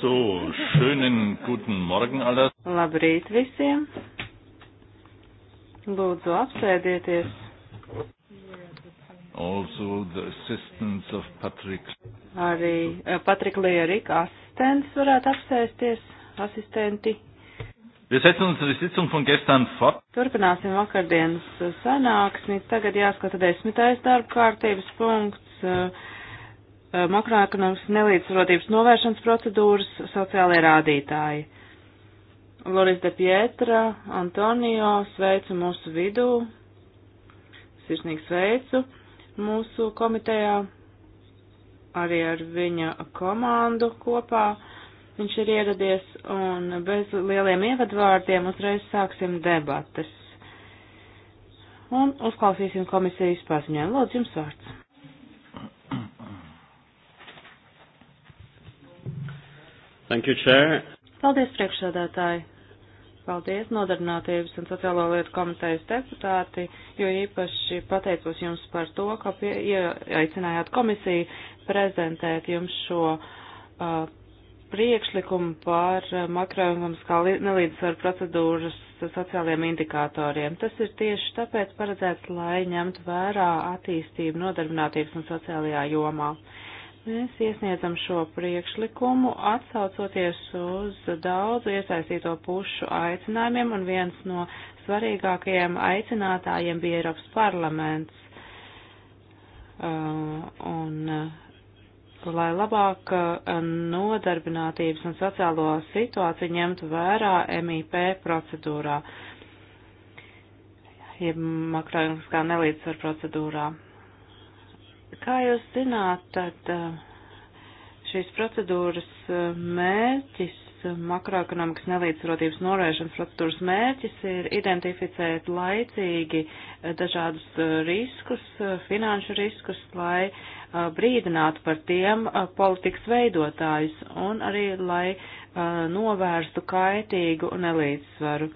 So, schönen guten Morgen alles. Labrīt visiem. Lūdzu, apsēdieties. Also the assistance of Patrick. Arī uh, Patrick Lierik asistents varētu apsēsties, asistenti. Wir setzen unsere Sitzung von gestern fort. Turpināsim vakardienas eh, sanāksmi. Tagad jāskata desmitais darba kārtības punkts eh, eh, - makroekonomiskas nelīdzsvarotības novēršanas procedūras sociālajie rādītāji. Loris de Pietra, Antonio, sveicu mūsu vidū. Sirsnīgi sveicu mūsu komitejā, arī ar viņa komandu kopā. Viņš ir ieradies un bez lieliem ievadvārdiem uzreiz sāksim debatas. Un uzklausīsim komisijas paziņojumu. Lūdzu, jums vārds. Thank you, Chair. Paldies, priekšsādātāji. Paldies, nodarbinātības un sociālo lietu komitejas deputāti, jo īpaši pateicos jums par to, ka pie, ja, aicinājāt komisiju prezentēt jums šo uh, priekšlikumu par eh, makroekonomiskā nelīdzsvaru procedūras sociālajiem indikatoriem. Tas ir tieši tāpēc paredzēts, lai ņemtu vērā attīstību nodarbinātības un sociālajā jomā. Mēs iesniedzam šo priekšlikumu atsaucoties uz daudzu iesaistīto pušu aicinājumiem, un viens no svarīgākajiem aicinātājiem bija Eiropas parlaments. Uh, un, uh, lai labāk eh, nodarbinātības un sociālo situāciju ņemtu vērā MIP procedūrā, jeb makroekonomiskā nelīdzsvar procedūrā. Kā jūs zināt, tad eh, šīs procedūras eh, mērķis, makroekonomikas nelīdzsvarotības norēšanas procedūras mērķis ir identificēt laicīgi dažādus riskus, finanšu riskus, lai uh, brīdinātu par tiem politikas veidotājus un arī, lai novērstu kaitīgu nelīdzsvaru.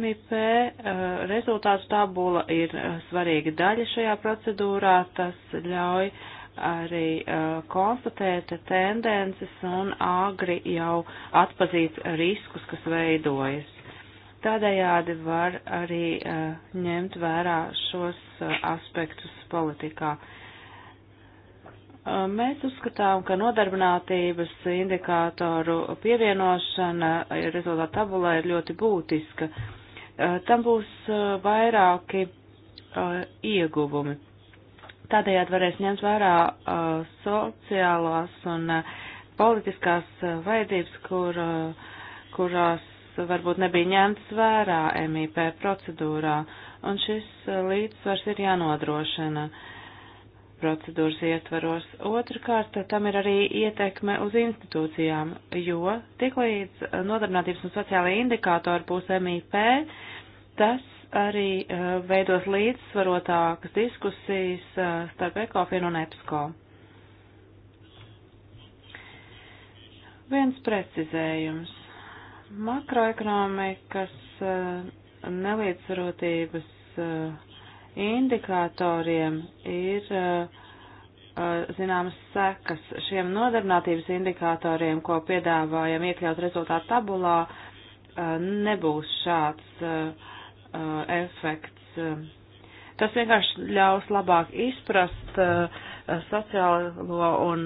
MIP rezultātu tabula ir svarīga daļa šajā procedūrā, tas ļauj arī uh, konstatēt tendences un agri jau atpazīt riskus, kas veidojas. Tādējādi var arī uh, ņemt vērā šos uh, aspektus politikā. Uh, Mēs uzskatām, ka nodarbinātības indikātoru pievienošana rezultātu tabulā ir ļoti būtiska. Tam būs vairāki ieguvumi. Tādējādi varēs ņemt vērā sociālās un politiskās vajadzības, kur, kurās varbūt nebija ņemtas vērā MIP procedūrā, un šis līdzsvars ir jānodrošina. Uh, procedūras ietvaros. Otrakārt, tam ir arī ietekme uz institūcijām, jo tiklīdz nodarbinātības un sociālajā indikātori būs MIP, tas arī eh, veidos līdzsvarotākas diskusijas eh, starp ECOFIN un EPSCO. Viens precizējums. Makroekonomikas eh, nelīdzsvarotības indikatoriem ir eh, eh, zināmas sekas. Šiem nodarbinātības indikatoriem, ko piedāvājam iekļaut rezultātu tabulā, eh, nebūs šāds efekts. Tas vienkārši ļaus labāk izprast sociālo un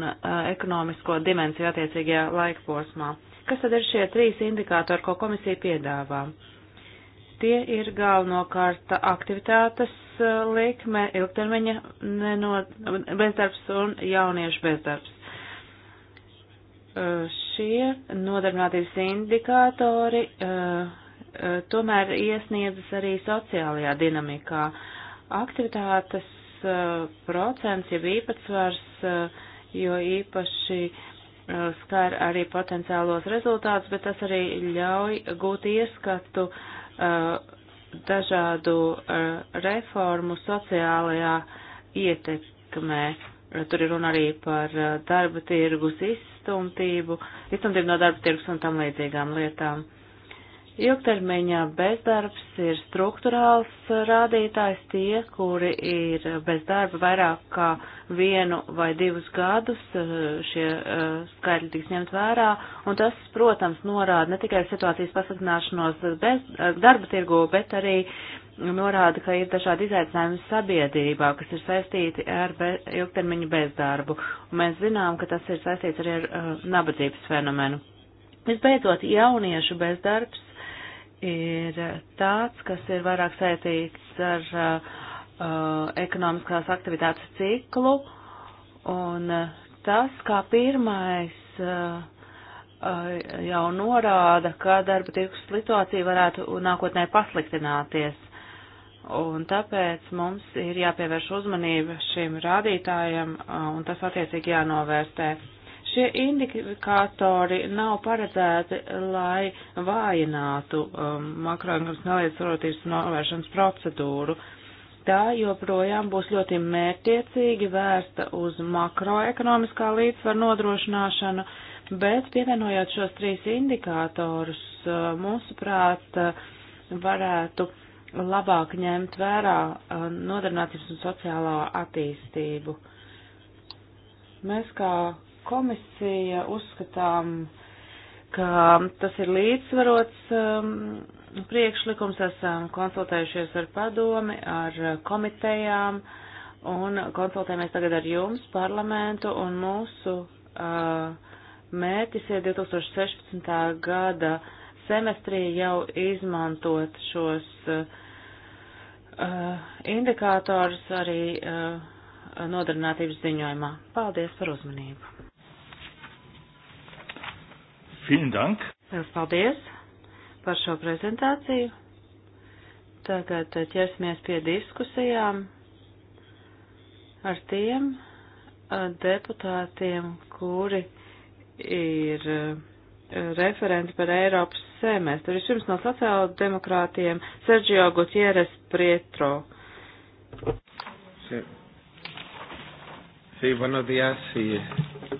ekonomisko dimensiju attiecīgajā laikposmā. Kas tad ir šie trīs indikātori, ko komisija piedāvā? Tie ir galvenokārt aktivitātes, Uh, likme, ilgtermiņa nenot, bezdarbs un jauniešu bezdarbs. Uh, šie nodarbinātības indikātori uh, tomēr iesniedzas arī sociālajā dinamikā. Aktivitātes procents, jeb īpatsvars, jo īpaši skar arī potenciālos rezultātus, bet tas arī ļauj gūt ieskatu uh, dažādu eh, reformu sociālajā ietekmē. Eh, tur ir runa arī par eh, darba tirgus izstumtību, izstumtību no darba tirgus un tam līdzīgām lietām. Uh, Ilgtermiņā bezdarbs ir struktūrāls rādītājs tie, kuri ir bez darba vairāk kā vienu vai divus gadus, eh, šie eh, skaidri tiks ņemt vērā, un tas, protams, norāda ne tikai situācijas pasliktināšanos eh, darba tirgu, bet arī norāda, ka ir dažādi izaicinājumi sabiedrībā, kas ir saistīti ar be, ilgtermiņu bezdarbu. Un mēs zinām, ka tas ir saistīts arī ar uh, nabadzības fenomenu. Visbeidzot, jauniešu bezdarbs ir tāds, kas ir vairāk saistīts ar uh, ekonomiskās aktivitātes ciklu, un uh, tas kā pirmais uh, uh, jau norāda, ka darba tirgus situācija varētu nākotnē pasliktināties. Un tāpēc mums ir jāpievērš uzmanība šim rādītājam, uh, un tas attiecīgi jānovērtē. Šie indikātori nav paredzēti, lai vājinātu um, makroekonomikas nelīdzsvarotības novēršanas procedūru. Tā joprojām būs ļoti mērķiecīgi vērsta uz makroekonomiskā līdzsvaru nodrošināšanu, bet pievienojot šos trīs indikātorus, uh, mūsuprāt, uh, varētu labāk ņemt vērā uh, nodarbinātības un sociālā attīstību. Mēs kā komisija uzskatām, ka tas ir līdzsvarots um, priekšlikums. Esam konsultējušies ar padomi, ar komitejām un konsultējamies tagad ar jums, parlamentu, un mūsu uh, mērķis ir 2016. gada semestrī jau izmantot šos uh, indikātors arī uh, nodarbinātības ziņojumā. Paldies par uzmanību! Vielen Dank. Lielas paldies par šo prezentāciju. Tagad ķersimies pie diskusijām ar tiem eh, deputātiem, kuri ir eh, referenti par Eiropas semestru. Vispirms no sociāldemokrātiem Sergio Gutieres Prietro. Sí. Sí, buenos días y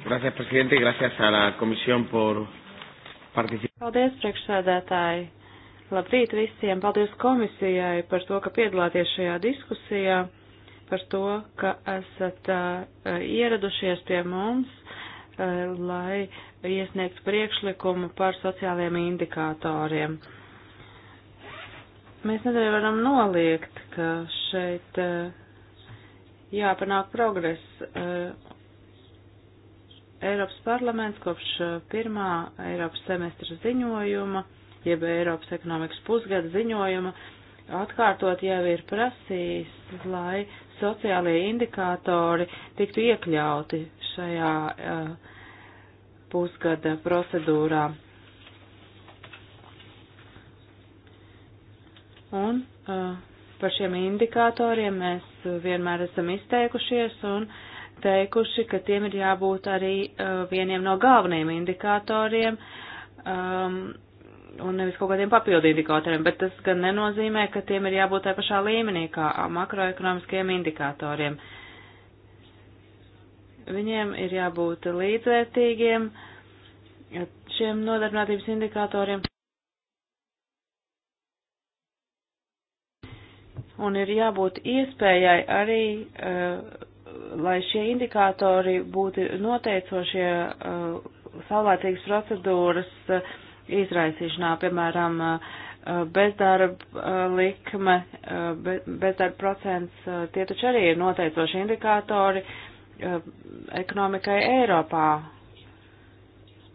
gracias, presidente, y gracias a la comisión por participating. Paldies, priekšsēdētāji! Labrīt visiem! Paldies komisijai par to, ka piedalāties šajā diskusijā, par to, ka esat uh, ieradušies pie mums, uh, lai iesniegtu priekšlikumu par sociālajiem indikatoriem. Mēs nevaram noliegt, ka šeit uh, jāpanāk progress, Eiropas parlaments kopš uh, pirmā Eiropas semestra ziņojuma, jeb Eiropas ekonomikas pusgada ziņojuma, atkārtot jau ir prasījis, lai sociālie indikātori tiktu iekļauti šajā uh, pusgada procedūrā. Un uh, par šiem indikatoriem mēs vienmēr esam izteikušies un uh, teikuši, ka tiem ir jābūt arī uh, vieniem no galvenajiem indikatoriem um, un nevis kaut kādiem papildu indikatoriem, bet tas gan nenozīmē, ka tiem ir jābūt tā pašā līmenī kā makroekonomiskajiem indikatoriem. Viņiem ir jābūt līdzvērtīgiem šiem nodarbinātības indikatoriem. un ir jābūt iespējai arī uh, lai šie indikātori būtu noteicošie uh, saulēcīgas procedūras uh, izraisīšanā, piemēram, uh, bezdarba uh, likme, uh, be, bezdarba procents, uh, tie taču arī ir noteicoši indikātori ekonomikai Eiropā.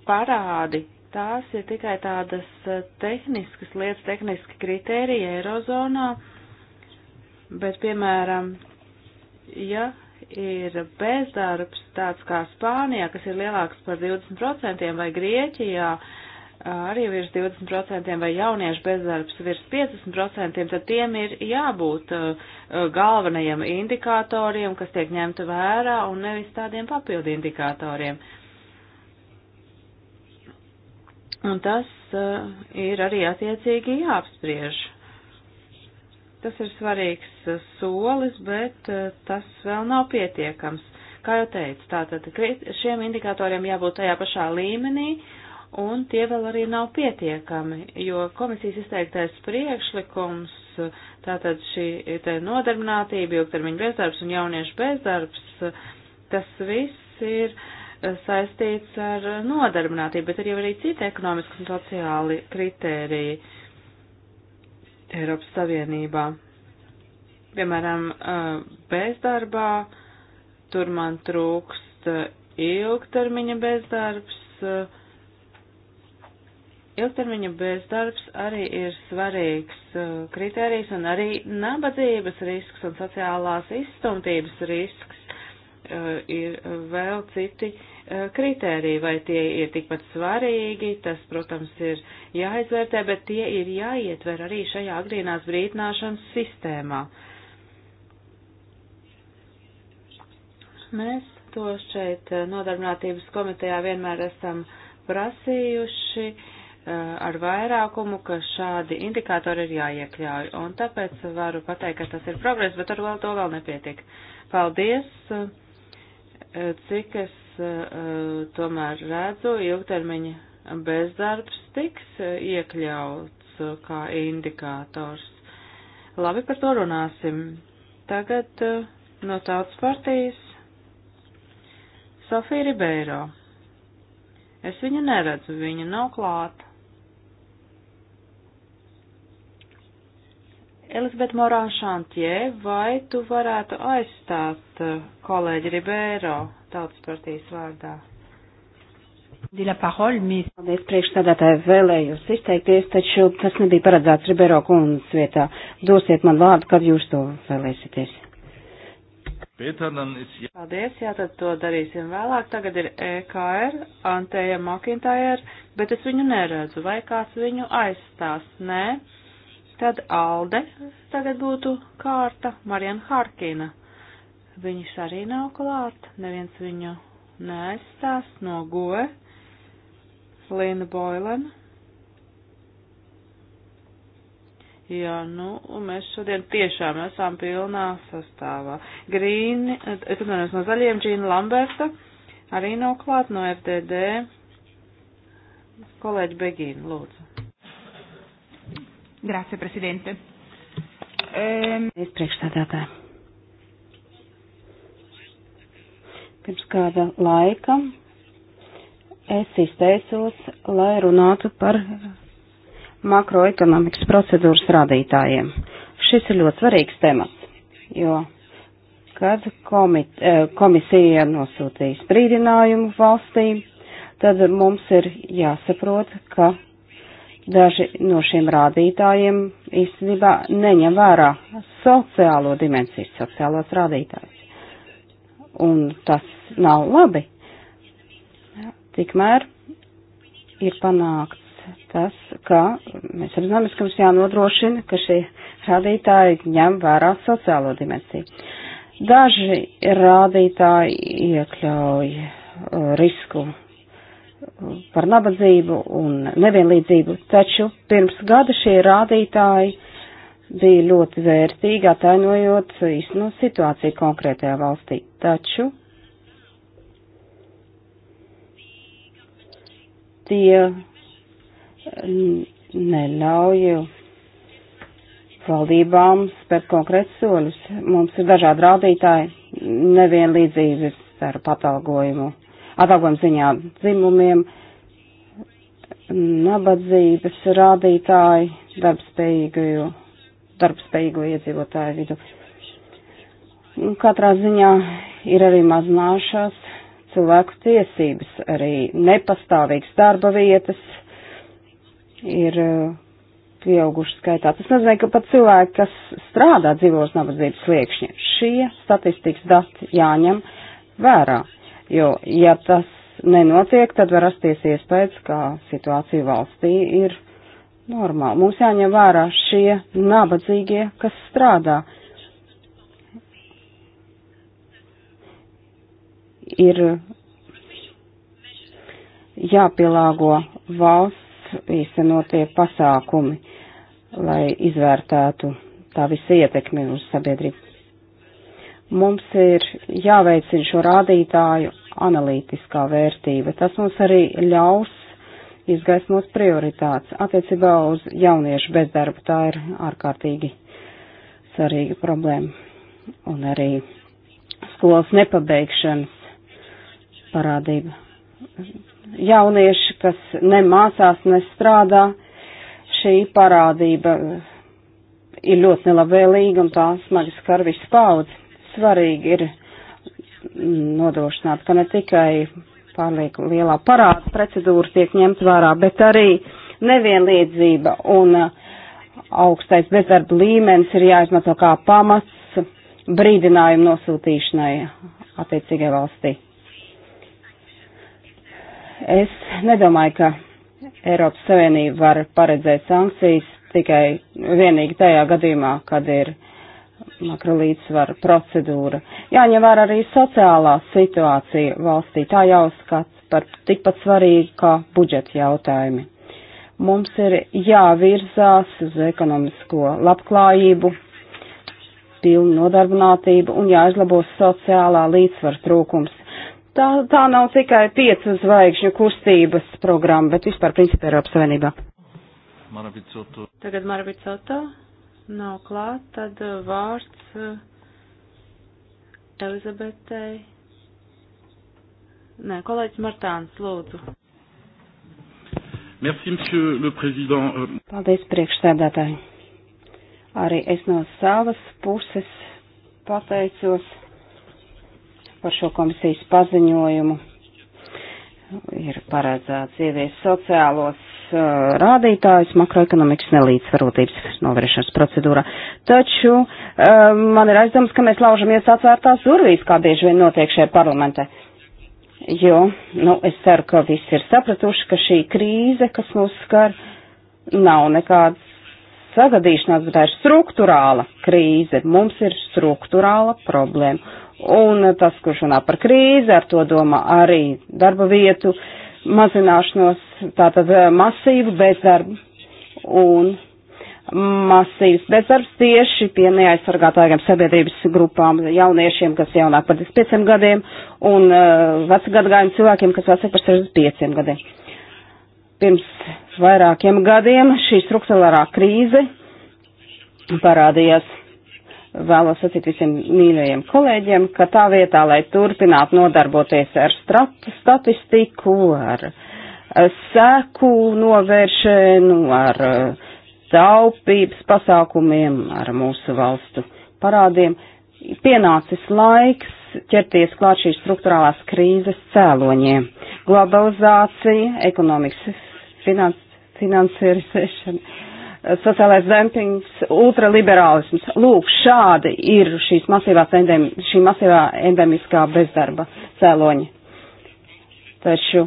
Parādi, tās ir tikai tādas tehniskas lietas, tehniski kritērija Eirozonā, bet, piemēram, ja ir bezdarbs tāds kā Spānijā, kas ir lielāks par 20%, vai Grieķijā arī virs 20%, vai jauniešu bezdarbs virs 50%, tad tiem ir jābūt galvenajiem indikatoriem, kas tiek ņemta vērā, un nevis tādiem papildu indikatoriem. Un tas ir arī attiecīgi jāapspriež. Tas ir svarīgs uh, solis, bet uh, tas vēl nav pietiekams. Kā jau teicu, tātad šiem indikatoriem jābūt tajā pašā līmenī, un tie vēl arī nav pietiekami, jo komisijas izteiktais priekšlikums, tātad šī tā nodarbinātība, ilgtermiņa bezdarbs un jauniešu bezdarbs, tas viss ir uh, saistīts ar nodarbinātību, bet ir jau arī citi ekonomiski un sociāli kritēriji. Uh, Eiropas Savienībā. Piemēram, eh, bezdarbā tur man trūkst eh, ilgtermiņa bezdarbs. Eh, ilgtermiņa bezdarbs arī ir svarīgs kritērijs un arī nabadzības risks un sociālās izstumtības risks ir vēl citi uh, Eh, kritēriji, vai tie ir tikpat svarīgi, tas, protams, ir jāizvērtē, bet tie ir jāietver arī šajā agrīnās brīdināšanas sistēmā. Mēs to šeit eh, nodarbinātības komitejā vienmēr esam prasījuši eh, ar vairākumu, ka šādi indikātori ir jāiekļauj, un tāpēc varu pateikt, ka tas ir progress, bet ar vēl to vēl nepietiek. Paldies! Cik es uh, tomēr redzu, ilgtermiņa bezdarbs tiks eh, iekļauts uh, kā indikators. Labi, par to runāsim. Tagad uh, no tautas partijas Sofija Ribeiro. Es viņu neredzu, viņa nav klāta. Elizabete Morān Šantie, vai tu varētu aizstāt kolēģi Ribeiro? tautas partijas vārdā. Paldies priekšstādātāji vēlējos izteikties, taču tas nebija paredzēts Ribero kundas vietā. Dosiet man vārdu, kad jūs to vēlēsieties. Paldies, jā, tad to darīsim vēlāk. Tagad ir EKR, Anteja Makintājer, bet es viņu neredzu. Vai kāds viņu aizstās? Nē. Tad Alde tagad būtu kārta Marian Harkina. Viņš arī nav klāt, neviens viņu neaizstās no goe. Lina Boilena. Jā, nu, mēs šodien tiešām esam pilnā sastāvā. Grīni, es atvainojos no zaļiem, Džīna Lamberta, arī nav klāt no FDD. Kolēģi Begīna, lūdzu. Grācija, prezidente. Um, ehm, es priekšstādātāju. Pirms kāda laika es izteicos, lai runātu par makroekonomikas procedūras rādītājiem. Šis ir ļoti svarīgs temats, jo kad komit, e, komisija nosūtīs brīdinājumu valstīm, tad mums ir jāsaprot, ka daži no šiem rādītājiem īstenībā neņem vērā sociālo dimensiju, sociālos rādītājus. Un tas nav labi. Tikmēr ir panākts tas, ka mēs apzināmies, ka mums jānodrošina, ka šie rādītāji ņem vērā sociālo dimensiju. Daži rādītāji iekļauj uh, risku par nabadzību un nevienlīdzību, taču pirms gada šie rādītāji bija ļoti vērtīgi, atainojot īstenot situāciju konkrētajā valstī. Taču tie neļauj valdībām spērt konkrētus soļus. Mums ir dažādi rādītāji, nevienlīdzības starp atalgojumu, atalgojumu ziņā dzimumiem, nabadzības rādītāji, darbspējīgu, darbspējīgu iedzīvotāju vidu. Katrā ziņā ir arī mazināšās cilvēku tiesības, arī nepastāvīgas darba vietas ir uh, pieauguši skaitā. Tas nozīmē, ka pat cilvēki, kas strādā dzīvos nabadzības sliekšņi, šie statistikas dati jāņem vērā, jo, ja tas nenotiek, tad var rasties iespējas, ka situācija valstī ir normāla. Mums jāņem vērā šie nabadzīgie, kas strādā. Uh, ir jāpielāgo valsts īstenotie pasākumi, lai izvērtētu tā visa ietekmi uz sabiedrību. Mums ir jāveicina šo rādītāju analītiskā vērtība. Tas mums arī ļaus izgaismot prioritātes. Attiecībā uz jauniešu bezdarbu tā ir ārkārtīgi svarīga problēma. Un arī skolas nepabeigšanas parādība. Jaunieši, kas ne mācās, ne strādā, šī parādība ir ļoti nelabvēlīga un tā smagi skar visu paudzi. Svarīgi ir nodrošināt, ka ne tikai pārlieku lielā parāda procedūra tiek ņemt vērā, bet arī nevienlīdzība un augstais bezdarba līmenis ir jāizmanto kā pamats brīdinājumu nosūtīšanai attiecīgai valstī. Es nedomāju, ka Eiropas Savienība var paredzēt sankcijas tikai vienīgi tajā gadījumā, kad ir makrolīdzsvara procedūra. Jāņem vērā arī sociālā situācija valstī. Tā jāuzskata par tikpat svarīgu kā budžeta jautājumi. Mums ir jāvirzās uz ekonomisko labklājību, pilnu nodarbinātību un jāizlabo sociālā līdzsvara trūkums tā, tā nav tikai piecu zvaigžņu kustības programma, bet vispār principā Eiropas Savienībā. Marabicoto. Tagad Marabicoto nav klāt, tad uh, vārds uh, Elizabetei. Nē, kolēģis Martāns, lūdzu. Merci, monsieur le président. Paldies, priekšsēdētāji. Arī es no savas puses pateicos par šo komisijas paziņojumu. Ir paredzēts ievies sociālos uh, rādītājus makroekonomikas nelīdzsvarotības novēršanas procedūrā. Taču uh, man ir aizdoms, ka mēs laužamies atvērtās durvīs, kā bieži vien notiek šajā parlamentē. Jo, nu, es ceru, ka visi ir sapratuši, ka šī krīze, kas mūs skar, nav nekāds sagadīšanās, bet tā ir struktūrāla krīze. Mums ir struktūrāla problēma. Un tas, kurš runā par krīzi, ar to domā arī darba vietu mazināšanos, tātad eh, masīvu bezdarbu un masīvs bezdarbs tieši pie neaizsargātākiem sabiedrības grupām, jauniešiem, kas jaunāk par 25 gadiem, un uh, eh, vecgadgājiem cilvēkiem, kas vecāk par 65 gadiem. Pirms vairākiem gadiem šī struktūrālā krīze parādījās vēlos sacīt visiem mīļajiem kolēģiem, ka tā vietā, lai turpinātu nodarboties ar statistiku, ar seku novēršanu, ar uh, taupības pasākumiem, ar mūsu valstu parādiem, pienācis laiks ķerties klāt šīs struktūrālās krīzes cēloņiem. Globalizācija, ekonomikas finans, finansierisēšana sociālais dempings, ultraliberālisms. Lūk, šādi ir šīs masīvā, endem, šī masīvā endemiskā bezdarba cēloņi. Taču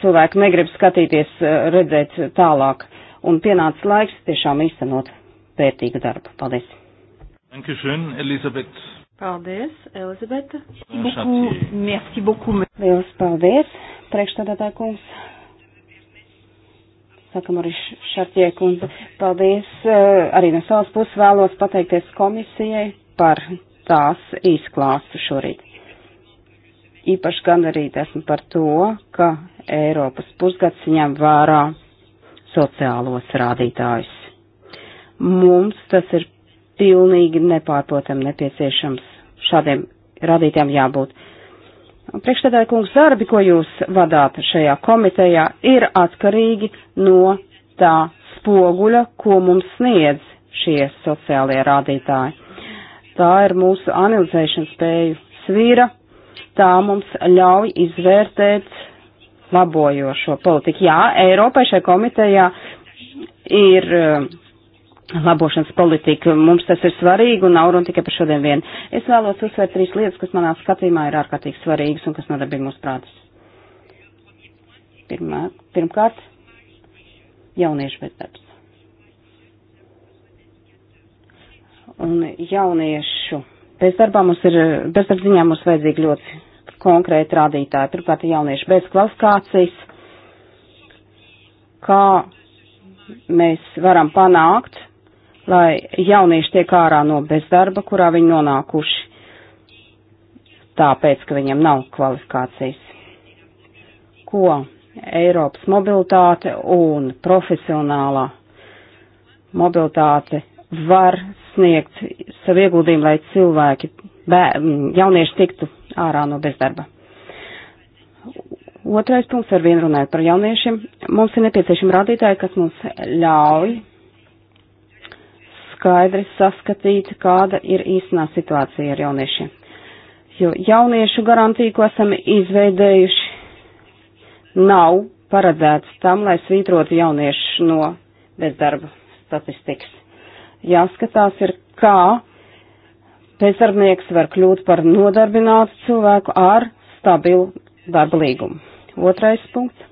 cilvēki negrib skatīties, eh, redzēt tālāk. Un pienācis laiks tiešām īstenot vērtīgu darbu. Paldies! Dankeschön, Elisabeth. Paldies, Elizabete. Merci beaucoup. Liels paldies, priekšstādātāja kungs. Sakam arī Šartie kundze, paldies. Eh, arī no savas puses vēlos pateikties komisijai par tās izklāstu šorīt. Īpaši gandarīt esmu par to, ka Eiropas pusgads ņem vērā sociālos rādītājus. Mums tas ir pilnīgi nepārprotam nepieciešams. Šādiem rādītājiem jābūt. Priekšstādāja kungs, darbi, ko jūs vadāt šajā komitejā, ir atkarīgi no tā spoguļa, ko mums sniedz šie sociālie rādītāji. Tā ir mūsu analizēšanas spēju svīra, tā mums ļauj izvērtēt labojošo politiku. Jā, Eiropai šajā komitejā ir labošanas politika. Mums tas ir svarīgi un nav runa tikai par šodien vien. Es vēlos uzsvērt trīs lietas, kas manā skatījumā ir ārkārtīgi svarīgas un kas nodarbina mūsu prātus. Pirmā, pirmkārt, jauniešu bezdarbs. Un jauniešu bezdarbā mums ir, bezdarbziņā mums vajadzīgi ļoti konkrēti rādītāji. Pirmkārt, jaunieši bez kvalifikācijas, kā mēs varam panākt lai jaunieši tiek ārā no bezdarba, kurā viņi nonākuši, tāpēc, ka viņiem nav kvalifikācijas. Ko Eiropas mobilitāte un profesionālā mobilitāte var sniegt savu ieguldījumu, lai cilvēki, bē, jaunieši tiktu ārā no bezdarba. Otrais punkts, ar vienu runājot par jauniešiem, mums ir nepieciešami rādītāji, kas mums ļauj skaidri saskatīt, kāda ir īstenā situācija ar jauniešiem. Jo jauniešu garantija, ko esam izveidējuši, nav paredzēts tam, lai svītrotu jauniešu no bezdarba statistikas. Jāskatās ir, kā bezdarbnieks var kļūt par nodarbinātu cilvēku ar stabilu darba līgumu. Otrais punkts.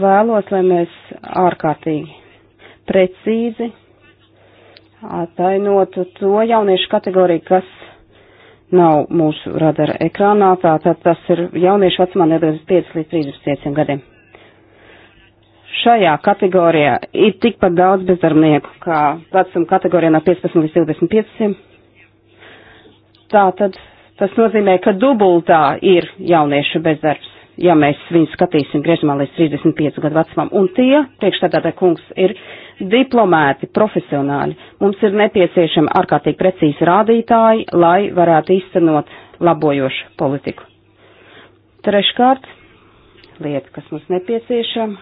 Vēlos, lai mēs ārkārtīgi precīzi atainot to jauniešu kategoriju, kas nav mūsu radara ekrānā, tātad tas ir jauniešu vecumā no 25 līdz 35 gadiem. Šajā kategorijā ir tikpat daudz bezdarbnieku, kā vecuma kategorijā no 15 līdz 25. Tātad tas nozīmē, ka dubultā ir jauniešu bezdarbs, ja mēs viņus skatīsim griežamā līdz 35 gadu vecumam. Un tie, priekšstādātā kungs, ir diplomēti, profesionāļi. Mums ir nepieciešami ārkārtīgi precīzi rādītāji, lai varētu īstenot labojošu politiku. Treškārt, lieta, kas mums nepieciešama,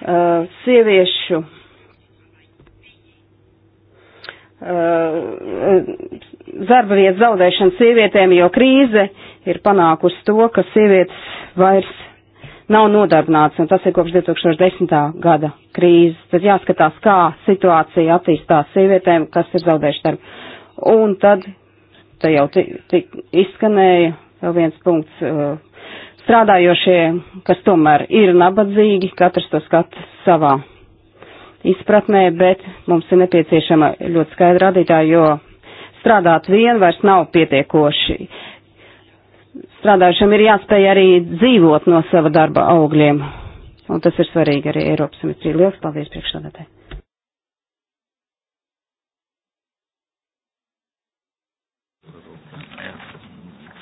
uh, sieviešu uh, darba vietas zaudēšana sievietēm, jo krīze ir panākusi to, ka sievietes vairs nav nodarbināts, un tas ir kopš 2010. gada krīzes. Tad jāskatās, kā situācija attīstās sievietēm, kas ir zaudējuši darbu. Un tad, te jau tik izskanēja vēl viens punkts, uh, strādājošie, kas tomēr ir nabadzīgi, katrs to skata savā izpratnē, bet mums ir nepieciešama ļoti skaidra radītāja, jo strādāt vien vairs nav pietiekoši strādājušiem ir jāspēj arī dzīvot no sava darba augļiem. Un tas ir svarīgi arī Eiropas samitrī. Lielas paldies priekšstādātē.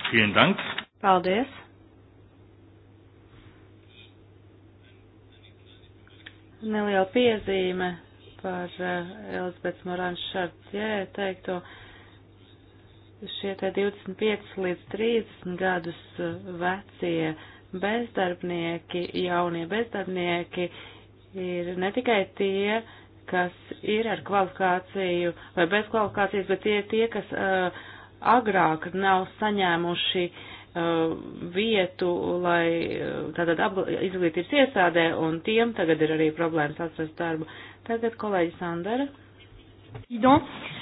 Vielen Dank. Paldies. Neliela piezīme par uh, eh, Elizabetes Morāns Šartjē teikto. Uh, šie te 25 līdz 30 gadus uh, vecie bezdarbnieki, jaunie bezdarbnieki ir ne tikai tie, kas ir ar kvalifikāciju vai bez kvalifikācijas, bet tie ir tie, kas uh, agrāk nav saņēmuši uh, vietu, lai uh, tātad izglītības iestādē, un tiem tagad ir arī problēmas atrast darbu. Tagad kolēģis Sandara. Idons.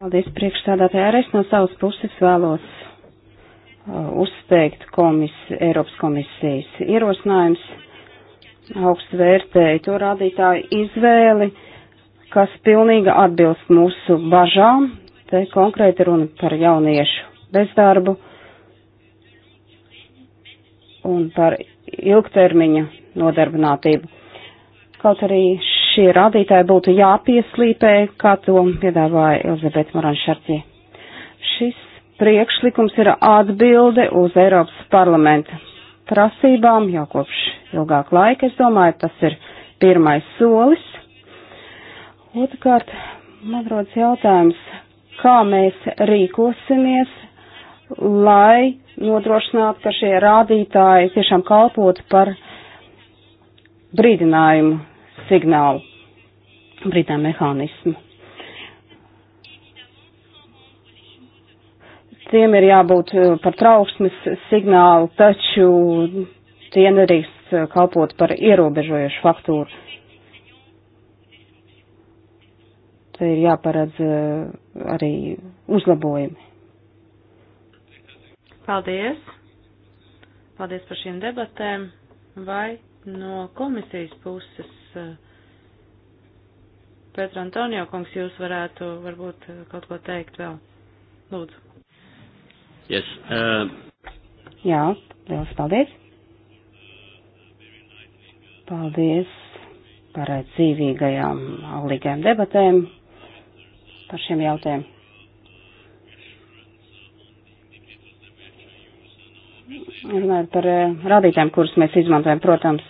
Paldies priekšstādātāji. Arī es no savas puses vēlos uh, uzteikt komis, Eiropas komisijas ierosinājums, augstu vērtēju to rādītāju izvēli, kas pilnīgi atbilst mūsu bažām. Te konkrēti runa par jauniešu bezdarbu un par ilgtermiņa nodarbinātību. Kaut arī šie rādītāji būtu jāpieslīpē, kā to piedāvāja Elizabete Moranšarķie. Šis priekšlikums ir atbilde uz Eiropas parlamenta prasībām jau kopš ilgāk laika. Es domāju, tas ir pirmais solis. Otrkārt, man rodas jautājums, kā mēs rīkosimies, lai nodrošinātu, ka šie rādītāji tiešām kalpot par brīdinājumu signālu brīdā mehānismu. Tiem ir jābūt uh, par trauksmes signālu, taču tie nedrīkst uh, kalpot par ierobežojušu faktūru. Te ir jāparedz uh, arī uzlabojumi. Paldies! Paldies par šīm debatēm! Vai no komisijas puses Eh, Pētra Antonio kungs, jūs varētu varbūt eh, kaut ko teikt vēl. Lūdzu. Yes, uh... Jā, liels paldies. Paldies par dzīvīgajām, auglīgajām debatēm par šiem jautājumiem. Runājot par rādītājiem, kurus mēs izmantojam, protams,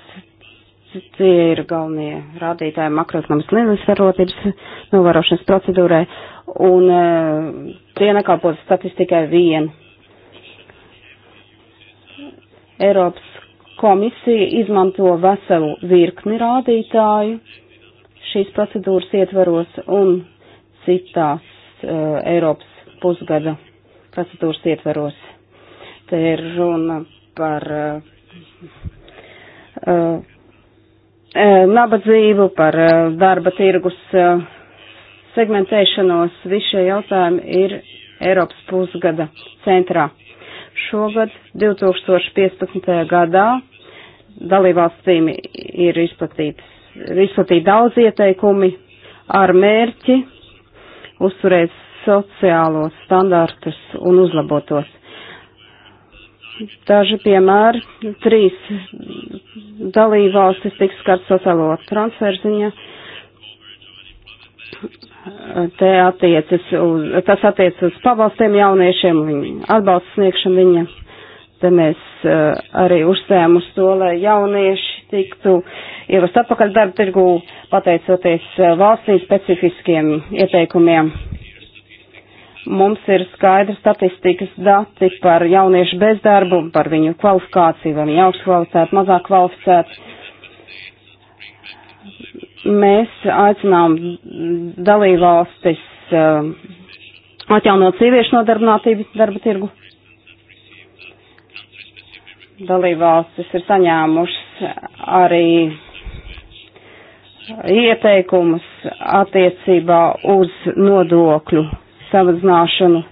Tie ir galvenie rādītāji makroekonomiskas līdzsvarotības novērošanas procedūrai, un e, tie nekalpo statistikai vien. Eiropas komisija izmanto veselu virkni rādītāju šīs procedūras ietvaros un citās uh, Eiropas pusgada procedūras ietvaros. Te ir runa par uh, uh, E, nabadzību, par e, darba tirgus e, segmentēšanos, visi šie jautājumi ir Eiropas pusgada centrā. Šogad, 2015. gadā, dalībvalstīm ir izplatīti izplatīt daudz ieteikumi ar mērķi uzturēt sociālos standartus un uzlabotos daži piemēri. Trīs dalībvalstis tiks skart sociālo transferziņa. Te attiecas uz, tas attiecas uz pabalstiem jauniešiem, viņu atbalsts sniegšanu viņa. Te mēs uh, arī uzstējām uz to, lai jaunieši tiktu ievest atpakaļ darba tirgū, pateicoties uh, valstī specifiskiem ieteikumiem. Uh, Mums ir skaidri statistikas dati par jauniešu bezdarbu, par viņu kvalifikāciju, vai viņi augstu kvalificēti, mazāk kvalificēti. Mēs aicinām dalībvalstis uh, atjaunot sieviešu nodarbinātību darba tirgu. Dalībvalstis ir saņēmušas arī ieteikumus attiecībā uz nodokļu samazināšanu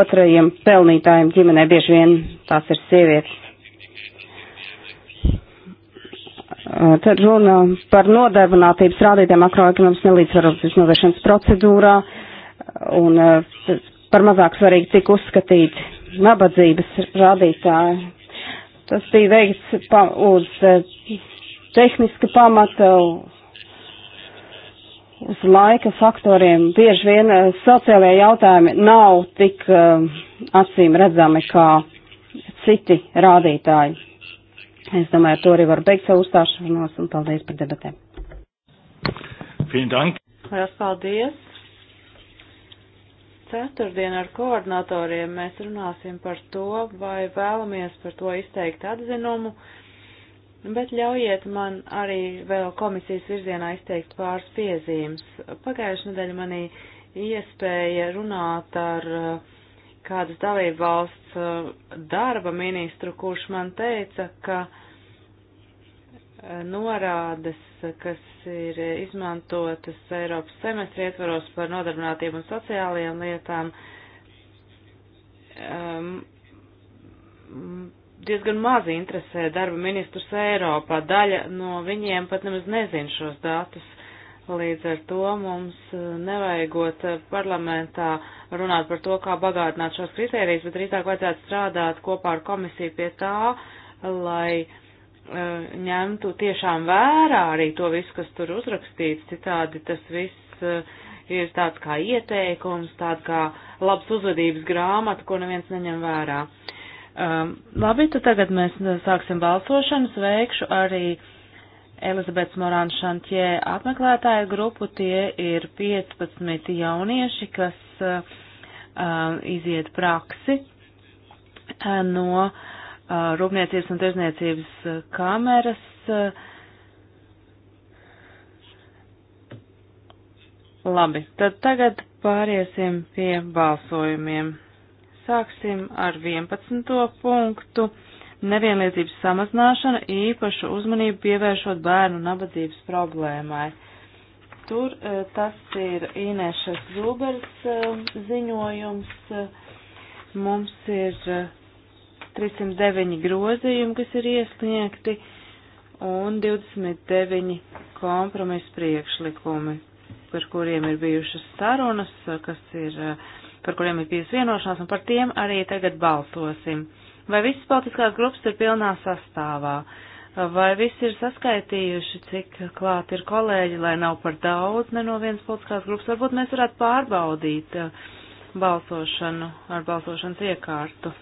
otrajiem pelnītājiem ģimenē. Bieži vien tās ir sievietes. Tad runa par nodarbinātības rādītēm makroekonomikas nelīdzsvarotības novēršanas procedūrā un par mazāk svarīgi tika uzskatīti nabadzības rādītāji. Tas bija veikts pa, uz tehniska pamata, uz laika faktoriem bieži vien eh, sociālajie jautājumi nav tik uh, acīm redzami kā citi rādītāji. Es domāju, ar to arī var beigt savu uzstāšanos un paldies par debatēm. Lielas paldies! Ceturtdien ar koordinatoriem mēs runāsim par to, vai vēlamies par to izteikt atzinumu. Bet ļaujiet man arī vēl komisijas virzienā izteikt pāris piezīmes. Pagājušajā nedēļā manī iespēja runāt ar eh, kādas dalību valsts eh, darba ministru, kurš man teica, ka eh, norādes, kas ir izmantotas Eiropas semestri ietvaros par nodarbinātību un sociālajām lietām, um, diezgan maz interesē darba ministrus Eiropā. Daļa no viņiem pat nemaz nezin šos datus. Līdz ar to mums eh, nevajagot eh, parlamentā runāt par to, kā bagātināt šos kritērijus, bet drīzāk vajadzētu strādāt kopā ar komisiju pie tā, lai uh, ņemtu tiešām vērā arī to visu, kas tur uzrakstīts. Citādi tas viss uh, ir tāds kā ieteikums, tāds kā labs uzvedības grāmata, ko neviens neņem vērā. Uh, Um, labi, tad tagad mēs sāksim balsošanu. Sveikšu arī Elizabetes Morāna Šantie apmeklētāju grupu. Tie ir 15 jaunieši, kas uh, um, iziet praksi uh, no uh, Rūpniecības un tirzniecības uh, kameras. Uh, Labi, tad tagad pāriesim pie balsojumiem. Sāksim ar 11. punktu. Nevienlīdzības samazināšana īpašu uzmanību pievēršot bērnu nabadzības problēmai. Tur e, tas ir Inēšas Zūbers e, ziņojums. Mums ir 309 e, grozījumi, kas ir iesniegti, un 29 kompromisa priekšlikumi, par kuriem ir bijušas sarunas, kas ir uh, par kuriem ir bijusi vienošanās, un par tiem arī tagad balsosim. Vai visas politiskās grupas ir pilnā sastāvā? Vai visi ir saskaitījuši, cik klāt ir kolēģi, lai nav par daudz ne no vienas politiskās grupas? Varbūt mēs varētu pārbaudīt uh, balsošanu ar balsošanas iekārtu.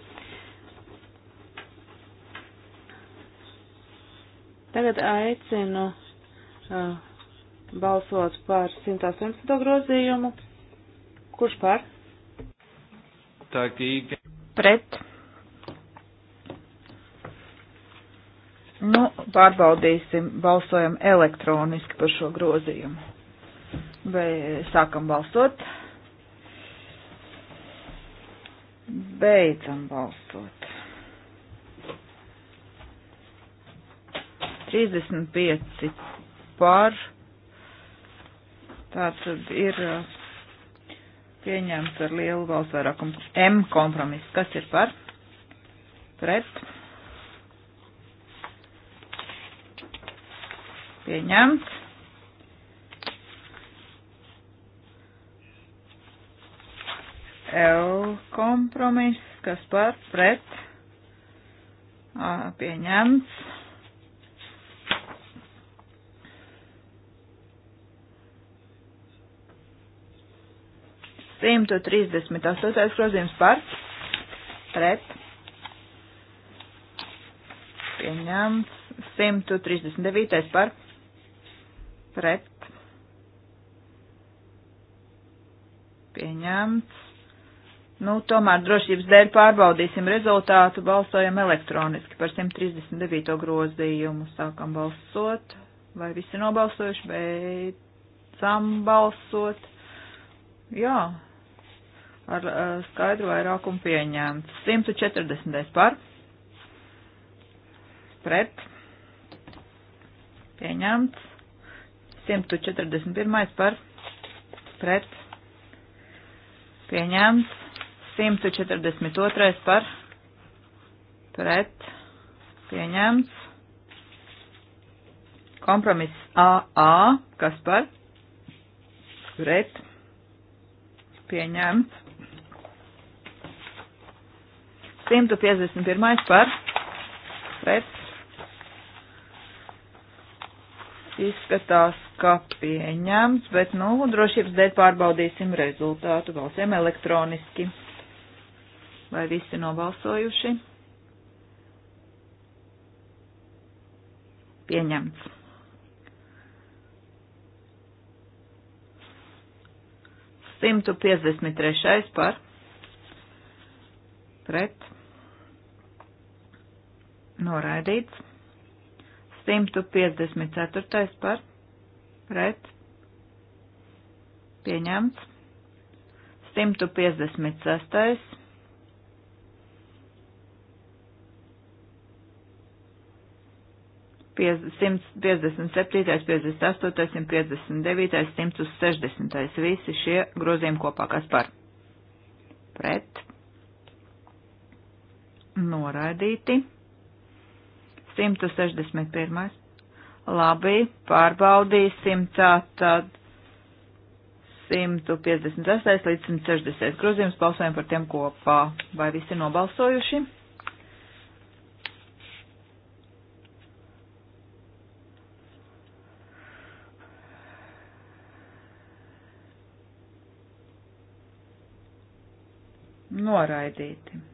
Tagad aicinu uh, balsot par 118. grozījumu. Kurš par? dagegen. Pret. Nu, pārbaudīsim, balsojam elektroniski par šo grozījumu. Vai sākam balsot? Beidzam balsot. 35 par. Tātad ir uh, pieņemts ar lielu valsts vairākumu. M kompromiss. Kas ir par? Pret. Pieņemts. L kompromiss. Kas par? Pret. Pieņemts. 138. grozījums par pret pieņemts. 139. par pret pieņemts. Nu, tomēr drošības dēļ pārbaudīsim rezultātu, balsojam elektroniski par 139. grozījumu, sākam balsot, vai visi nobalsojuši, beidzam balsot. Jā, ar eh, skaidru vairākumu pieņēmts. 140. par pret pieņemts. 141. par pret pieņemts. 142. par pret pieņemts. Kompromiss AA, kas par pret pieņemts. 151. par pret. Izskatās, ka pieņemts, bet, nu, drošības dēļ pārbaudīsim rezultātu. Balsiem elektroniski. Vai visi nobalsojuši? Pieņemts. Simtu piecdesmit trešais par pret noraidīts. 154. par pret pieņemts. 156. Piez, 157, 58, 159, 160. Visi šie grozījumi kopā kas par pret noraidīti. 161. Labi, pārbaudīsim tātad 158 līdz 160 grozījums, balsojam par tiem kopā. Vai visi ir nobalsojuši? Noraidīti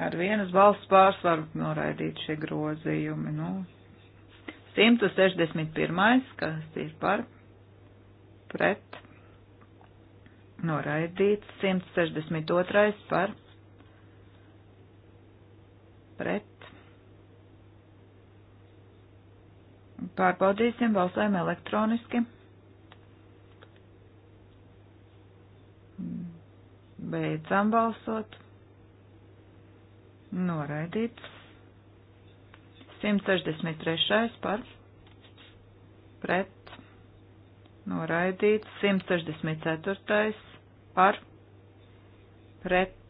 ar vienas balsts pārsvaru noraidīt šie grozījumi. Nu, 161. kas ir par pret noraidīts, 162. par pret. Pārbaudīsim, balsojam elektroniski. Beidzam balsot. Noraidīts. 163. par pret. Noraidīts. 164. par pret.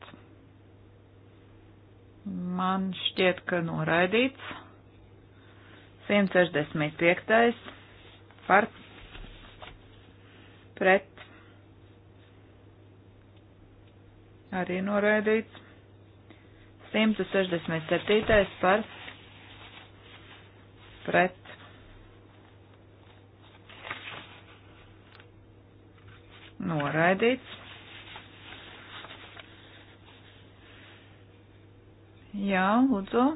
Man šķiet, ka noraidīts. 165. par pret. Arī noraidīts. 167. par pret. Noraidīts. Jā, lūdzu.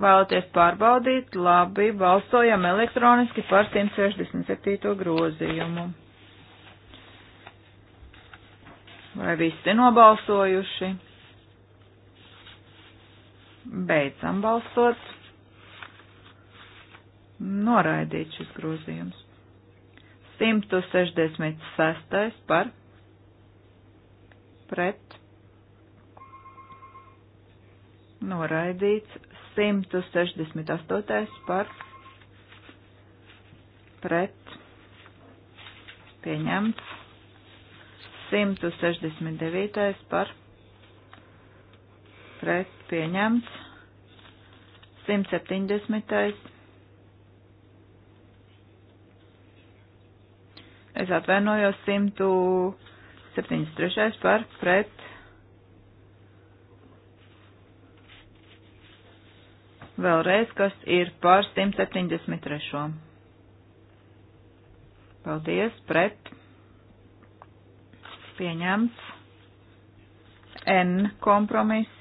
Vēlaties pārbaudīt? Labi, balsojam elektroniski par 167. grozījumu. Vai visi nobalsojuši? Beidzam balsot. Noraidīt šis grozījums. 166 par pret. Noraidīts 168 par pret. Pieņemts 169 par pret pieņemts. 170. Es atvainojos 173. par pret. Vēlreiz, kas ir par 173. Paldies, pret. Pieņemts. N kompromiss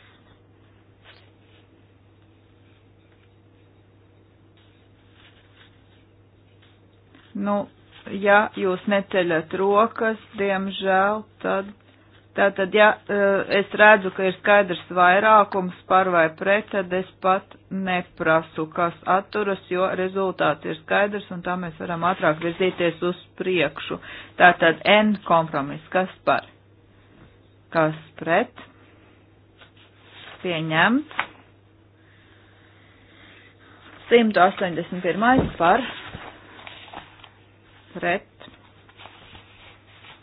Nu, ja jūs neceļat rokas, diemžēl, tad, tātad, ja eh, es redzu, ka ir skaidrs vairākums par vai pret, tad es pat neprasu, kas atturas, jo rezultāts ir skaidrs un tā mēs varam ātrāk virzīties uz priekšu. Tātad N kompromis, kas par, kas pret, pieņemts. 181. par pret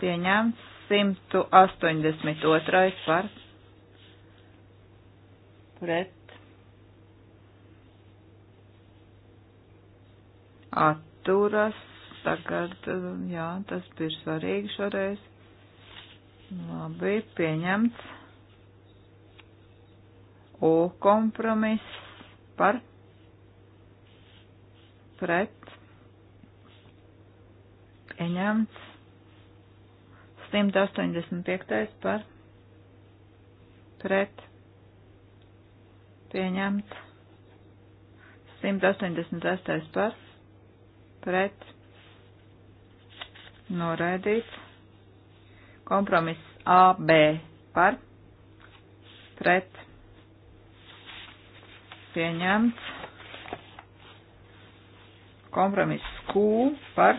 pieņemts 182 par pret atturas. Tagad, jā, tas bija svarīgi šoreiz. Labi, pieņemts. O kompromiss par pret pieņemts. 185. par pret pieņemts. 186. par pret noraidīts. Kompromiss AB par pret pieņemts kompromiss Q par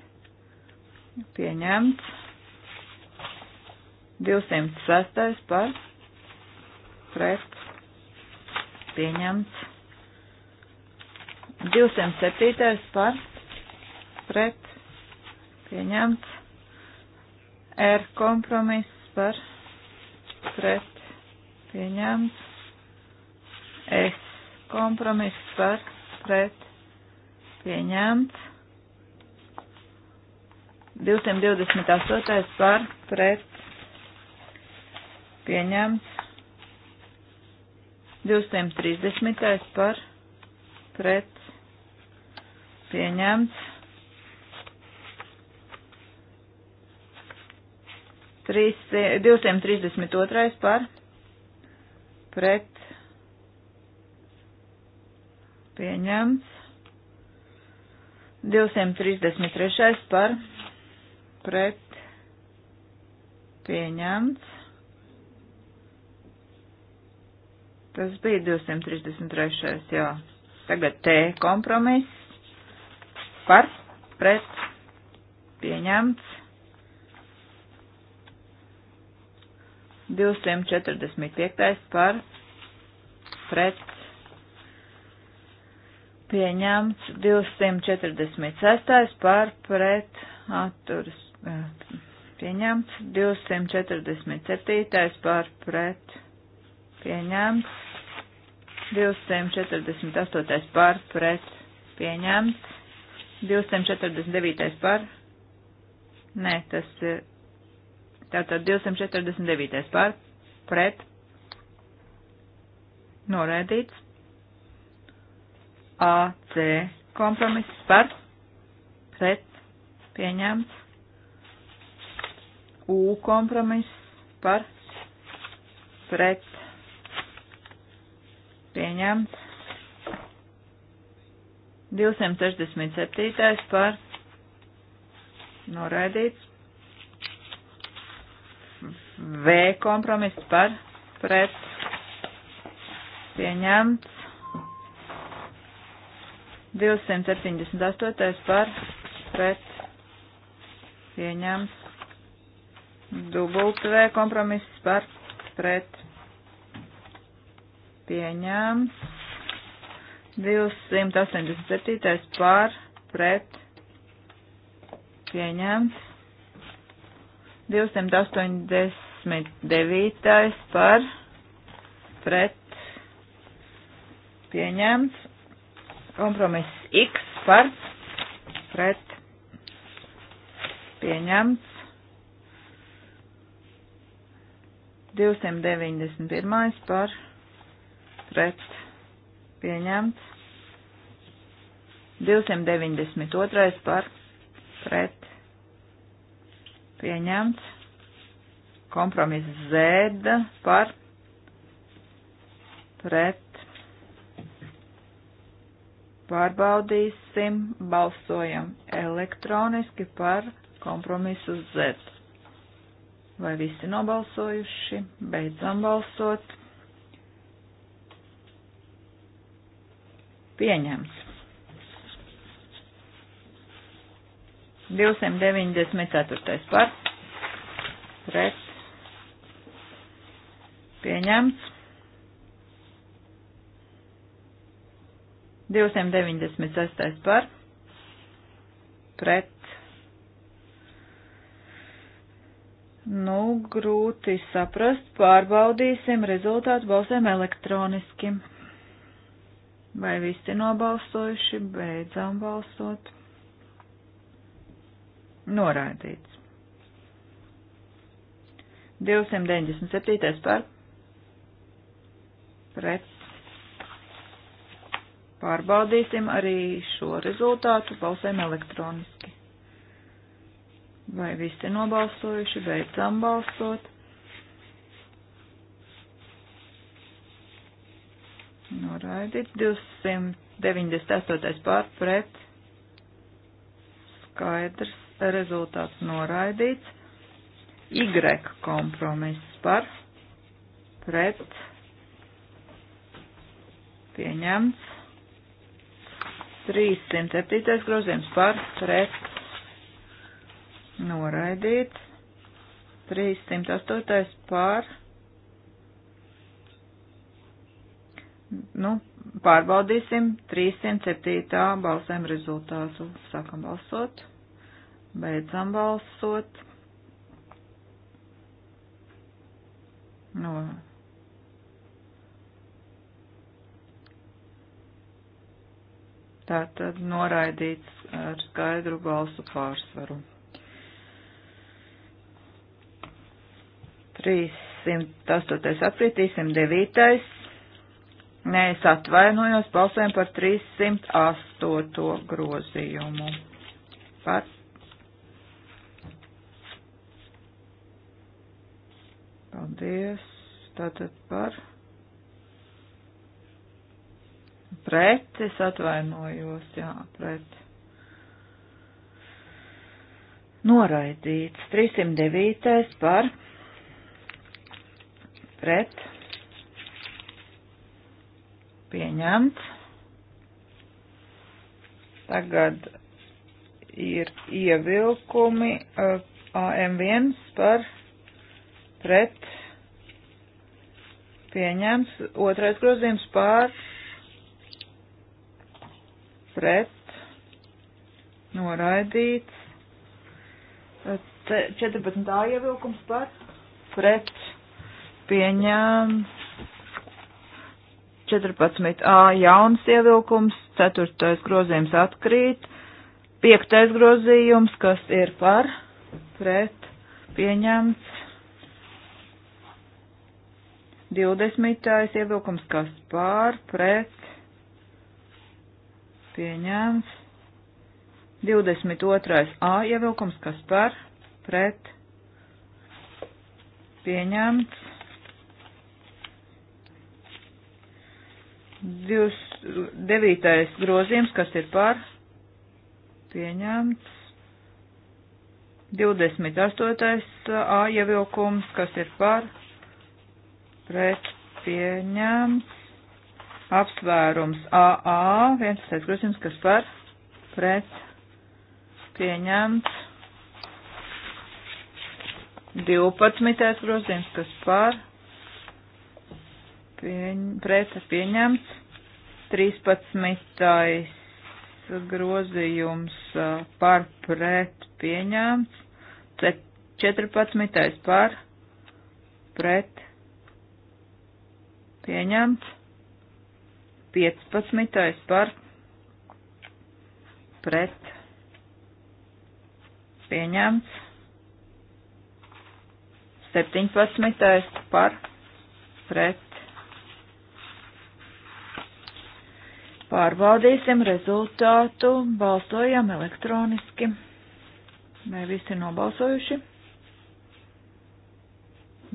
pieņemts. 206. par pret pieņemts. 207. par pret pieņemts. R kompromiss par pret pieņemts. S kompromiss par pret pieņemts. 228. par pret pieņemts. 230. par pret pieņemts. 232. par pret pieņemts. 233. par pret pret pieņemts. Tas bija 233. jā. Tagad T kompromiss par pret pieņemts. 245. par pret pieņemts. 246. par pret atturas pieņemts, 247. par pret pieņemts, 248. par pret pieņemts, 249. par, nē, tas ir, tātad 249. par pret noraidīts, AC kompromiss par pret pieņemts, U kompromiss par pret pieņemts. 267. par noraidīts. V kompromiss par pret pieņemts. 278. par pret pieņemts. Dubultvē kompromiss par pret pieņēmts. 287. par pret pieņēmts. 289. par pret pieņēmts. Kompromiss X par pret pieņemts. 291 par pret pieņemts. 292 par pret pieņemts. Kompromiss Z par pret pārbaudīsim, balsojam elektroniski par kompromisu Z. Vai visi nobalsojuši? Beidzam balsot. Pieņemts. 294. par. Pret. Pieņemts. 296. par. Pret. Nu, grūti saprast, pārbaudīsim rezultātu balsēm elektroniski. Vai visi nobalsojuši, beidzām balsot? Noraidīts. 297. par. Pret. Pārbaudīsim arī šo rezultātu balsēm elektroniski. Vai visi nobalsojuši? Beidzam balsot. Noraidīts 298. pār pret. Skaidrs rezultāts noraidīts. Y kompromiss par pret. Pieņemts. 307. grozījums par pret noraidīts. 308. pār. Nu, pārbaudīsim 307. balsēm rezultātu. Sākam balsot. Beidzam balsot. Nu, tātad noraidīts ar skaidru balsu pārsvaru. 308. atkritīsim 9. Nē, es atvainojos, balsojam par 308. grozījumu. Par. Paldies. Tātad par. Pret, es atvainojos, jā, pret. Noraidīts 309. par pret pieņemts. Tagad ir ievilkumi eh, AM1 par pret pieņemts. Otrais grozījums par pret noraidīts. 14. Eh, ievilkums par pret pieņēmts. 14a jauns ievilkums, 4. grozījums atkrīt, 5. grozījums, kas ir par, pret, pieņemts, 20. ievilkums, kas par, pret, pieņemts, 22. a ievilkums, kas par, pret, pieņemts, 29. grozījums, kas ir par pieņemts. 28. A ievilkums, kas ir par pret pieņemts. Apsvērums AA, 11. grozījums, kas par pret pieņemts. 12. grozījums, kas par pret pieņ, pret pieņemts. 13. grozījums par pret pieņemts. 14. par pret pieņemts. 15. par pret pieņemts. 17. par pret Pārbaudīsim rezultātu, balsojam elektroniski. Vai visi nobalsojuši?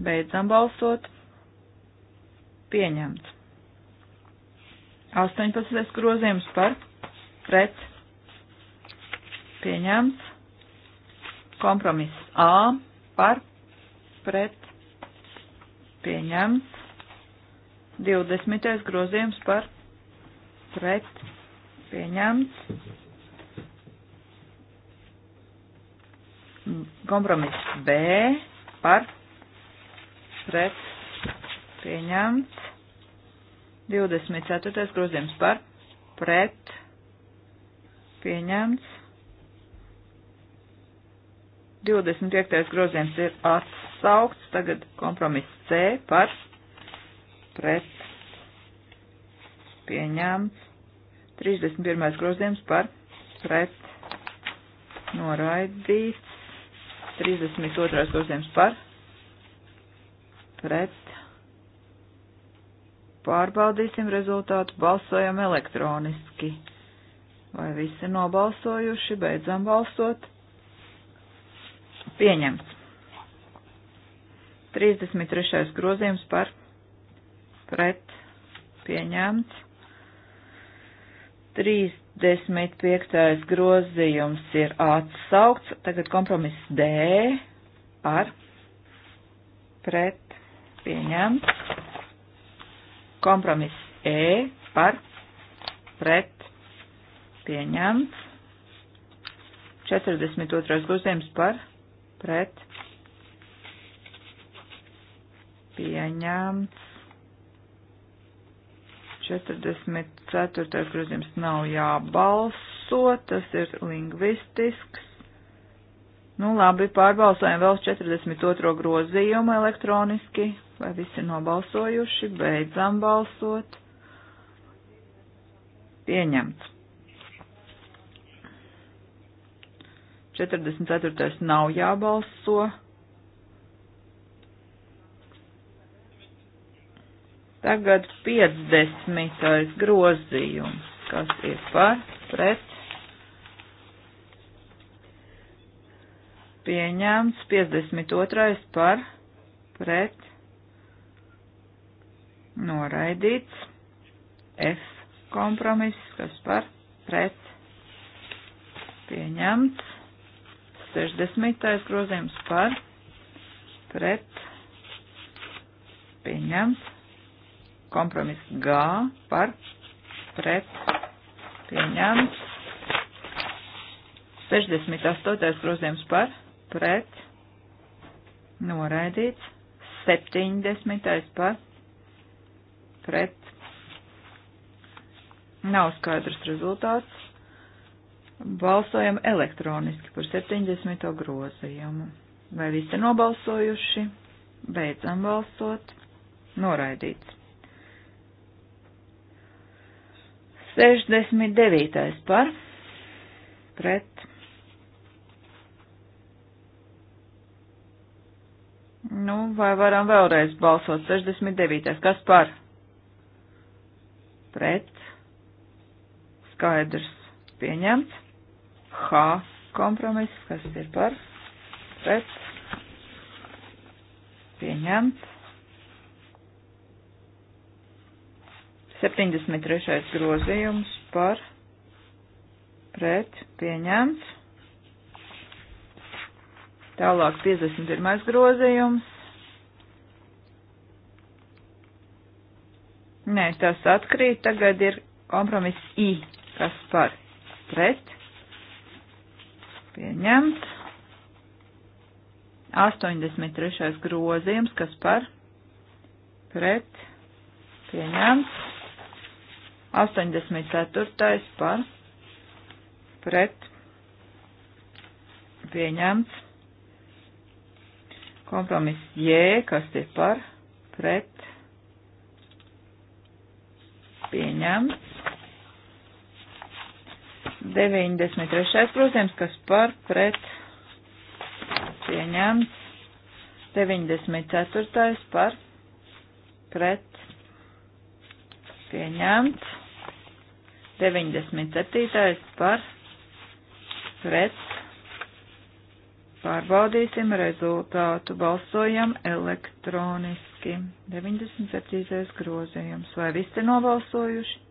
Beidzam balsot. Pieņemts. 18. grozījums par pret. Pieņemts. Kompromiss A par pret. Pieņemts. 20. grozījums par pret pieņemts. Kompromiss B par pret pieņemts. 24. grozījums par pret pieņemts. 25. grozījums ir atsaukts, tagad kompromiss C par pret pieņemts. 31. grozījums par pret noraidīts. 32. grozījums par pret. Pārbaudīsim rezultātu, balsojam elektroniski. Vai visi nobalsojuši, beidzam balsot? Pieņemts. 33. grozījums par pret pieņemts. 35. grozījums ir atsaukts. Tagad kompromiss D par pret pieņemts. Kompromiss E par pret pieņemts. 42. grozījums par pret pieņemts. 44. grozījums nav jābalso, tas ir lingvistisks. Nu labi, pārbalsojam vēl 42. grozījumu elektroniski, vai visi nobalsojuši, beidzam balsot. Pieņemts. 44. nav jābalso. Tagad 50. grozījums, kas ir par pret pieņemts, 52. par pret noraidīts, F kompromiss, kas par pret pieņemts, 60. grozījums par pret pieņemts, Kompromis G par pret pieņemts. 68. grozījums par pret noraidīts. 70. par pret nav skaidrs rezultāts. Balsojam elektroniski par 70. grozījumu. Vai visi nobalsojuši? Beidzam balsot. Noraidīts. 69. par pret. Nu, vai varam vēlreiz balsot 69. Kas par? Pret. Skaidrs. Pieņemts. H. Kompromiss. Kas ir par? Pret. Pieņemts. 73. grozījums par pret pieņemts. Tālāk 51. grozījums. Nē, tas atkrīt. Tagad ir kompromiss I, kas par pret. Pieņemt. 83. grozījums, kas par pret. Pieņemts. 84. par pret pieņemts. Kompromiss J, kas ir par pret pieņemts. 93. grozījums, kas par pret pieņemts. 94. par pret pieņemts. 97. par pret. Pārbaudīsim rezultātu. Balsojam elektroniski. 97. grozījums. Vai visi ir nobalsojuši?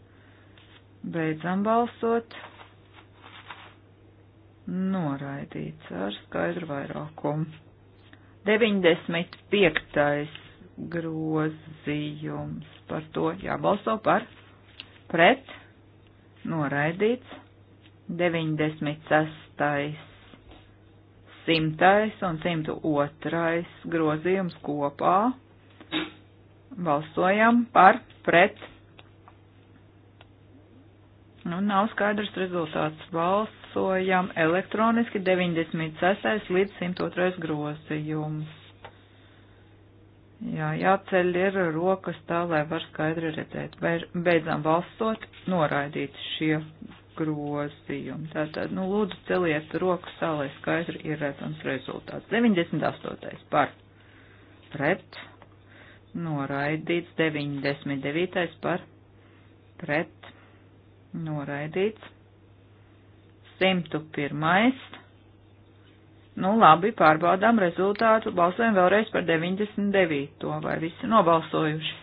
Beidzam balsot. Noraidīts ar skaidru vairākumu. 95. grozījums. Par to jābalso par pret noraidīts. 96. simtais un 102. grozījums kopā. Balsojam par pret. Nu, nav skaidrs rezultāts. Balsojam elektroniski 96. līdz 102. grozījums. Jā, jāceļ ir rokas tā, lai var skaidri redzēt. Beidzām balsot, noraidīt šie grozījumi. Tātad, nu, lūdzu, celiet rokas tā, lai skaidri ir redzams rezultāts. 98. par pret, noraidīts. 99. par pret, noraidīts. 101. Nu, labi, pārbaudām rezultātu. Balsojam vēlreiz par 99. Vai visi nobalsojuši?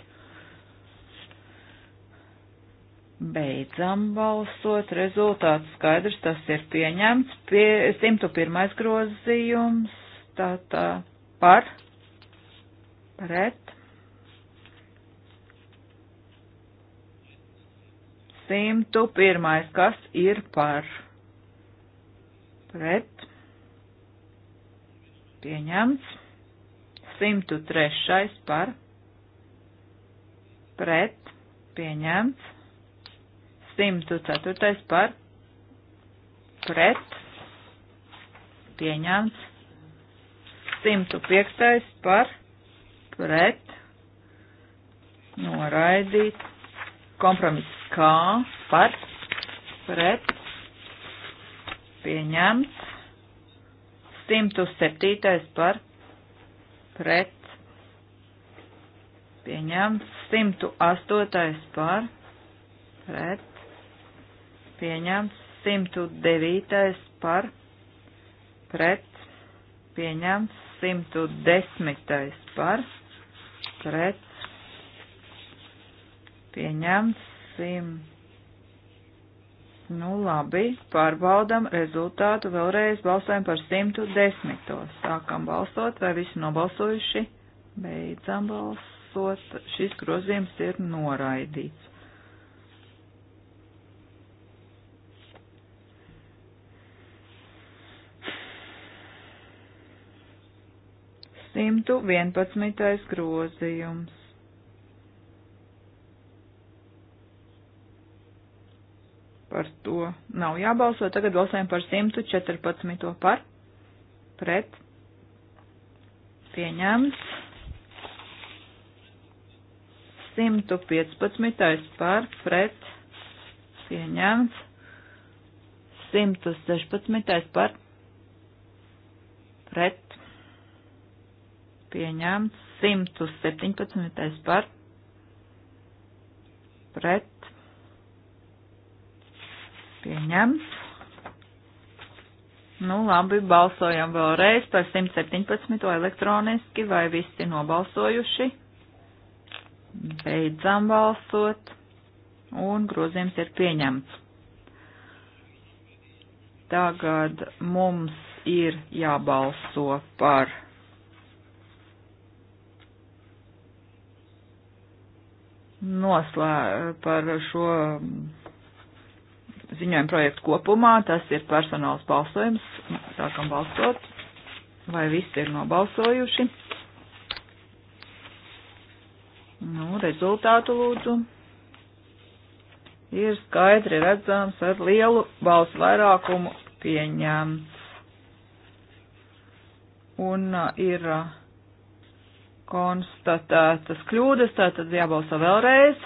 Beidzam balsot. Rezultāts skaidrs, tas ir pieņemts. Pie 101. grozījums. Tā tā par. Pret. 101. kas ir par. Pret pieņemts. 103. par pret pieņemts. 104. par pret pieņemts. 105. par pret noraidīt. Kompromiss kā par pret pieņemts. 107. par pret pieņemts, 108. par pret pieņemts, 109. par pret pieņemts, 110. par pret pieņemts, 100. Nu labi, pārbaudam rezultātu vēlreiz balsojam par 110. Sākam balsot, vai visi nobalsojuši? Beidzam balsot, šis grozījums ir noraidīts. Simtu vienpadsmitais grozījums. Par to nav jābalso. Tagad balsojam par 114. par. Pret. Pieņemts. 115. par. Pret. Pieņemts. 116. par pret pieņemts, 117. par pret Pieņemts. Nu, labi, balsojam vēlreiz par 117. elektroniski, vai visi nobalsojuši. Beidzam balsot, un grozījums ir pieņemts. Tagad mums ir jābalso par noslē, par šo ziņojumu projektu kopumā. Tas ir personāls balsojums. Sākam balsot. Vai visi ir nobalsojuši? Nu, rezultātu lūdzu. Ir skaidri redzams ar lielu balsu vairākumu pieņēmts. Un uh, ir uh, konstatētas kļūdas, tātad jābalso vēlreiz.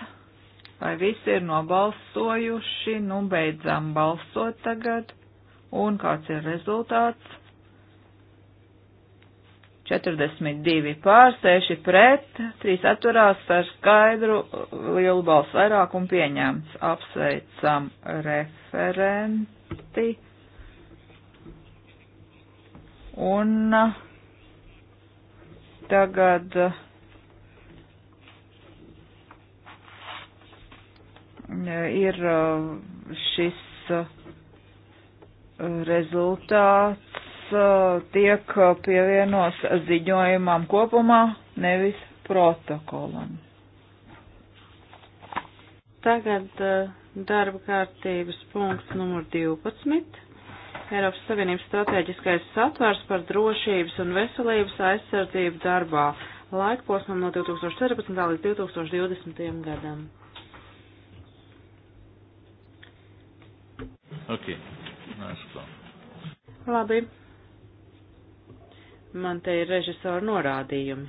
Vai visi ir nobalsojuši? Nu, beidzam balsot tagad. Un kāds ir rezultāts? 42 pār, 6 pret, 3 atturās ar skaidru lielu balsu vairākumu pieņēmts. Apsveicam referenti. Un tagad. Uh, ir uh, šis uh, rezultāts uh, tiek pievienos ziņojumam kopumā, nevis protokolam. Tagad darba kārtības punkts numur 12. Eiropas Savienības strateģiskais satvers par drošības un veselības aizsardzību darbā laikposmam no 2014. līdz 2020. gadam. Ok, nāc klāt. Labi. Man te ir režisora norādījumi.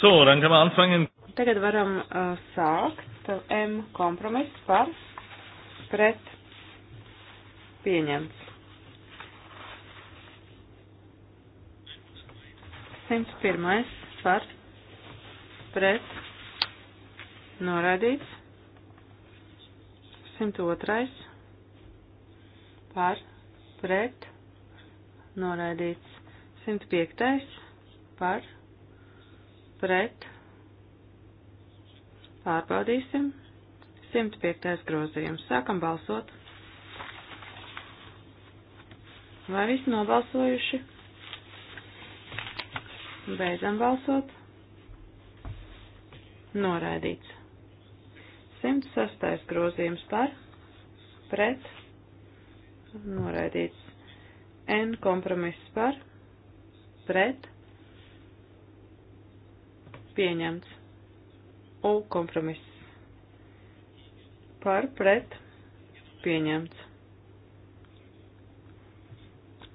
So, dann können wir anfangen. Tagad varam uh, sākt uh, M kompromiss par pret pieņemts. 101. par pret norādīts. 102 par pret noraidīts. 105. par pret pārbaudīsim. 105. grozījums. Sākam balsot. Vai visi nobalsojuši? Beidzam balsot. Noraidīts. 106. grozījums par pret noraidīts. N kompromiss par, pret, pieņemts. U kompromiss par, pret, pieņemts.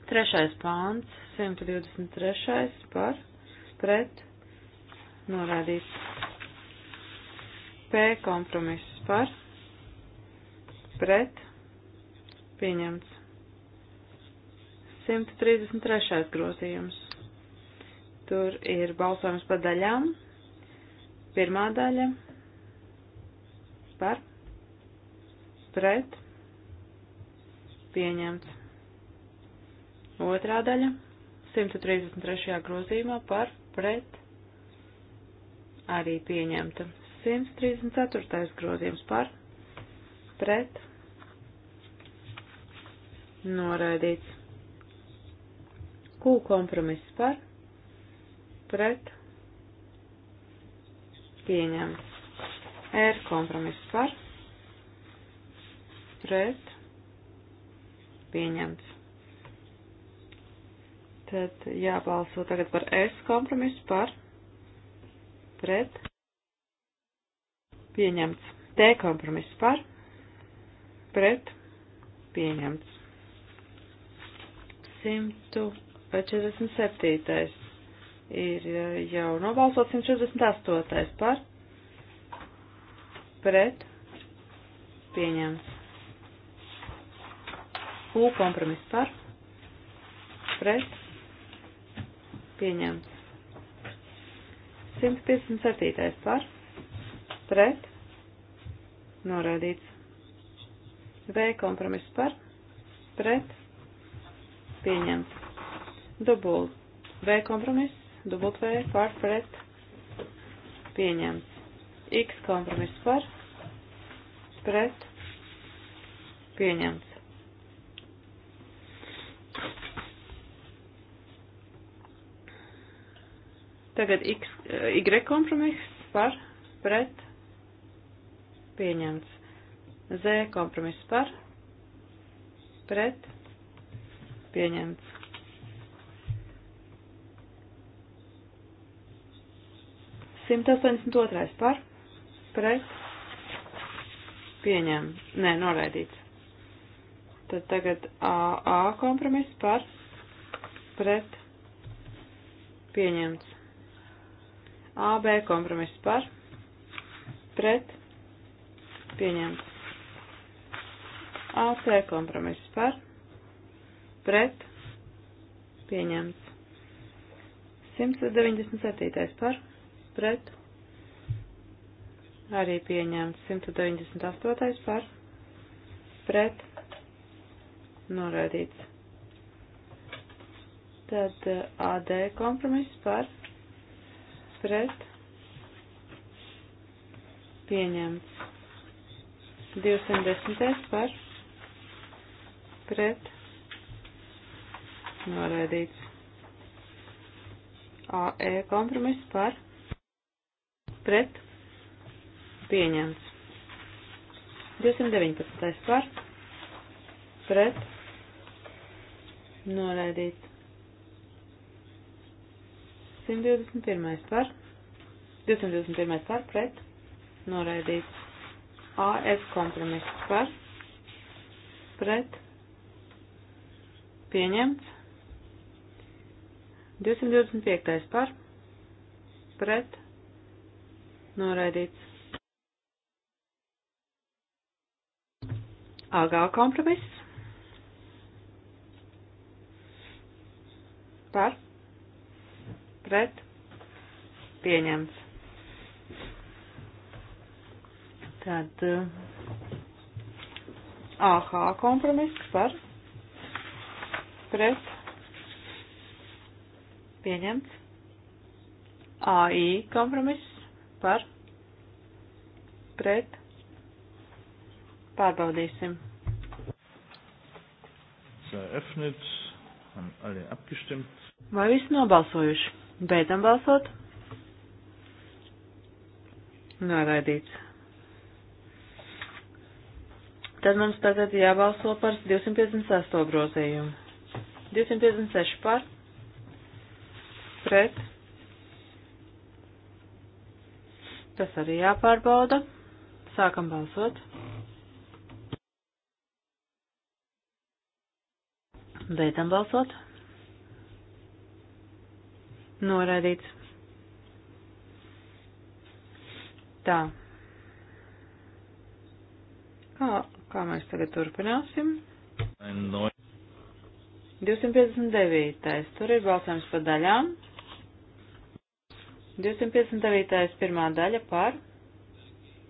Trešais pāns, 123. par, pret, norādīts. P kompromiss par, pret, Pieņemts. 133. grozījums. Tur ir balsojums pa daļām. Pirmā daļa par, pret, pieņemts. Otrā daļa 133. grozījumā par, pret, arī pieņemta. 134. grozījums par, pret, noraidīts. Q kompromiss par, pret, pieņemts. R kompromiss par, pret, pieņemts. Tad jābalso tagad par S kompromisu par, pret, pieņemts. T kompromiss par, pret, pieņemts. 147. ir e, jau nobalsots 148. par pret pieņemts. U kompromis par pret pieņemts. 157. par pret norādīts. V kompromis par pret pieņemts. Dubult V kompromiss, dubult V par pret pieņemts. X kompromiss par pret pieņemts. Tagad X, eh, Y kompromiss par pret pieņemts. Z kompromiss par pret pieņemts pieņemts. Simt astoņdesmit otrais par, pret, pieņem, nē, noraidīts. Tad tagad AA kompromiss par, pret, pieņemts. AB kompromiss par, pret, pieņemts. AC kompromiss par, pret pieņemts. 197. par pret arī pieņemts. 198. par pret noraidīts. Tad eh, AD kompromiss par pret pieņemts. 210. par pret noraidīts. AE kompromiss par pret pieņemts. 219. par pret noraidīts. 121. par 221. par pret noraidīts. AF kompromiss par pret pieņemts. 225. par pret noraidīts. Agā kompromiss par pret pieņemts. Tad AH kompromiss par pret pieņemts. AI kompromiss par pret pārbaudīsim. Eröffnet, uh, haben alle abgestimmt. Vai viss nobalsojuši? Beidzam balsot. Noraidīts. Tad mums tagad jābalso par 258 grozījumu. 256 par pret. Tas arī jāpārbauda. Sākam balsot. Beidzam balsot. Noraidīts. Tā. Kā, kā mēs tagad turpināsim? 259. Tur ir balsojums pa daļām. 259. pirmā daļa par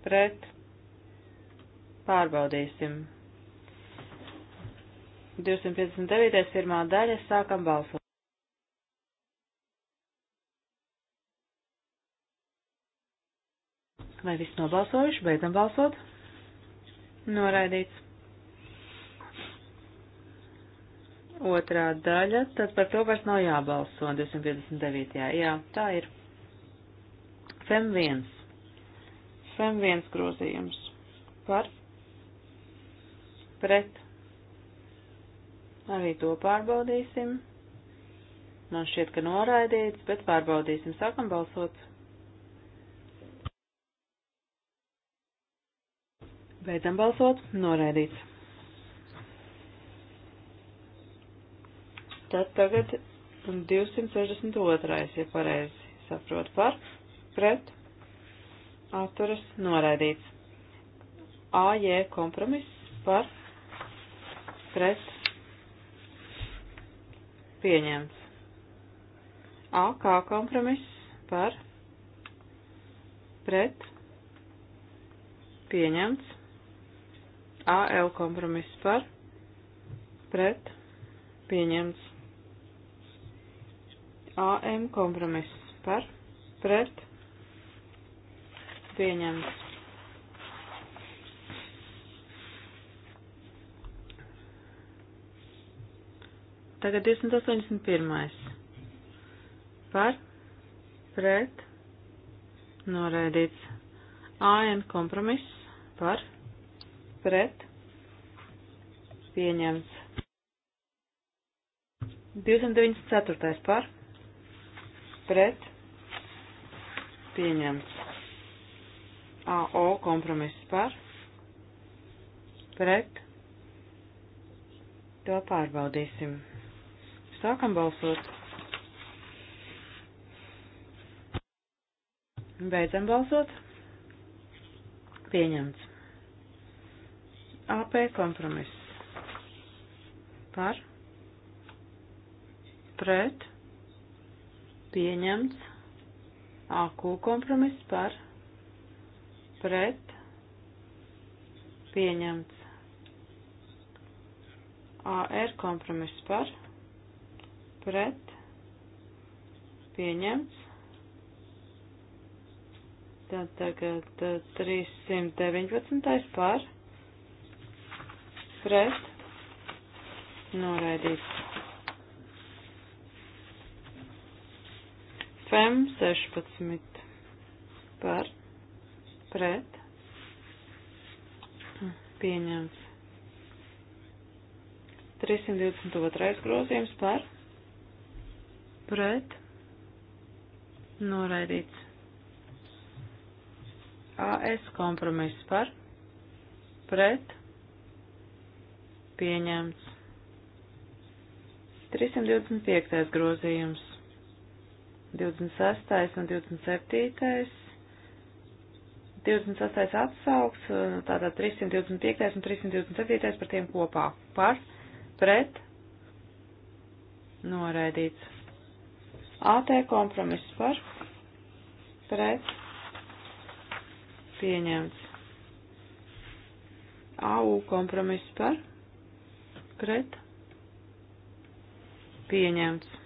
pret pārbaudīsim. 259. pirmā daļa sākam balsot. Vai viss nobalsojuši? Beidzam balsot. Noraidīts. Otrā daļa, tad par to vairs nav jābalso 259. Jā, tā ir. FEM 1. FEM 1 grozījums par pret. Arī to pārbaudīsim. Man šķiet, ka noraidīts, bet pārbaudīsim. Sākam balsot. Beidzam balsot. Noraidīts. Tad tagad 262. ja pareizi saprotu par pret atturas noraidīts. AJ kompromiss par pret pieņemts. AK kompromiss par pret pieņemts. AL kompromiss par pret pieņemts. AM kompromiss par pret pieņemts. Tagad 281. Par, pret, noraidīts. AN kompromiss par, pret, pieņemts. 294. par, pret, pieņemts. AO kompromiss par, pret, to pārbaudīsim. Sākam balsot. Beidzam balsot. Pieņemts. AP kompromiss. Par. Pret. Pieņemts. AQ kompromiss par pret pieņemts. AR kompromiss par pret pieņemts. Tad tagad 319. Eh, par pret noraidīts. FEM 16 par pret pieņemts. 322. grozījums par pret noraidīts. AS kompromiss par pret pieņemts. 325. grozījums, 26. un 27. 28. atsaugs, tātad 325. un 327. par tiem kopā. Par, pret, noraidīts. AT kompromiss par, pret, pieņemts. AU kompromiss par, pret, pieņemts.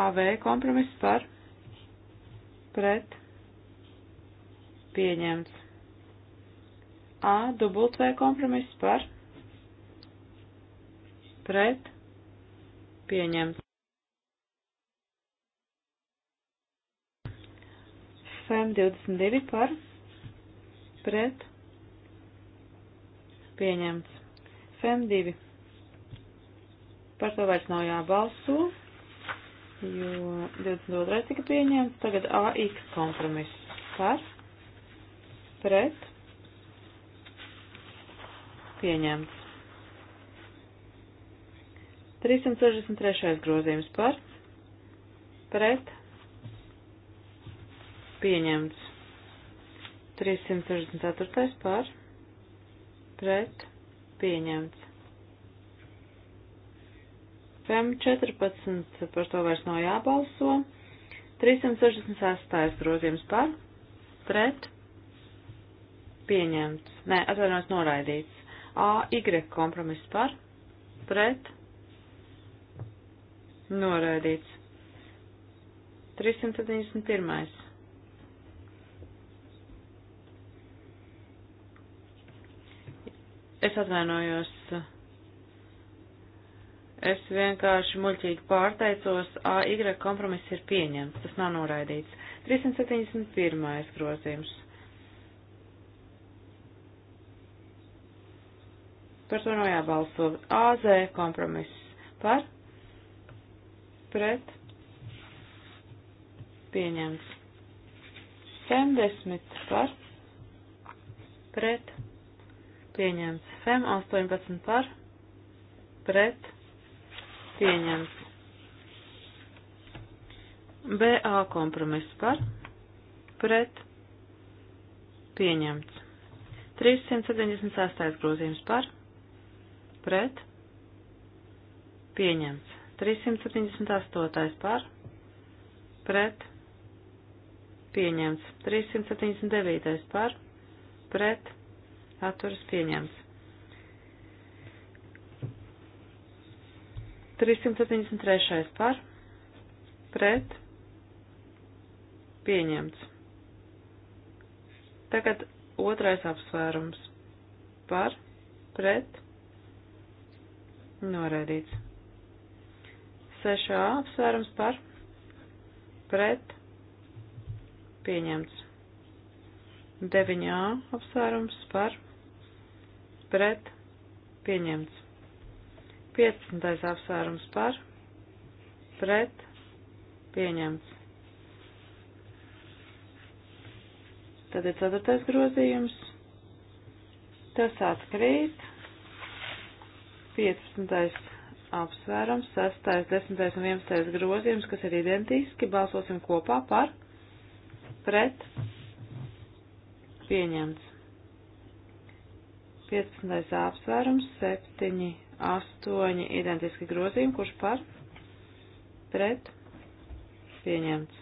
AV kompromiss par, pret, pieņemts. A, dubult V kompromiss par, pret, pieņemts. FM 22 par, pret, pieņemts. FM 2. Par to vairs nav jābalso, jo 22 tika pieņemts, tagad AX kompromiss par, pret, pieņemts. 363. grozījums par, pret, pieņemts. 364. par, pret, pieņemts. FM 14 par to vairs nav jābalso. 368. grozījums par, pret, pieņemts pieņemts, nē, atvainojos noraidīts. A, Y kompromiss par, pret, noraidīts. 371. Es atvainojos. Es vienkārši muļķīgi pārteicos, AY kompromiss ir pieņemts, tas nav noraidīts. 371. grozījums. Par to nav jābalso. AZ kompromiss par, pret, pieņemts. 70 par, pret, pieņemts. FEM 18 par, pret, pieņemts. BA kompromiss par, pret, pieņemts. 378 grozījums par, pret, pieņemts. 378. par, pret, pieņemts. 379. par, pret, atturas pieņemts. 373. par, pret, pieņemts. Tagad otrais apsvērums par, pret, Noraidīts. Sešā apsvērums par pret pieņemts. Deviņā apsvērums par pret pieņemts. Piecdesmitais apsvērums par pret pieņemts. Tad ir ceturtais grozījums. Tas atkrīt. 15. apsvērums, 6., 10. un 11. grozījums, kas ir identiski, balsosim kopā par, pret, pieņemts. 15. apsvērums, 7, 8 identiski grozījumi, kurš par, pret, pieņemts.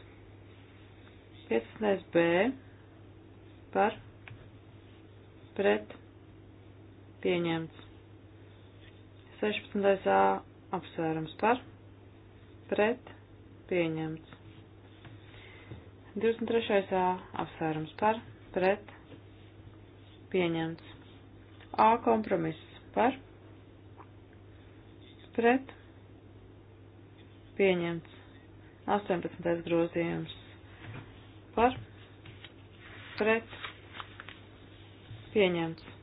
15. B par, pret, pieņemts. 16. A apsvērums par pret pieņemts. 23. A apsvērums par pret pieņemts. A kompromiss par pret pieņemts. 18. grozījums par pret pieņemts.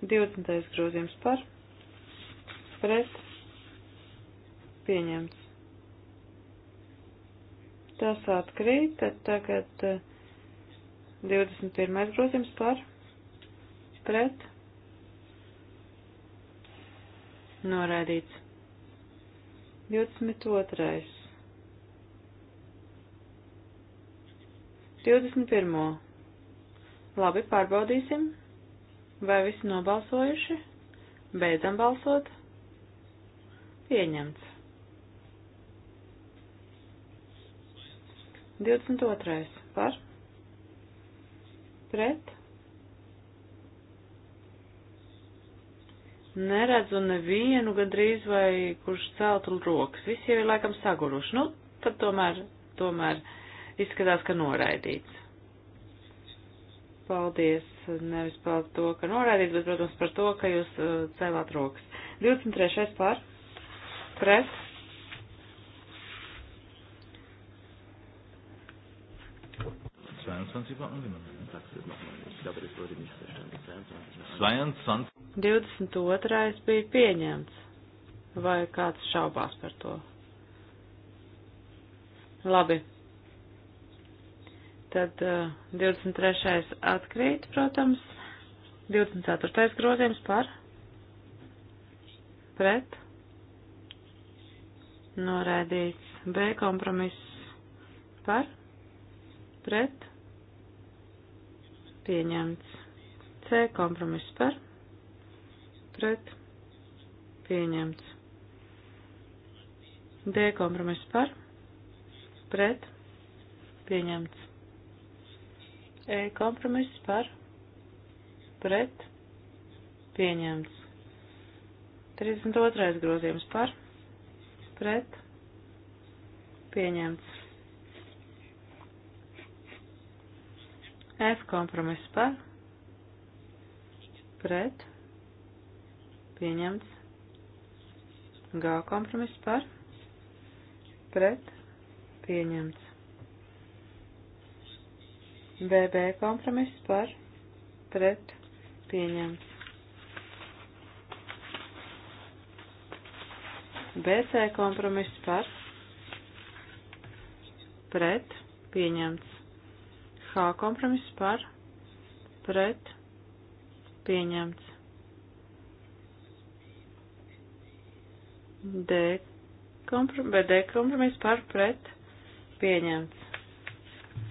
20. grozījums par, pret, pieņemts. Tas atkrīt, tad tagad 21. Eh, grozījums par, pret, noraidīts. 22. 21. Labi, pārbaudīsim. Vai visi nobalsojuši? Beidzam balsot. Pieņemts. 22. par pret neredzu nevienu gandrīz vai kurš celtu rokas. Visi jau ir laikam saguruši. Nu, tad tomēr, tomēr izskatās, ka noraidīts paldies nevis par to, ka noraidīt, bet, protams, par to, ka jūs uh, cēlāt rokas. 23. pār. Pret. Nu, nu, Divdesmit otrais bija pieņemts. Vai kāds šaubās par to? Labi, Tad uh, eh, 23. atkrīt, protams. 24. grozījums par pret noraidīts. B kompromiss par pret pieņemts. C kompromiss par pret pieņemts. D kompromiss par pret pieņemts. E kompromiss par pret pieņemts. 32. grozījums par pret pieņemts. F kompromiss par pret pieņemts. G kompromiss par pret pieņemts. BB kompromiss par pret pieņemts. BC kompromiss par pret pieņemts. H kompromiss par pret pieņemts. D kompromiss, BD kompromiss par pret pieņemts.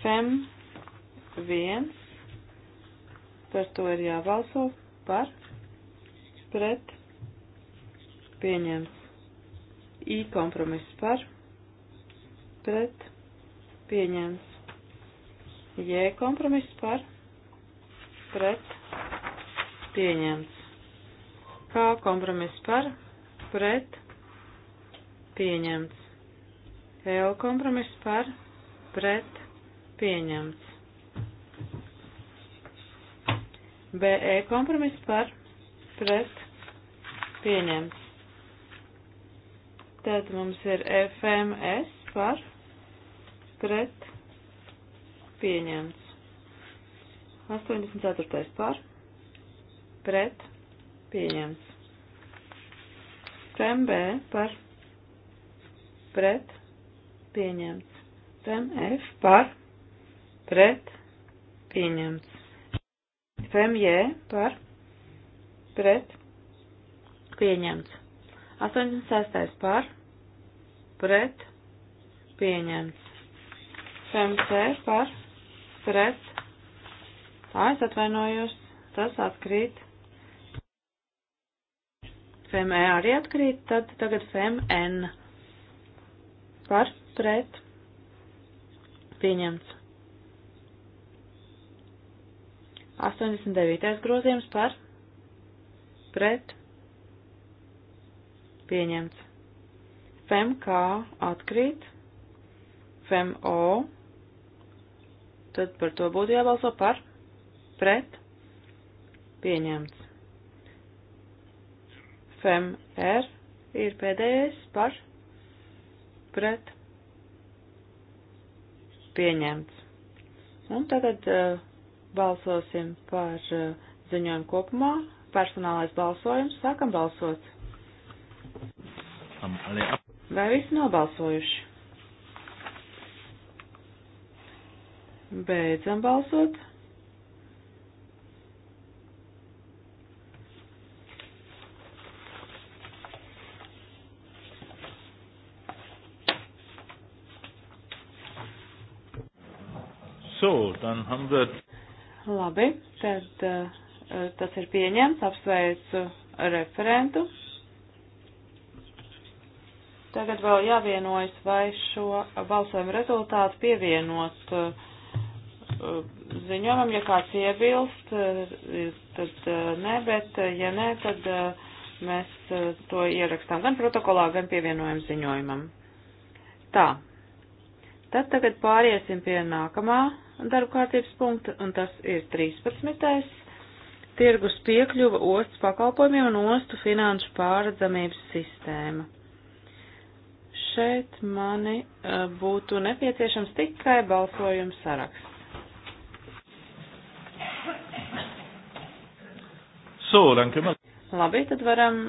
FEM 1. Par to ir jābalso par, pret, pieņemts. I kompromiss par, pret, pieņemts. J kompromiss par, pret, pieņemts. K kompromiss par, pret, pieņemts. L kompromiss par, pret, pieņemts. BE kompromiss par pret pieņemts. Tad mums ir FMS par pret pieņemts. 84. par pret pieņemts. FMB par pret pieņemts. FMF par pret pieņemts. FMJ par pret pieņemts. 86. par pret pieņemts. FMC par pret. Ai, es atvainojos, tas atkrīt. FME arī atkrīt, tad tagad FMN par pret pieņemts. 89. grozījums par pret pieņemts. FEMK atkrīt, FEMO, tad par to būtu jābalso par pret pieņemts. FEMR er ir pēdējais par pret pieņemts. Un tagad uh, Balsosim par uh, ziņojumu kopumā. Personālais balsojums. Sākam balsot. Vai visi nobalsojuši? Beidzam balsot. So, dann haben wir Labi, tad uh, tas ir pieņemts, apsveicu referentu. Tagad vēl jāvienojas, vai šo balsojumu rezultātu pievienot eh, ziņojumam, ja kāds iebilst, eh, tad nē, bet ja nē, tad mēs to ierakstām gan protokolā, gan pievienojam ziņojumam. Tā. Tad tagad pāriesim pie nākamā darba kārtības punkta, un tas ir 13. Tirgus piekļuva ostas pakalpojumiem un ostu finanšu pārredzamības sistēma. Šeit mani e, būtu nepieciešams tikai balsojums saraksts. So, danke mal. Labi, tad varam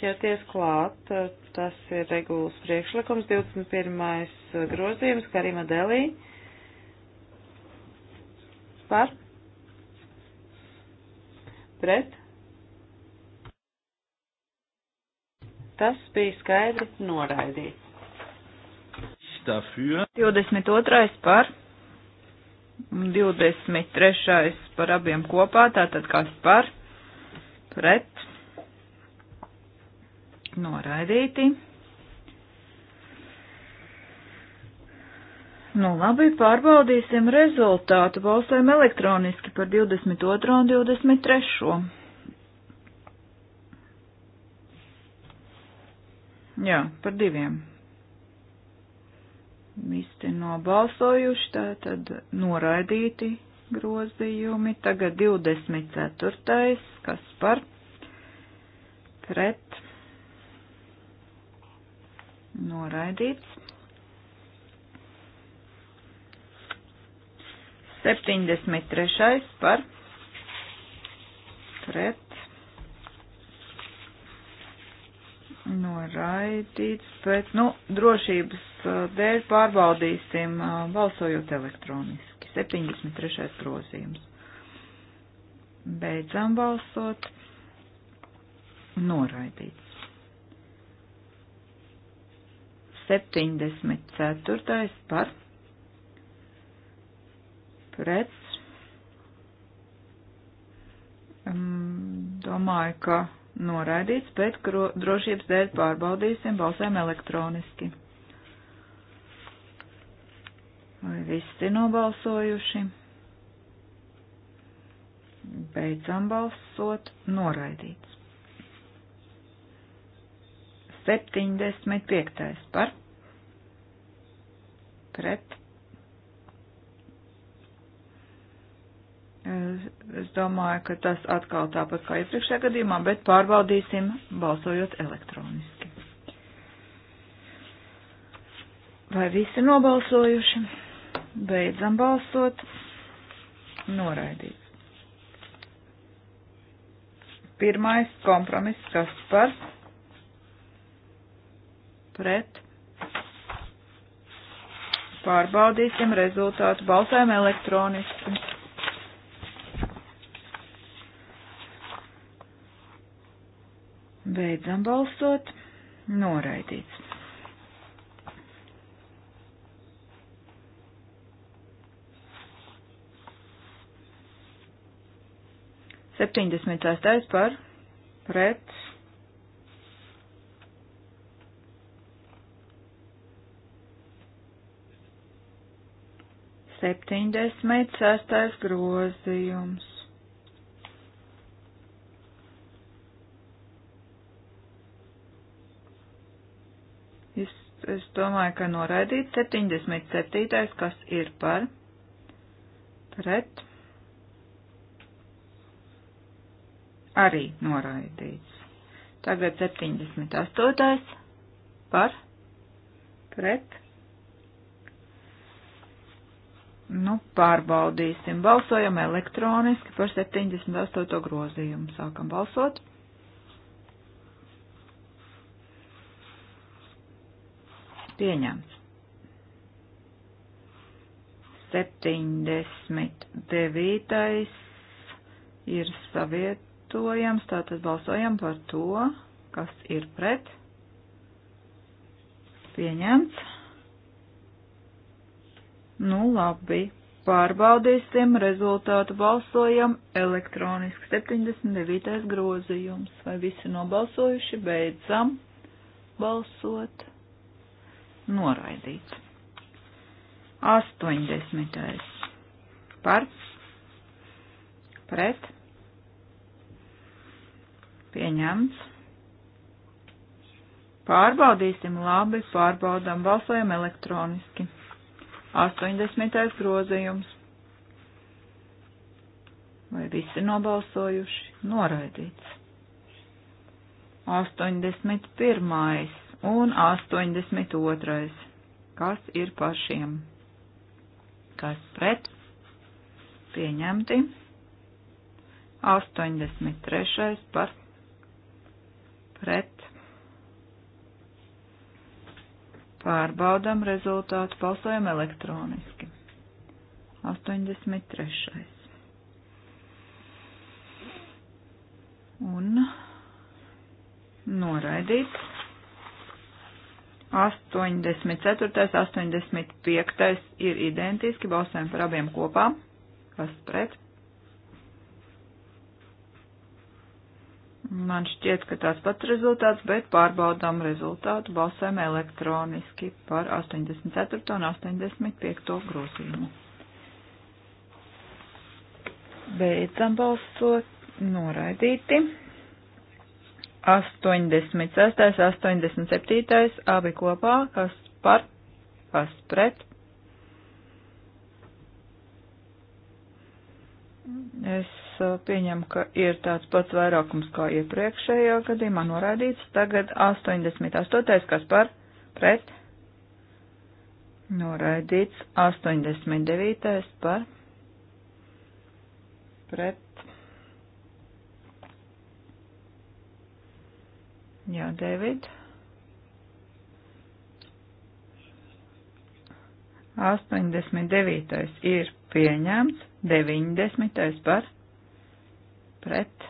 ķerties klāt. E, tas ir regulas priekšlikums 21. E, grozījums Karima Delī par pret. Tas bija skaidri noraidīts. Dafür. 22. par 23. par abiem kopā, tātad kas par pret noraidīti. Nu, labi, pārbaudīsim rezultātu. Balsojam elektroniski par 22. un 23. Jā, par diviem. Visi nobalsojuši, tātad noraidīti grozījumi. Tagad 24. kas par pret noraidīts. 73. par pret noraidīts, bet, nu, drošības uh, dēļ pārbaudīsim uh, balsojot elektroniski. 73. grozījums. Beidzam balsot. Noraidīts. 74. par Frets. Domāju, ka noraidīts, bet drošības dēļ pārbaudīsim, balsēm elektroniski. Vai visi nobalsojuši? Beidzam balsot, noraidīts. 75. par pret Es domāju, ka tas atkal tāpat kā iepriekšējā gadījumā, bet pārbaudīsim balsojot elektroniski. Vai visi nobalsojuši? Beidzam balsot. Noraidīts. Pirmais kompromiss, kas par pret. Pārbaudīsim rezultātu. Balsojam elektroniski. Beidzam balsot. Noraidīts. Septiņdesmit sestais par pret. Septiņdesmit sestais grozījums. Es domāju, ka noraidīt 77. kas ir par pret. Arī noraidīts. Tagad 78. par pret. Nu, pārbaudīsim. Balsojam elektroniski par 78. grozījumu. Sākam balsot. pieņemts. 79. ir savietojams, tātad balsojam par to, kas ir pret. Pieņemts. Nu, labi. Pārbaudīsim rezultātu balsojam elektroniski 79. grozījums. Vai visi nobalsojuši? Beidzam balsot noraidīts. 80. par pret pieņemts. Pārbaudīsim labi, pārbaudām, balsojam elektroniski. 80. grozījums. Vai visi nobalsojuši? Noraidīts. 81 un 82. Kas ir par šiem? Kas pret? Pieņemti. 83. par pret. Pārbaudam rezultātu, balsojam elektroniski. 83. Un noraidīt. 84. 85. ir identiski, balsojam par abiem kopā. Kas pret? Man šķiet, ka tāds pats rezultāts, bet pārbaudām rezultātu, balsojam elektroniski par 84. un 85. grozījumu. Beidzam balsot noraidīti. 86, 87, abi kopā, kas par, kas pret. Es eh, pieņemu, ka ir tāds pats vairākums kā iepriekšējā gadījumā norādīts. Tagad 88, kas par, pret. Noraidīts 89. par pret Jā, David. Astoņdesmit devītais ir pieņemts, deviņdesmitais par pret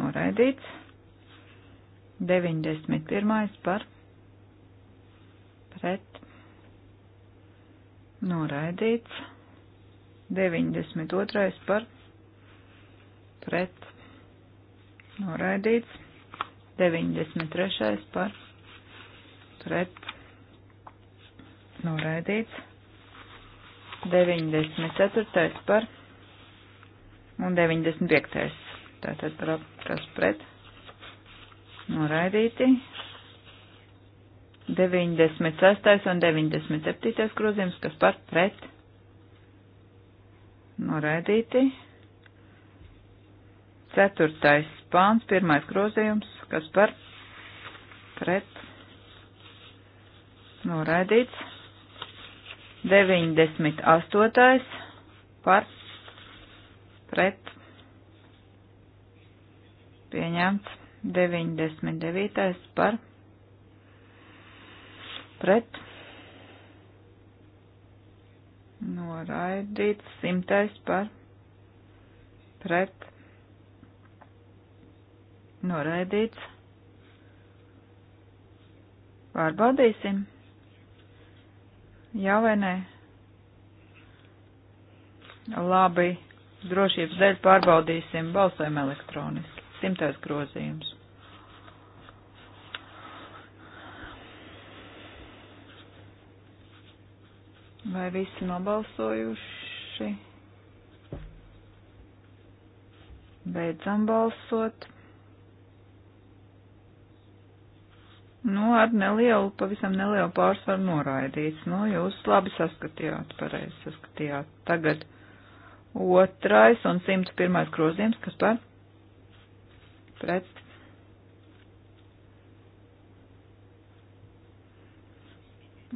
noraidīts, deviņdesmit pirmais par pret noraidīts, deviņdesmit otrais par pret noraidīts, 93. par pret noraidīts. 94. par un 95. Tātad par kas pret noraidīti. 96. un 97. grozījums, kas par pret noraidīti. Ceturtais pāns, pirmais grozījums, kas par pret noraidīts. 98. par pret pieņemts. 99. par pret noraidīts. 100. par pret noraidīts. Pārbaudīsim. Jā vai nē? Labi, drošības dēļ pārbaudīsim balsojumu elektroniski. Simtais grozījums. Vai visi nobalsojuši? Beidzam balsot. nu, ar nelielu, pavisam nelielu pārsvaru noraidīts. Nu, jūs labi saskatījāt, pareizi saskatījāt. Tagad otrais un 101. grozījums, kas par? Pret.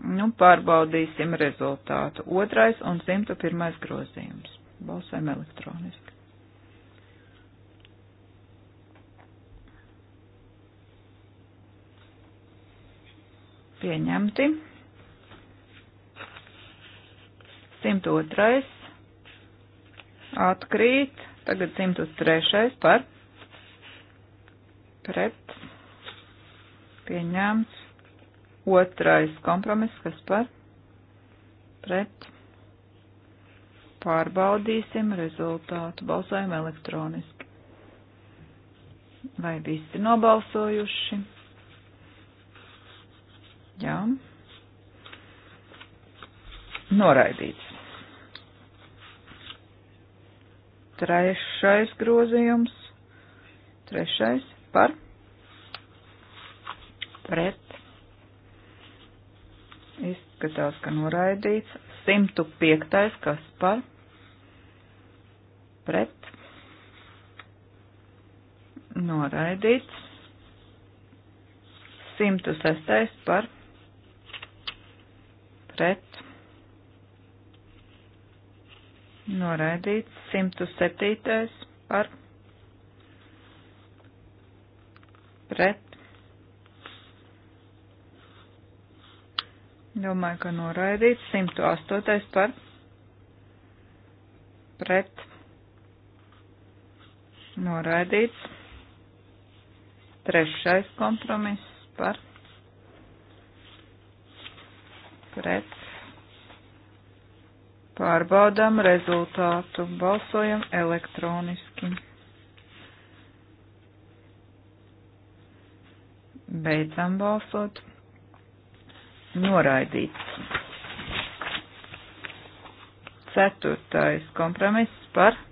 Nu, pārbaudīsim rezultātu. Otrais un 101. grozījums. Balsēm elektroniski. pieņemti. 102. atkrīt, tagad 103. par pret pieņemts. Otrais kompromiss, kas par pret pārbaudīsim rezultātu, balsojam elektroniski. Vai visi nobalsojuši? Jā. Noraidīts. Trešais grozījums. Trešais par. Pret. Izskatās, ka noraidīts. 105. kas par. Pret. Noraidīts. 106. par pret noraidīts 107. par pret. Domāju, ka noraidīts 108. par pret. Noraidīts trešais kompromiss par pret. Pārbaudām rezultātu, balsojam elektroniski. Beidzam balsot. Noraidīts. Ceturtais kompromiss par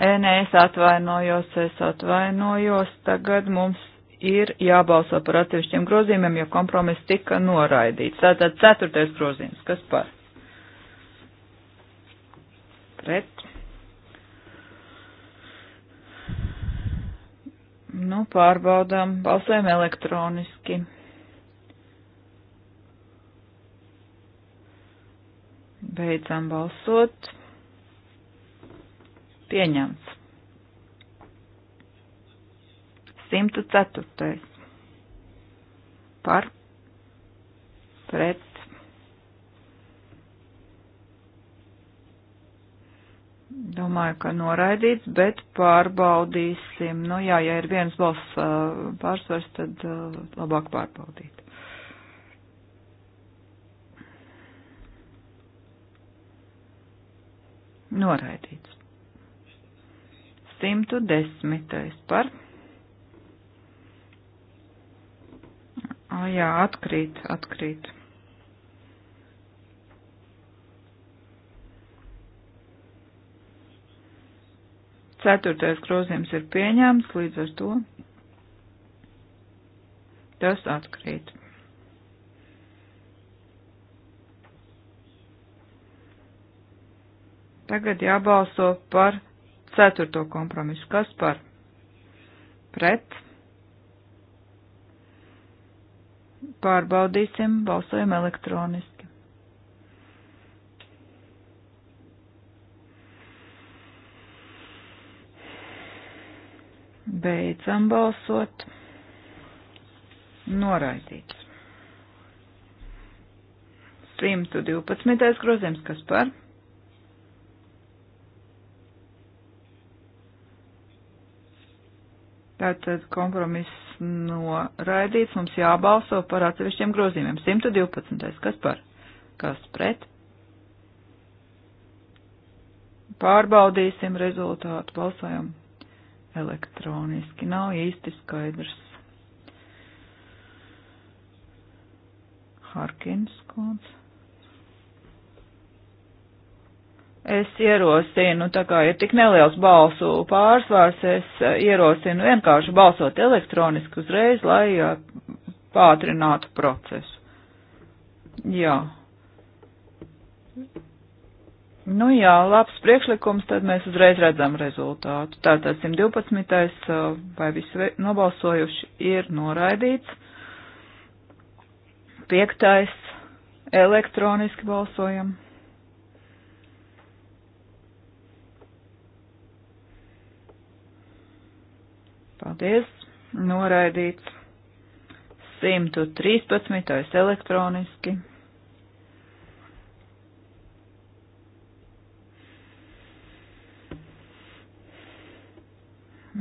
Nē, es atvainojos, es atvainojos. Tagad mums ir jābalso par atsevišķiem grozījumiem, jo kompromiss tika noraidīts. Tātad ceturtais grozījums, kas par? Pret. Nu, pārbaudām, balsojam elektroniski. Beidzam balsot. Pieņemts. 104. par pret Domāju, ka noraidīts, bet pārbaudīsim. Nu jā, ja ir viens balss uh, pārsvars, tad uh, labāk pārbaudīt. Noraidīts. 110. par Oh, jā, atkrīt, atkrīt. Ceturtais grozījums ir pieņēmts, līdz ar to tas atkrīt. Tagad jābalso par ceturto kompromisu. Kas par? Pret? Pārbaudīsim, balsojam elektroniski. Beidzam balsot. Noraidīts. 112. grozījums, kas par? Tātad kompromiss noraidīts, mums jābalso par atsevišķiem grozījumiem. 112. Kas par? Kas pret? Pārbaudīsim rezultātu, balsojam elektroniski, nav īsti skaidrs. Harkins kundze. Es ierosinu, tā kā ir tik neliels balsu pārsvars, es eh, ierosinu vienkārši balsot elektroniski uzreiz, lai eh, pātrinātu procesu. Jā. Nu jā, labs priekšlikums, tad mēs uzreiz redzam rezultātu. Tātad 112. Eh, vai visi nobalsojuši ir noraidīts. Piektais elektroniski balsojam. Paldies. Noraidīts. 113. elektroniski.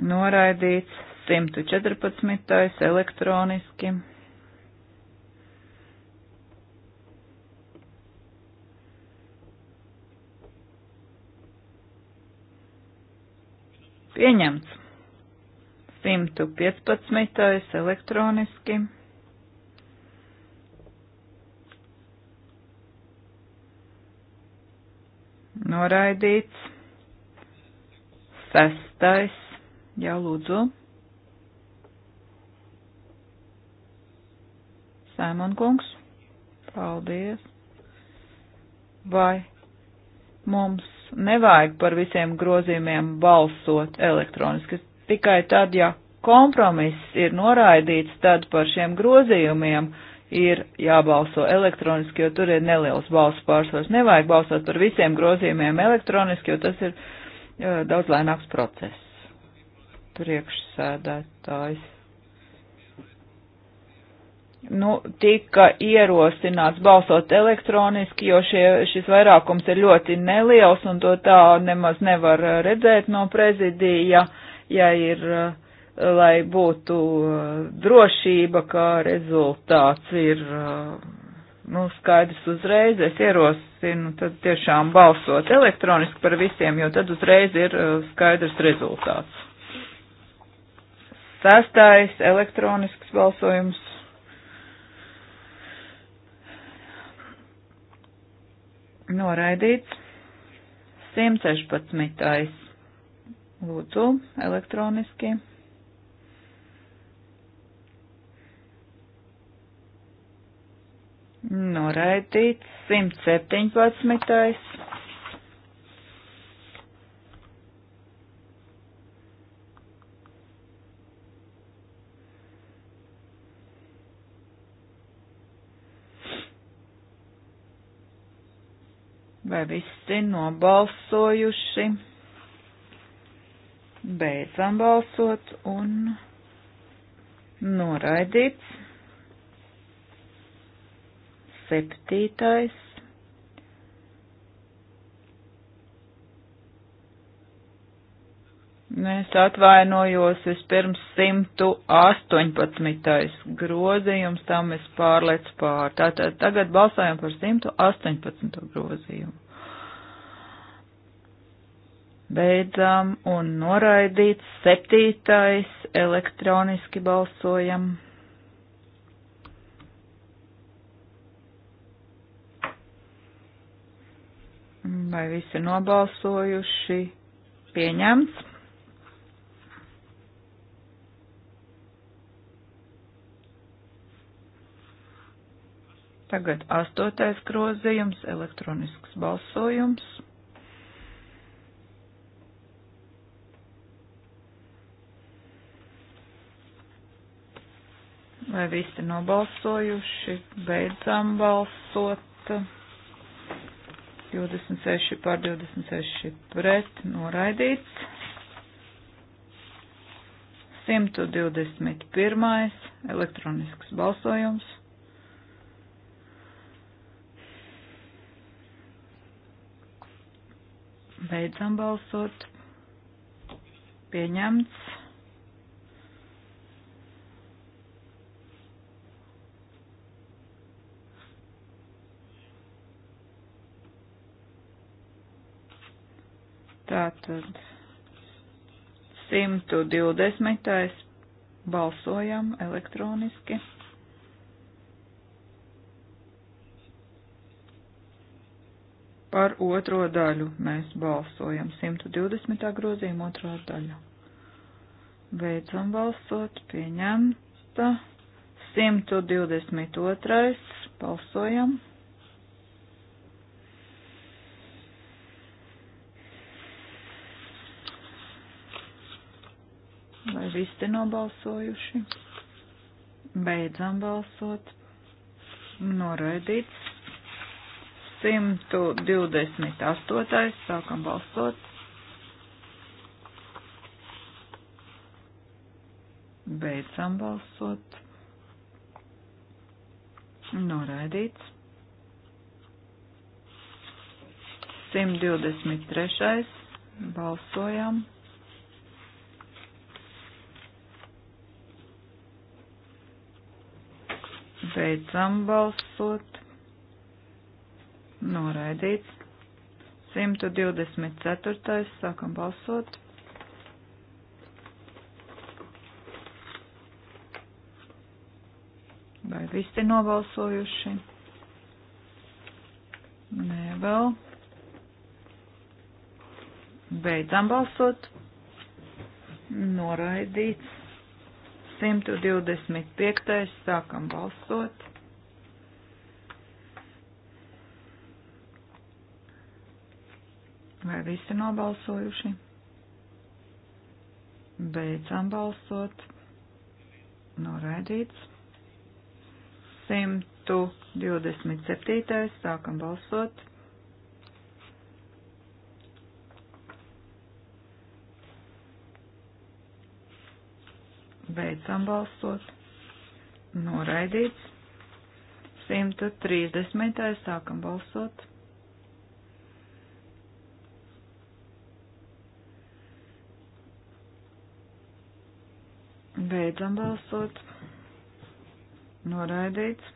Noraidīts. 114. elektroniski. Pieņemts. 115. elektroniski. Noraidīts. Sestais. Jā, lūdzu. Sēmon kungs. Paldies. Vai mums nevajag par visiem grozījumiem balsot elektroniski? Tikai tad, ja kompromiss ir noraidīts, tad par šiem grozījumiem ir jābalso elektroniski, jo tur ir neliels balsu pārsvars. Nevajag balsot par visiem grozījumiem elektroniski, jo tas ir uh, daudz lēnāks process. Priekšsēdētājs. Nu, tika ierosināts balsot elektroniski, jo šie, šis vairākums ir ļoti neliels un to tā nemaz nevar uh, redzēt no prezidija. Uh, ja ir, eh, lai būtu eh, drošība, kā rezultāts ir, eh, nu, skaidrs uzreiz, es ierosinu tad tiešām balsot elektroniski par visiem, jo tad uzreiz ir skaidrs rezultāts. Sestais elektronisks balsojums. Noraidīts. 116. Lūdzu, elektroniski. Noraidīts 117. Vai visi nobalsojuši? Beidzam balsot un noraidīts. Septītais. Es atvainojos vispirms 118. grozījums, tam es pārlecu pār. Tātad tagad balsājam par 118. grozījumu. Beidzām un noraidīts septītais elektroniski balsojam. Vai visi nobalsojuši? Pieņemts. Tagad astotais grozījums - elektronisks balsojums. Vai visi nobalsojuši? Beidzam balsot. 26 pār 26 pret noraidīts. 121. elektronisks balsojums. Beidzam balsot. Pieņemts. Tātad 120. balsojam elektroniski. Par otro daļu mēs balsojam 120. grozījuma otro daļu. Beidzam balsot, pieņemta. 122. balsojam. Visi nobalsojuši. Beidzam balsot. Noraidīts. 128. Sākam balsot. Beidzam balsot. Noraidīts. 123. Balsojam. Beidzam balsot. Noraidīts. 124. Sākam balsot. Vai visi nobalsojuši? Nē, vēl. Beidzam balsot. Noraidīts. 125. sākam balsot. Vai visi nobalsojuši? Beidzam balsot. Noraidīts. 127. sākam balsot. Beidzam balsot. Noraidīts. 130. Sākam balsot. Beidzam balsot. Noraidīts.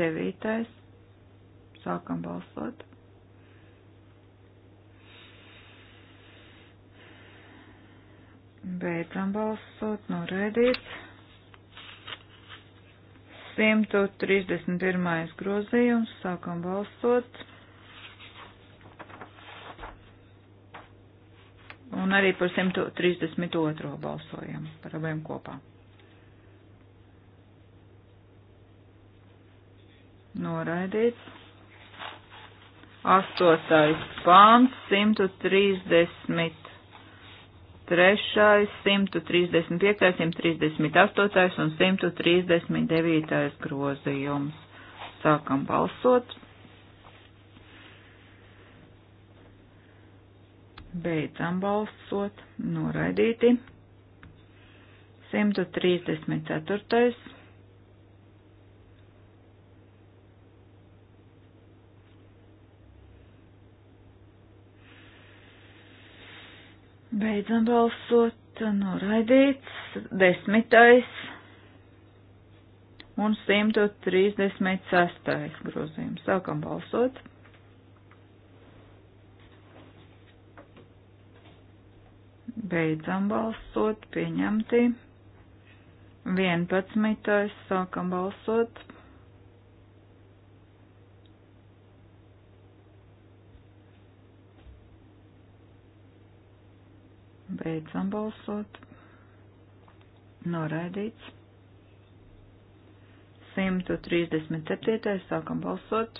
Devītais. Sākam balsot. Beidzam balsot, noraidīts. 131. grozījums, sākam balsot. Un arī par 132. balsojam, par abiem kopā. Noraidīts. 8. pāns, 130. 135, 138 un 139 grozījums. Sākam balsot. Beidzam balsot. Noraidīti. 134. Beidzam balsot, noraidīts nu, desmitais un 136. grozījums. Sākam balsot. Beidzam balsot, pieņemti. 11. sākam balsot. Beidzam balsot. Noraidīts. 137. Sākam balsot.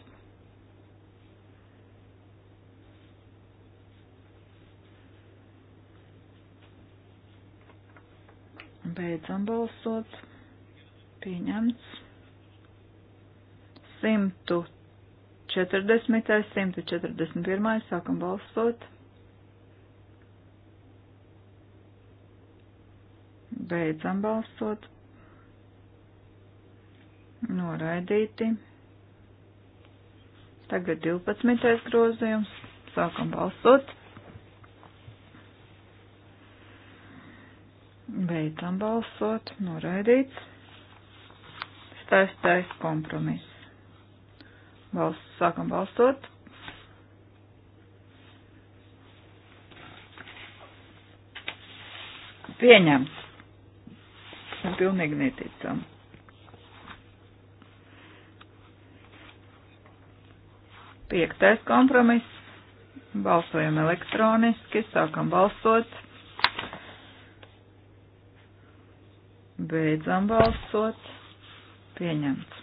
Beidzam balsot. Pieņemts. 140. 141. Sākam balsot. Beidzam balsot. Noraidīti. Tagad 12. grozījums. Sākam balsot. Beidzam balsot. Noraidīts. Stāstais kompromiss. Balsts, sākam balsot. Pieņemts attieksme pilnīgi neticama. Piektais kompromiss. Balsojam elektroniski, sākam balsot. Beidzam balsot. Pieņemts.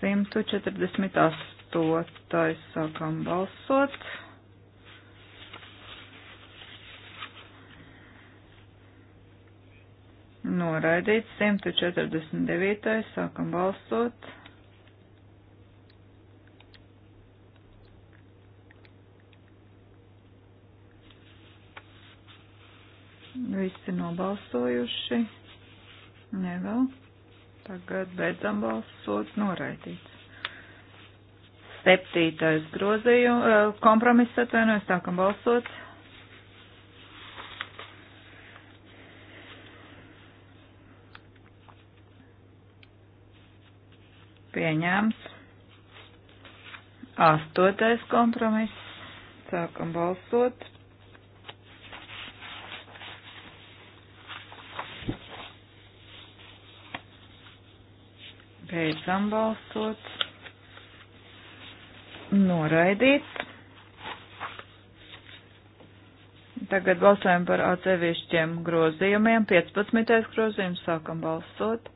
148. sākam balsot. noraidīts 149. sākam balsot. Visi nobalsojuši. Nē, vēl. Tagad beidzam balsot noraidīts. Septītais grozījums, eh, kompromiss atvainojas, sākam balsot. pieņēms. Astotais kompromiss. Sākam balsot. Beidzam balsot. Noraidīt. Tagad balsojam par atsevišķiem grozījumiem. 15. grozījums sākam balsot.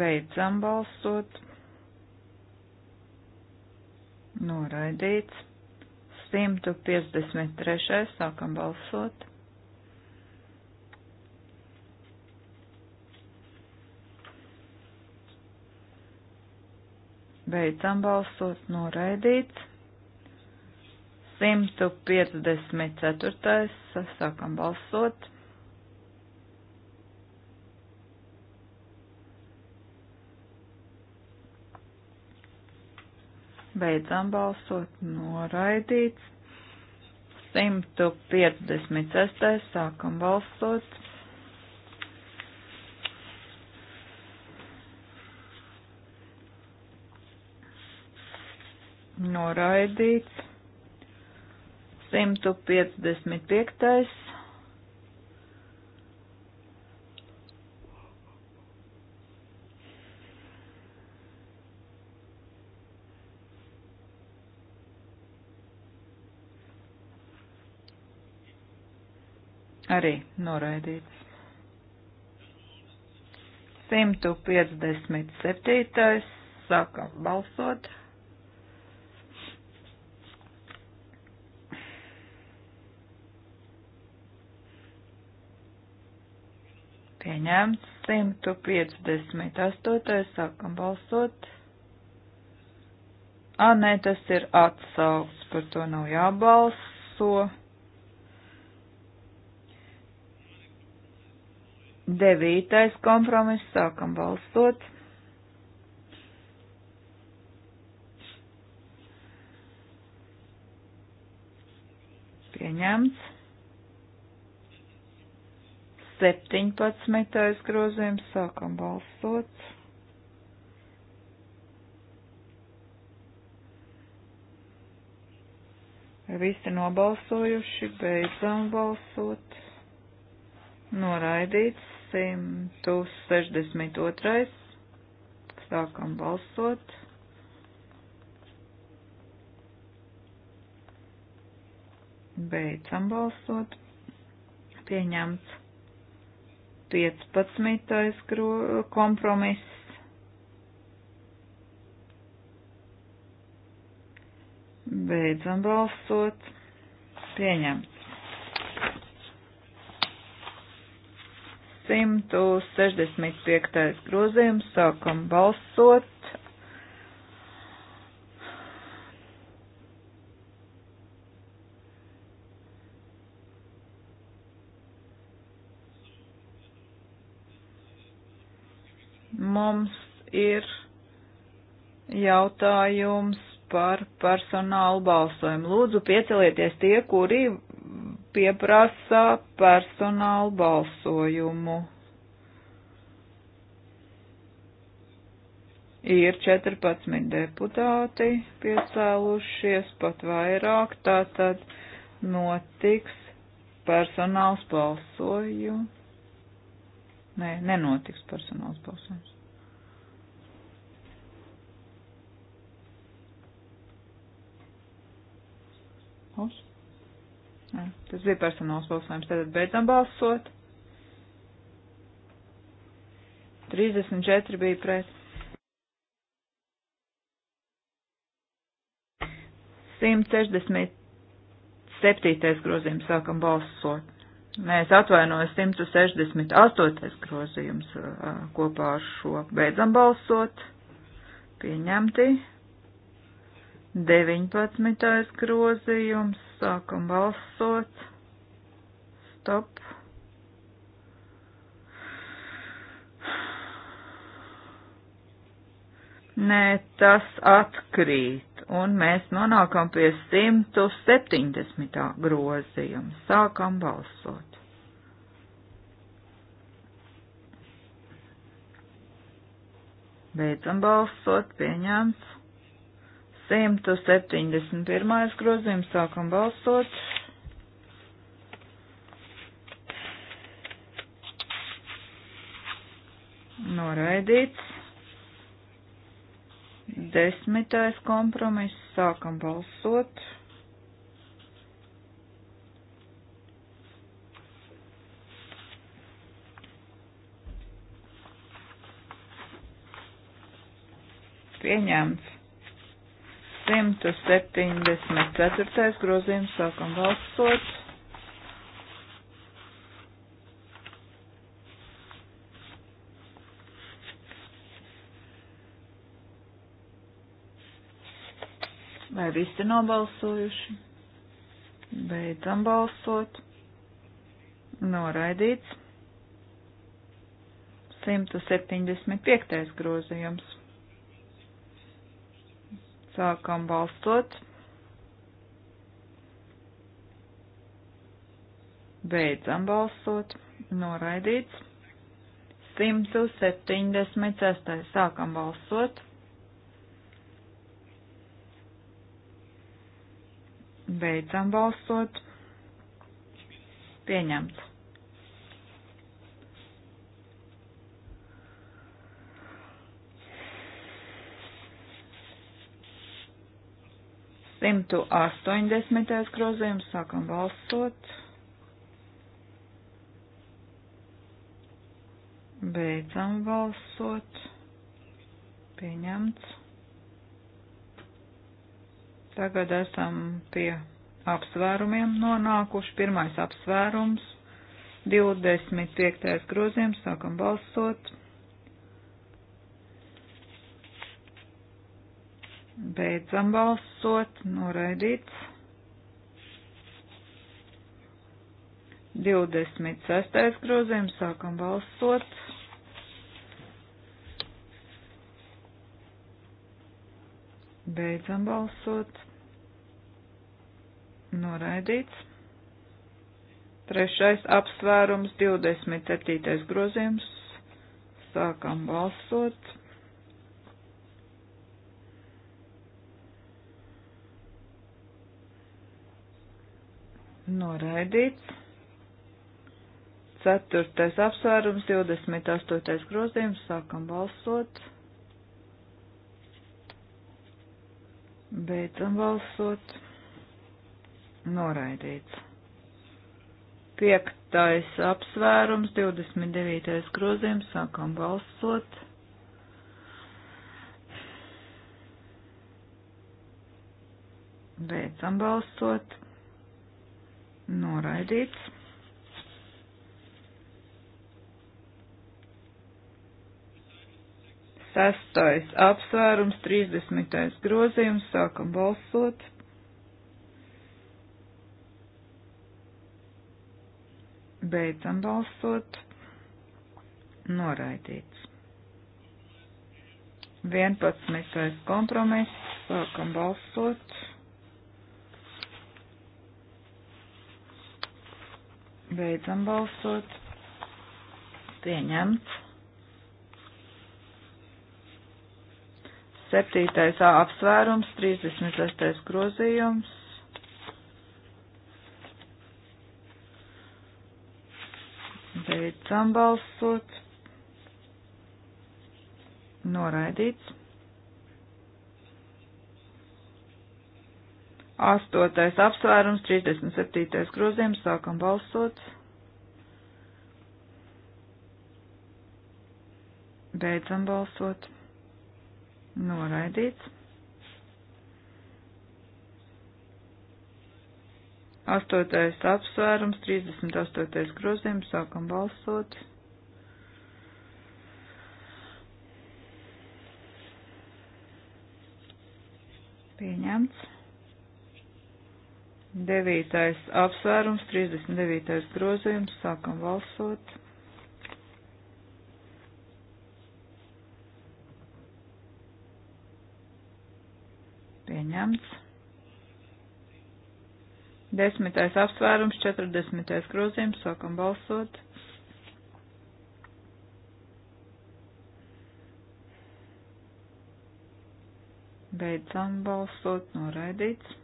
Beidzam balsot. Noraidīts. 153. Sākam balsot. Beidzam balsot. Noraidīts. 154. Sākam balsot. Beidzam balsot noraidīts. 156. sākam balsot. Noraidīts. 155. arī noraidīts. 157. sākam balsot. Pieņemts 158. sākam balsot. Ā, nē, tas ir atsaugs, par to nav jābalso. Devītais kompromiss, sākam balsot. Pieņemts. 17. grozījums, sākam balsot. Visi nobalsojuši, beidzam balsot. Noraidīts. 162. Sākam balsot. Beidzam balsot. Pieņemts 15. kompromiss. Beidzam balsot. Pieņemts. 165. grozījums. Sākam balsot. Mums ir jautājums par personālu balsojumu. Lūdzu, piecelieties tie, kuri pieprasa personālu balsojumu. Ir 14 deputāti piecēlušies, pat vairāk, tātad notiks personāls balsojums. Nē, nenotiks personāls balsojums. Tas bija personāls balsojums. Tad beidzam balsot. 34 bija pret. 167. grozījums sākam balsot. Mēs atvainojam 168. grozījums kopā ar šo. Beidzam balsot. Pieņemti. 19. grozījums Sākam balsot. Stop. Nē, tas atkrīt, un mēs nonākam pie 170. grozījuma. Sākam balsot. Beidzam balsot, pieņemts. 171. grozījums sākam balsot. Noraidīts. Desmitais kompromiss sākam balsot. Pieņemts. 174. grozījums sākam balsot. Vai visi nobalsojuši? Beidzam balsot. Noraidīts. 175. grozījums. Sākam balsot. Beidzam balsot. Noraidīts. 176. Sākam balsot. Beidzam balsot. Pieņemts. 180. grozījums sākam balsot. Beidzam balsot. Pieņemts. Tagad esam pie apsvērumiem nonākuši. Pirmais apsvērums. 25. grozījums sākam balsot. Beidzam balsot, noraidīts. 26. grozījums, sākam balsot. Beidzam balsot. Noraidīts. Trešais apsvērums, 27. grozījums, sākam balsot. noraidīts. Ceturtais apsvērums, 28. grozījums, sākam balsot. Beidzam balsot. Noraidīts. Piektais apsvērums, 29. grozījums, sākam balsot. Beidzam balsot Noraidīts. Sestais apsvērums, 30. grozījums, sākam balsot. Beidzam balsot. Noraidīts. 11. kompromiss, sākam balsot. Beidzam balsot. Pieņemts. Septītais A apsvērums, 36. grozījums. Beidzam balsot. Noraidīts. Astotais apsvērums, 37. grozījums, sākam balsot. Beidzam balsot. Noraidīts. Astotais apsvērums, 38. grozījums, sākam balsot. Pieņemts. Devītais apsvērums, 39. grozījums, sākam valsot. Pieņemts. Desmitais apsvērums, 40. grozījums, sākam balsot. Beidzam balsot, noraidīts.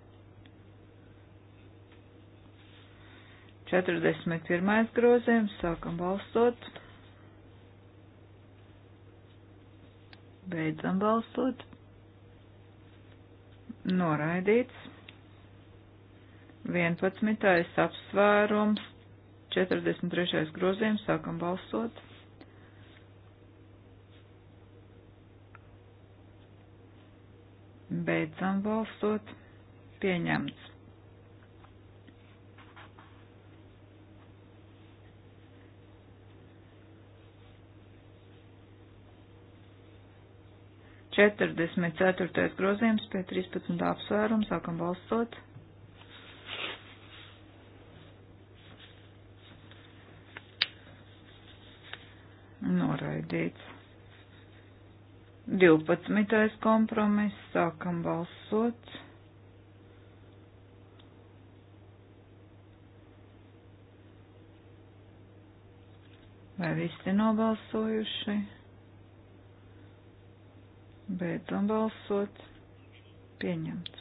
41. grozījums, sākam balsot. Beidzam balsot. Noraidīts. 11. apsvērums, 43. grozījums, sākam balsot. Beidzam balsot. Pieņemts. 44. grozījums pie 13. apsvērumu sākam balsot. Noraidīts. 12. kompromiss sākam balsot. Vai visi nobalsojuši? Beidzam balsot. Pieņemts.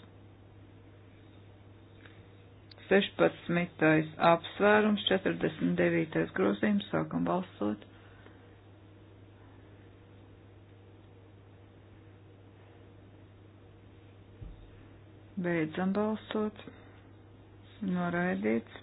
16. apsvērums, 49. grozījums, sākam balsot. Beidzam balsot. Noraidīts.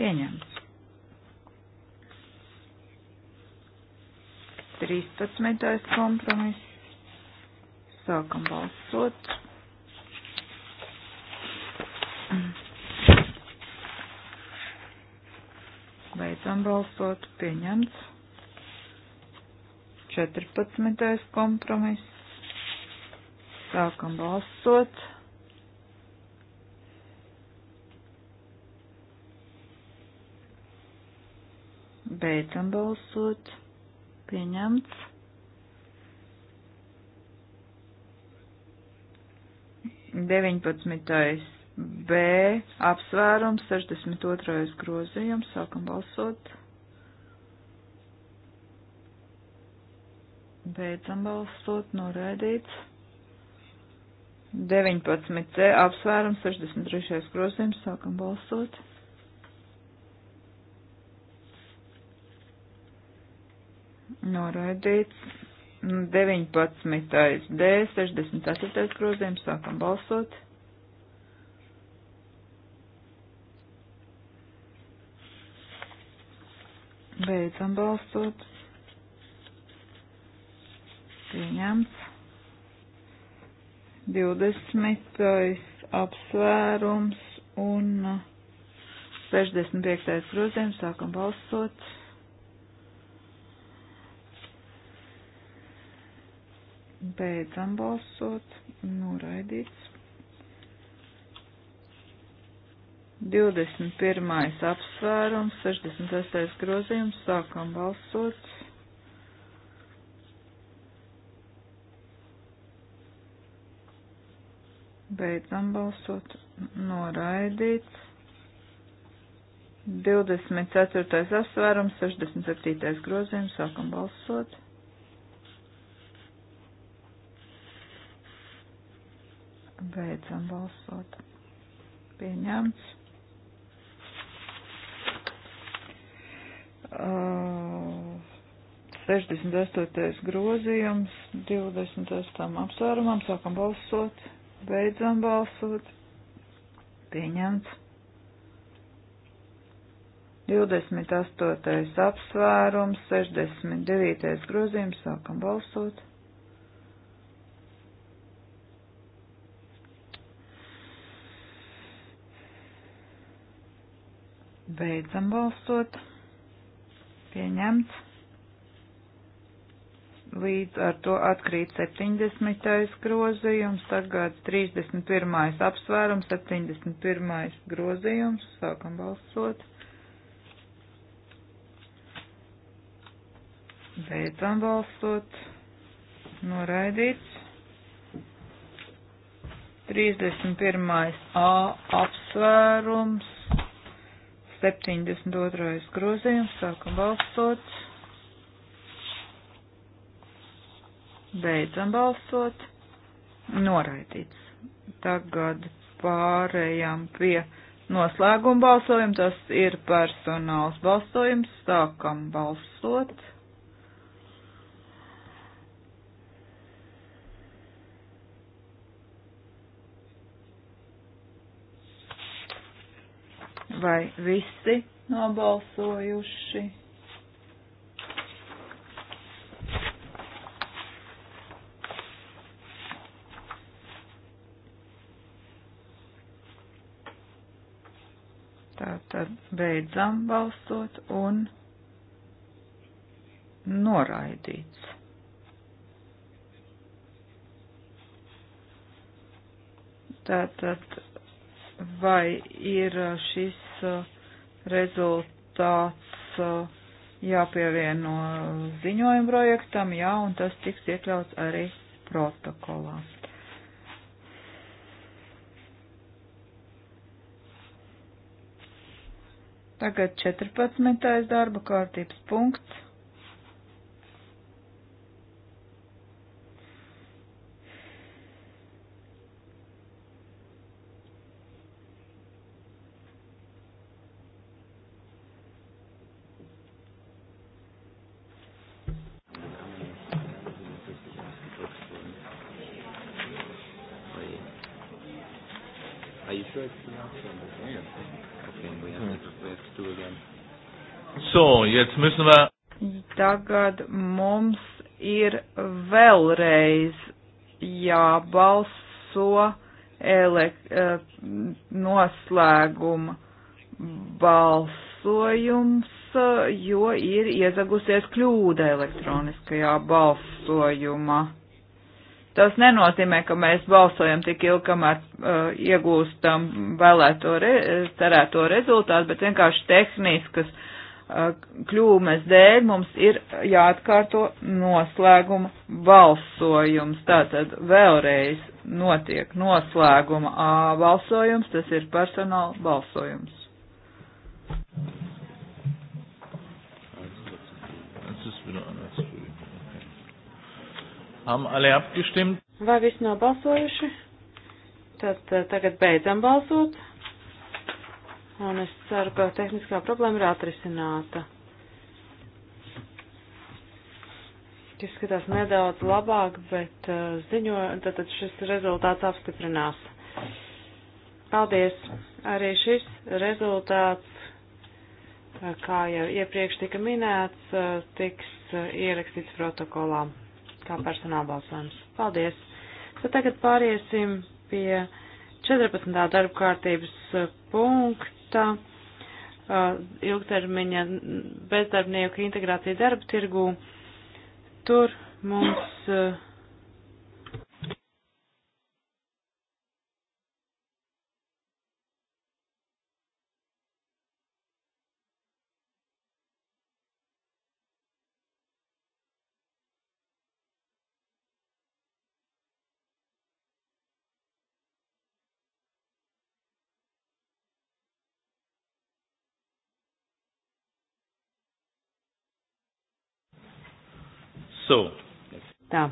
Pieņemts. 13. kompromiss. Sākam balsot. Beidzam balsot. Pieņemts. 14. kompromiss. Sākam balsot. Beidzam balsot. Pieņemts. Deviņpadsmitais B apsvērums, 62. grozījums, sākam balsot. Beidzam balsot, noraidīts. 19. apsvērums, 63. grozījums, sākam balsot. Noraidīts. 19. D, 64. grozījums, sākam balsot. Beidzam balsot. Pieņemts. 20. apsvērums un 65. grozījums, sākam balsot. Beidzam balsot. Noraidīts. 21. apsvērums, 66. grozījums, sākam balsot. Beidzam balsot, noraidīts. 24. apsvērums, 67. grozījums, sākam balsot. Beidzam balsot. Pieņemts. Uh, 68. grozījums 28. apsvērumam sākam balsot, beidzam balsot, pieņemts. 28. apsvērums, 69. grozījums, sākam balsot, Beidzam balsot. Pieņemts. Līdz ar to atkrīt 70. grozījums, tagad 31. apsvērums, 71. grozījums. Sākam balsot. Beidzam balsot. Noraidīts. 31. A apsvērums, 72. grozījums, sākam balsot. Beidzam balsot. Noraidīts. Tagad pārējām pie noslēguma balsojuma. Tas ir personāls balsojums. Sākam balsot. Vai visi nobalsojuši? Tātad beidzam balsot un noraidīts. Tātad vai ir šis Uh, rezultāts uh, jāpievieno ziņojumu projektam, jā, un tas tiks iekļauts arī protokolā. Tagad 14. darba kārtības punkts. jetzt müssen wir. Tagad mums ir vēlreiz jābalso elek, eh, noslēguma balsojums, jo ir iezagusies kļūda elektroniskajā balsojumā. Tas nenozīmē, ka mēs balsojam tik ilgi, kamēr uh, iegūstam vēlēto re, cerēto rezultātu, bet vienkārši tehniskas uh, Eh, kļūmes dēļ mums ir jāatkārto noslēguma balsojums. Tātad vēlreiz notiek noslēguma A balsojums, tas ir personāla balsojums. Vai viss nav balsojuši? Tad eh, tagad beidzam balsot. Un es ceru, ka tehniskā problēma ir atrisināta. Izskatās nedaudz labāk, bet uh, ziņo, tad, tad šis rezultāts apstiprinās. Paldies! Arī šis rezultāts, uh, kā jau iepriekš tika minēts, uh, tiks uh, ierakstīts protokolā kā personāla balsojums. Paldies! Tad tagad pāriesim pie 14. darba kārtības punkta budžetā, uh, ilgtermiņa bezdarbnieku integrācija darba tirgū. Tur mums uh, So. Tā.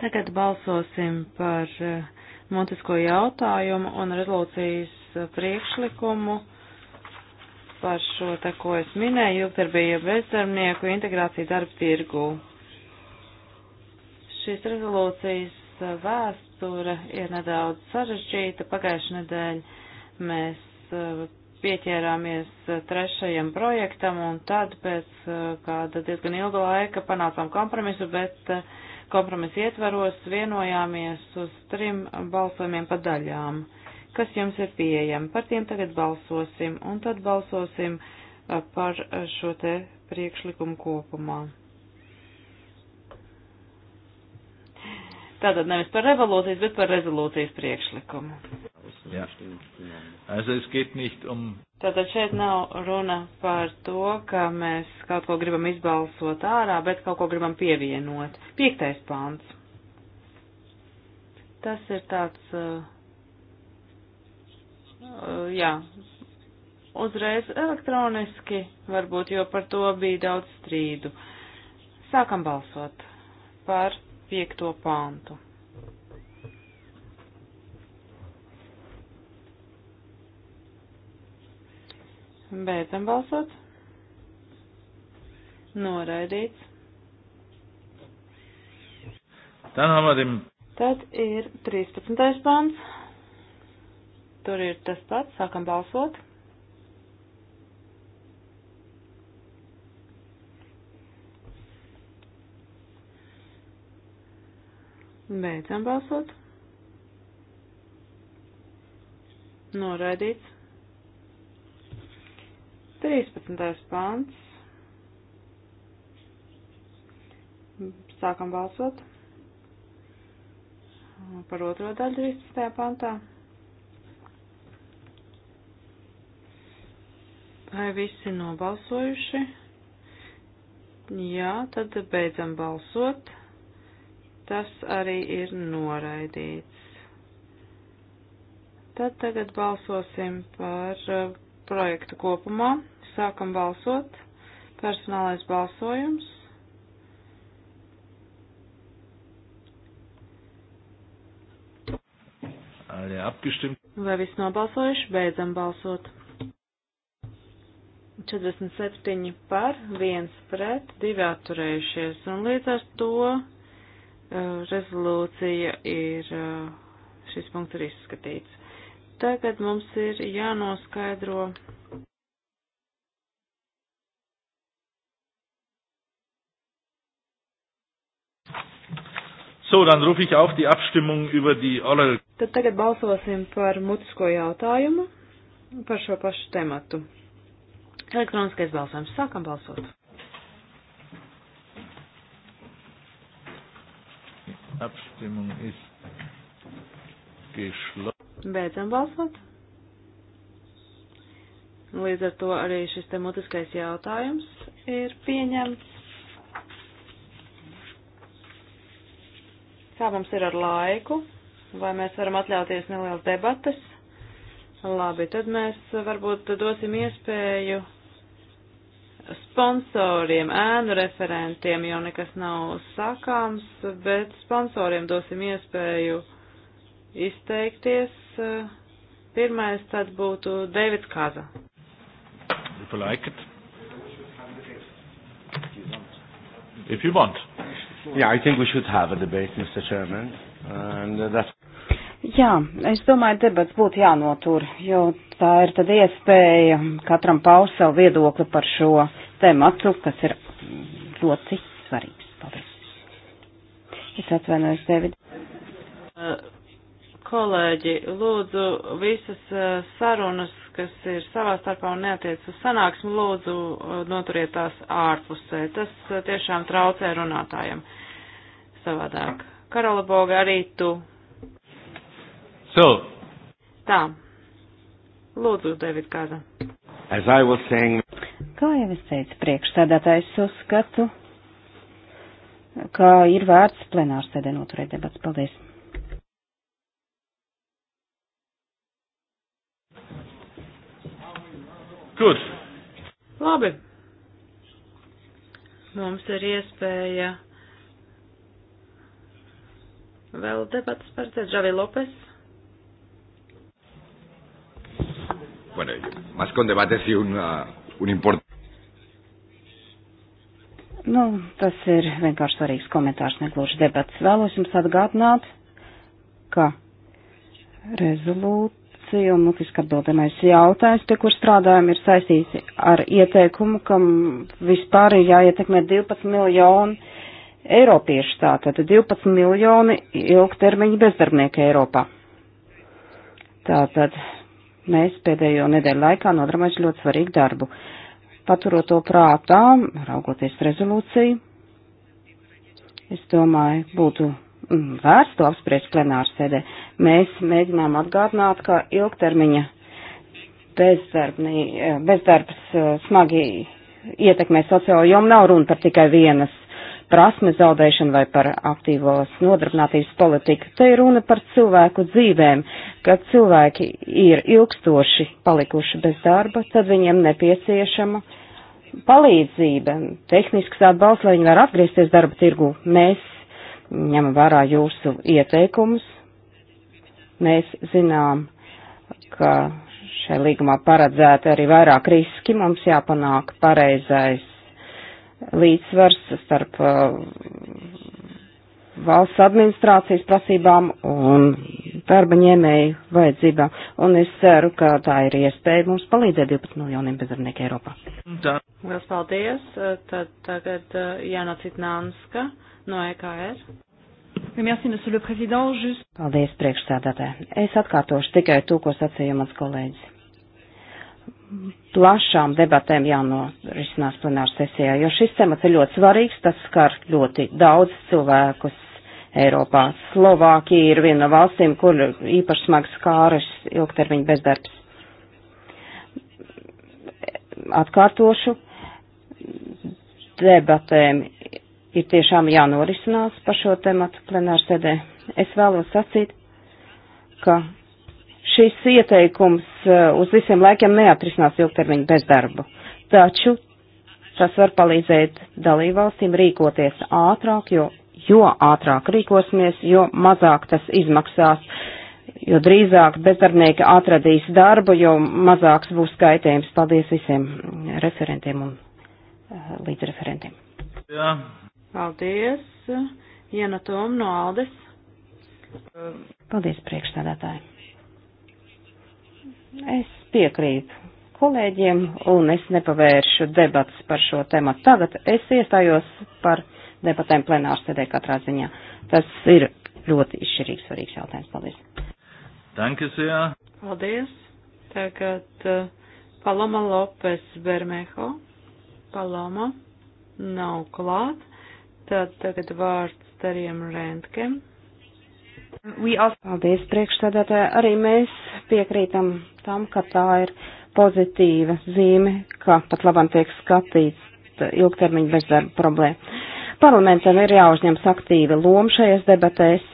Tagad balsosim par eh, mutisko jautājumu un rezolūcijas eh, priekšlikumu par šo te, ko es minēju, ilgtarbīja bezdarbnieku integrācija darba tirgū. Šīs rezolūcijas eh, vēsture ir nedaudz sarežģīta. Pagājušajā nedēļ mēs pieķērāmies eh, trešajam projektam un tad pēc eh, kāda diezgan ilga laika panācām kompromisu, bet eh, kompromisu ietvaros vienojāmies uz trim balsojumiem pa daļām, kas jums ir pieejami. Par tiem tagad balsosim un tad balsosim par šo te priekšlikumu kopumā. Tātad nevis par revolūcijas, bet par rezolūcijas priekšlikumu. Jā. Also es geht nicht um. Tātad šeit nav runa par to, ka mēs kaut ko gribam izbalsot ārā, bet kaut ko gribam pievienot. Piektais pāns. Tas ir tāds. Uh, uh jā. Uzreiz elektroniski, varbūt, jo par to bija daudz strīdu. Sākam balsot par piekto pāntu. Beidzam balsot. Noraidīts. Tad ir 13. pāns. Tur ir tas pats. Sākam balsot. Beidzam balsot. Noraidīts. 13. pāns. Sākam balsot par otro daļu 13. pantā. Vai visi nobalsojuši? Jā, tad beidzam balsot. Tas arī ir noraidīts. Tad tagad balsosim par uh, projektu kopumā. Sākam balsot. Personālais balsojums. Alle abgestimmt. Vai viss nobalsojuši? Beidzam balsot. 47 par, 1 pret, 2 atturējušies. Un līdz ar to Eh, rezolūcija ir eh, šis punkts ir izskatīts. Tagad mums ir jānoskaidro. So, dann rufe ich auf die Abstimmung über die oral. Tad tagad balsosim par mutisko jautājumu par šo pašu tematu. Elektroniskais balsojums. Sākam balsot. Abstimmung ist geschlossen. Beidzam balsot. Līdz ar to arī šis te mutiskais jautājums ir pieņemts. Kā mums ir ar laiku? Vai mēs varam atļauties nelielas debatas? Labi, tad mēs varbūt dosim iespēju sponsoriem, ēnu referentiem jau nekas nav sakāms, bet sponsoriem dosim iespēju izteikties. Pirmais tad būtu Davids Kaza. If you like it. If you want. Yeah, I think we should have a debate, Mr. Chairman. And uh, that's Jā, es domāju, debats būtu jānotur, jo tā ir tad iespēja katram paust savu viedokli par šo tematu, kas ir ļoti svarīgs. Paldies. Es atvainojos, David. Uh, kolēģi, lūdzu, visas uh, sarunas, kas ir savā starpā un neatiec uz sanāksmi, lūdzu, uh, noturiet tās ārpusē. Tas tiešām traucē runātājiem savādāk. Karola Boga, arī tu So. Tā. Lūdzu, David Kāza. As I was saying. Kā jau es teicu, priekšsēdētājs uzskatu, ka ir vērts plenārsēdē noturēt debats. Paldies. Good. Labi. Mums ir iespēja vēl debats par Džavi Lopes. bueno, más con debates y una, un ah, importante. Nu, tas ir vienkārši svarīgs komentārs, negluži debats. Vēlos jums atgādināt, ka rezolūcija un mutiski atbildamais jautājums, pie kur strādājam, ir saistīti ar ieteikumu, kam vispār ir jāietekmē 12 miljonu eiropiešu, tātad 12 miljoni ilgtermiņa bezdarbnieku Eiropā. Tātad mēs pēdējo nedēļu laikā nodarbojamies ļoti svarīgu darbu. Paturot to prātā, raugoties rezolūciju, es domāju, būtu mm, vērts to apspriest plenāru sēdē. Mēs mēģinām atgādināt, ka ilgtermiņa eh, bezdarbs eh, smagi ietekmē sociālo, jo nav runa par tikai vienas prasme zaudēšanu vai par aktīvos nodarbinātības politiku. Te ir runa par cilvēku dzīvēm, kad cilvēki ir ilgstoši palikuši bez darba, tad viņiem nepieciešama palīdzība, tehnisks atbalsts, lai viņi var atgriezties darba tirgu. Mēs ņemam vērā jūsu ieteikumus. Mēs zinām, ka šai līgumā paredzēta arī vairāk riski, mums jāpanāk pareizais līdzsvars starp uh, valsts administrācijas prasībām un darba ņēmēju vajadzībām. Un es ceru, ka tā ir iespēja mums palīdzēt 12 miljoniem bezdarbnieku Eiropā. Lielas paldies. Tad tagad uh, Jāna Citnānska no EKR. Merci, monsieur le président. Just... Paldies, priekšsēdētāji. Es atkārtošu tikai to, ko sacīja mans kolēģis plašām debatēm jānorisinās plenāra sesijā, jo šis temats ir ļoti svarīgs, tas skar ļoti daudz cilvēkus Eiropā. Slovākija ir viena no valstīm, kur īpaši smags kāras ilgtermiņa bezdarbs. Atkārtošu, debatēm ir tiešām jānorisinās par šo tematu plenāra sēdē. Es vēlos sacīt, ka šis ieteikums Eh, uz visiem laikiem neatrisinās ilgtermiņu bezdarbu. Taču tas var palīdzēt dalībvalstīm rīkoties ātrāk, jo, jo ātrāk rīkosimies, jo mazāk tas izmaksās, jo drīzāk bezdarbnieki atradīs darbu, jo mazāks būs skaitējums. Paldies visiem referentiem un eh, līdzreferentiem. Jā. Paldies. Jana Tom no Aldes. Paldies, priekšstādātāji. Es piekrītu kolēģiem un es nepavēršu debats par šo tematu. Tagad es iestājos par debatēm plenārsēdē katrā ziņā. Tas ir ļoti izšķirīgs, svarīgs jautājums. Paldies. Dankas, jā. Paldies. Tagad uh, Paloma Lopes Bermeho. Paloma nav klāt. Tad tagad vārds Tariem Rentkem. All... Paldies, priekšstādātāji. Arī mēs piekrītam tam, ka tā ir pozitīva zīme, ka pat labam tiek skatīts ilgtermiņa bezdarba problēma. Parlamentam ir jāuzņems aktīva loma šajās debatēs,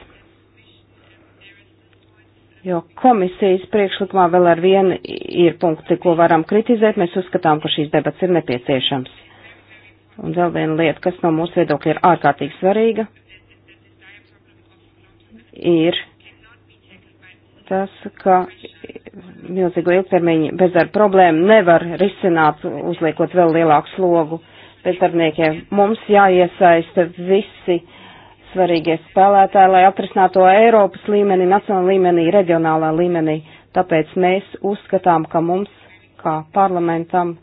jo komisijas priekšlikumā vēl ar vienu ir punkti, ko varam kritizēt. Mēs uzskatām, ka šīs debats ir nepieciešams. Un vēl viena lieta, kas no mūsu viedokļa ir ārkārtīgi svarīga, ir tas, ka milzīgo ilgtermiņu bezdarba problēmu nevar risināt, uzliekot vēl lielāku slogu bezdarbniekiem. Mums jāiesaista visi svarīgie spēlētāji, lai atrisinātu to Eiropas līmenī, nacionālā līmenī, reģionālā līmenī. Tāpēc mēs uzskatām, ka mums, kā parlamentam,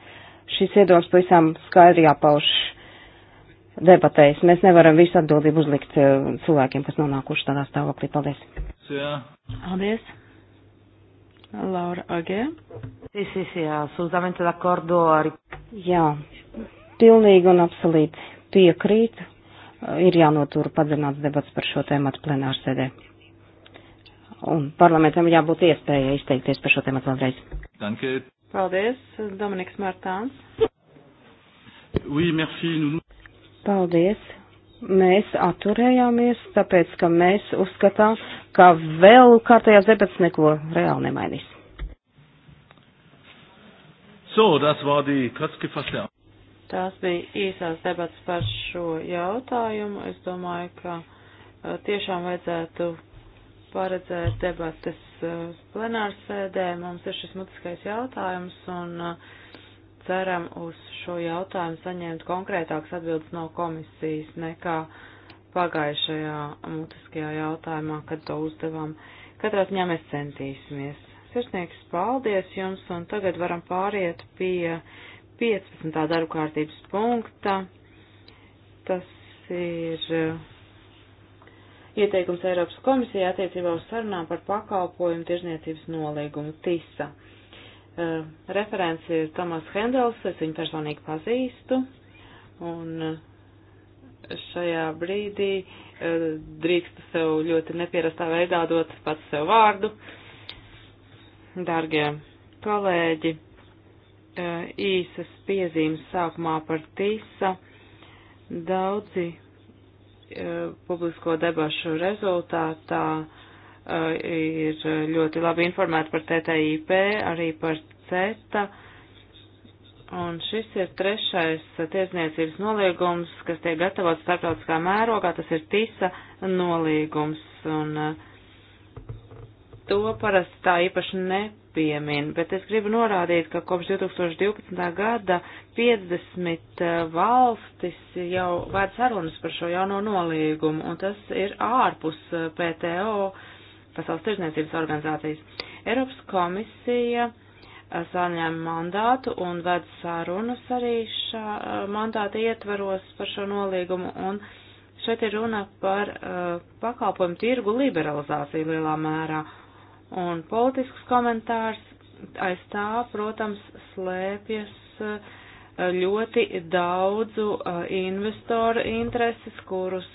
šis iedoms pavisam skaidri jāpauž debatēs. Mēs nevaram visu atbildību uzlikt eh, cilvēkiem, kas nonākuši tādā stāvoklī. Paldies! Jā. Paldies. Laura Agē. Sì, sì, sì, assolutamente d'accordo. Jā, pilnīgi un absolūti piekrītu. Ir jānotur padziļināts debats par šo tēmu plenārsēdē. Un parlamentam jābūt iespējai izteikties par šo tēmu vēlreiz. Danke. Paldies, Dominiks Martāns. Oui, merci. Paldies mēs atturējāmies, tāpēc, ka mēs uzskatām, ka vēl kārtējās debats neko reāli nemainīs. So, das war die kurz gefasste. Tās bija īsās debats par šo jautājumu. Es domāju, ka eh, tiešām vajadzētu paredzēt debates eh, plenārsēdē. Mums ir šis mutiskais jautājums un uh, ceram uz šo jautājumu saņemt konkrētāks atbildes no komisijas nekā pagājušajā mutiskajā jautājumā, kad to uzdevām. Katrā ziņā mēs centīsimies. Sirsnieks, paldies jums, un tagad varam pāriet pie 15. darba kārtības punkta. Tas ir uh, ieteikums Eiropas komisijai attiecībā uz sarunām par pakalpojumu tirzniecības nolīgumu TISA. Eh, referents ir Tomas Hendels, es viņu personīgi pazīstu, un eh, šajā brīdī eh, drīkstu sev ļoti nepierastā veidā dot pats sev vārdu. Dargie kolēģi, īsas piezīmes sākumā par TISA. Daudzi publisko debašu rezultātā ir ļoti labi informēti par TTIP, arī par CETA. Un šis ir trešais tiesniecības nolīgums, kas tiek gatavots starptautiskā mērogā, tas ir TISA nolīgums. Un uh, to parasti tā īpaši nepiemin, bet es gribu norādīt, ka kopš 2012. gada 50 uh, valstis jau vēd sarunas par šo jauno nolīgumu, un tas ir ārpus uh, PTO Pasaules tirdzniecības organizācijas. Eiropas komisija eh, saņem mandātu un ved sarunas arī šā eh, mandāta ietvaros par šo nolīgumu. Un šeit ir runa par uh, pakalpojumu tirgu liberalizāciju lielā mērā. Un politisks komentārs aiz tā, protams, slēpjas. Uh, ļoti daudzu investoru intereses, kurus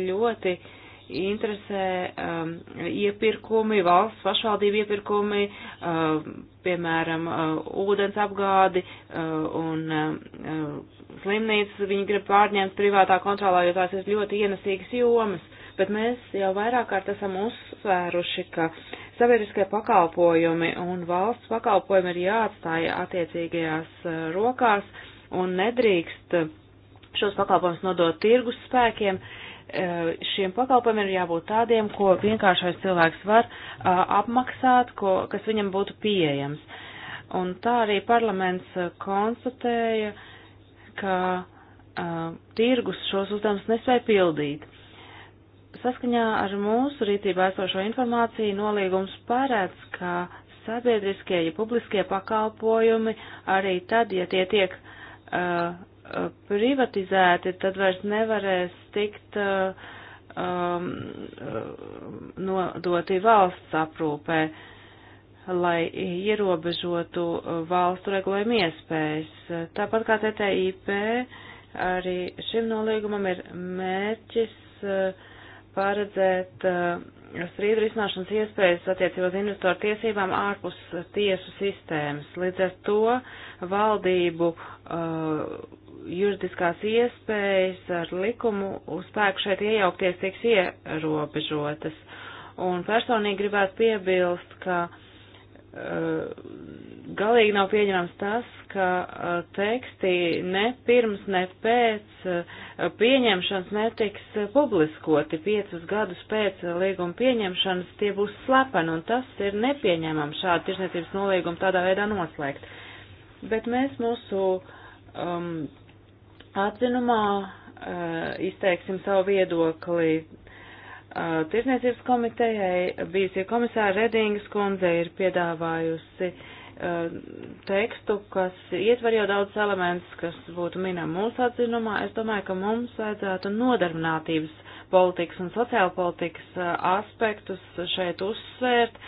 ļoti uh, interesē um, iepirkumi, valsts pašvaldību iepirkumi, uh, piemēram, uh, ūdens apgādi uh, un um, uh, slimnīcas viņi grib pārņemt privātā kontrolā, jo tās ir ļoti ienesīgas jomas. Bet mēs jau vairāk kārt esam uzsvēruši, ka sabiedriskie pakalpojumi un valsts pakalpojumi ir jāatstāja attiecīgajās uh, rokās un nedrīkst šos pakalpojumus nodot tirgus spēkiem, uh, E, šiem pakalpojumiem ir jābūt tādiem, ko vienkāršais cilvēks var apmaksāt, ko, kas viņam būtu pieejams. Un tā arī parlaments konstatēja, ka tirgus šos uzdevumus nespēja pildīt. Saskaņā ar mūsu rīcībā esošo informāciju nolīgums paredz, ka sabiedriskie ja publiskie pakalpojumi arī tad, ja tie tiek uh, privatizēti, tad vairs nevarēs tikt uh, um, uh, nodoti valsts aprūpē, lai ierobežotu uh, valstu regulējumu iespējas. Tāpat kā TTIP, arī šim nolīgumam ir mērķis paredzēt strīdu risināšanas iespējas attiecībā uz investoru tiesībām ārpus tiesu sistēmas. Līdz ar to valdību uh, juridiskās iespējas ar likumu uz spēku šeit iejaukties tiks ierobežotas. Un personīgi gribētu piebilst, ka uh, galīgi nav pieņemams tas, ka uh, teksti ne pirms, ne pēc uh, pieņemšanas netiks publiskoti. Piecus gadus pēc līguma pieņemšanas tie būs slepeni, un tas ir nepieņemams šādu tirsniecības nolīgumu tādā veidā noslēgt. Bet mēs mūsu um, Atzinumā eh, izteiksim savu viedokli. Eh, Tirzniecības komitejai bijusie komisāra Redingas kundze ir piedāvājusi eh, tekstu, kas ietver jau daudz elementus, kas būtu minam mūsu atzinumā. Es domāju, ka mums vajadzētu nodarbinātības politikas un sociāla politikas eh, aspektus šeit uzsvērt,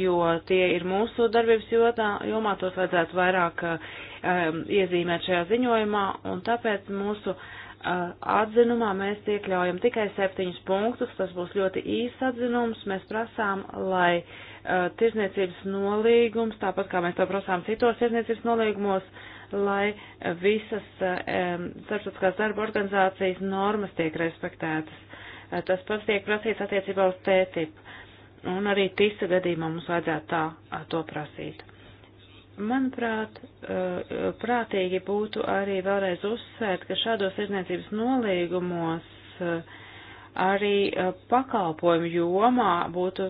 jo tie ir mūsu darbības jodā, jomā, tos vajadzētu vairāk um, iezīmēt šajā ziņojumā, un tāpēc mūsu uh, atzinumā mēs iekļaujam tikai septiņus punktus, tas būs ļoti īsts atzinums, mēs prasām, lai uh, tirzniecības nolīgums, tāpat kā mēs to prasām citos tirzniecības nolīgumos, lai visas um, starptautiskās darba organizācijas normas tiek respektētas. Tas pats tiek prasīts attiecībā uz tētipu. Un arī tisa gadījumā mums vajadzētu tā to prasīt. Manuprāt, prātīgi būtu arī vēlreiz uzsvērt, ka šādos izniecības nolīgumos arī pakalpojumu jomā būtu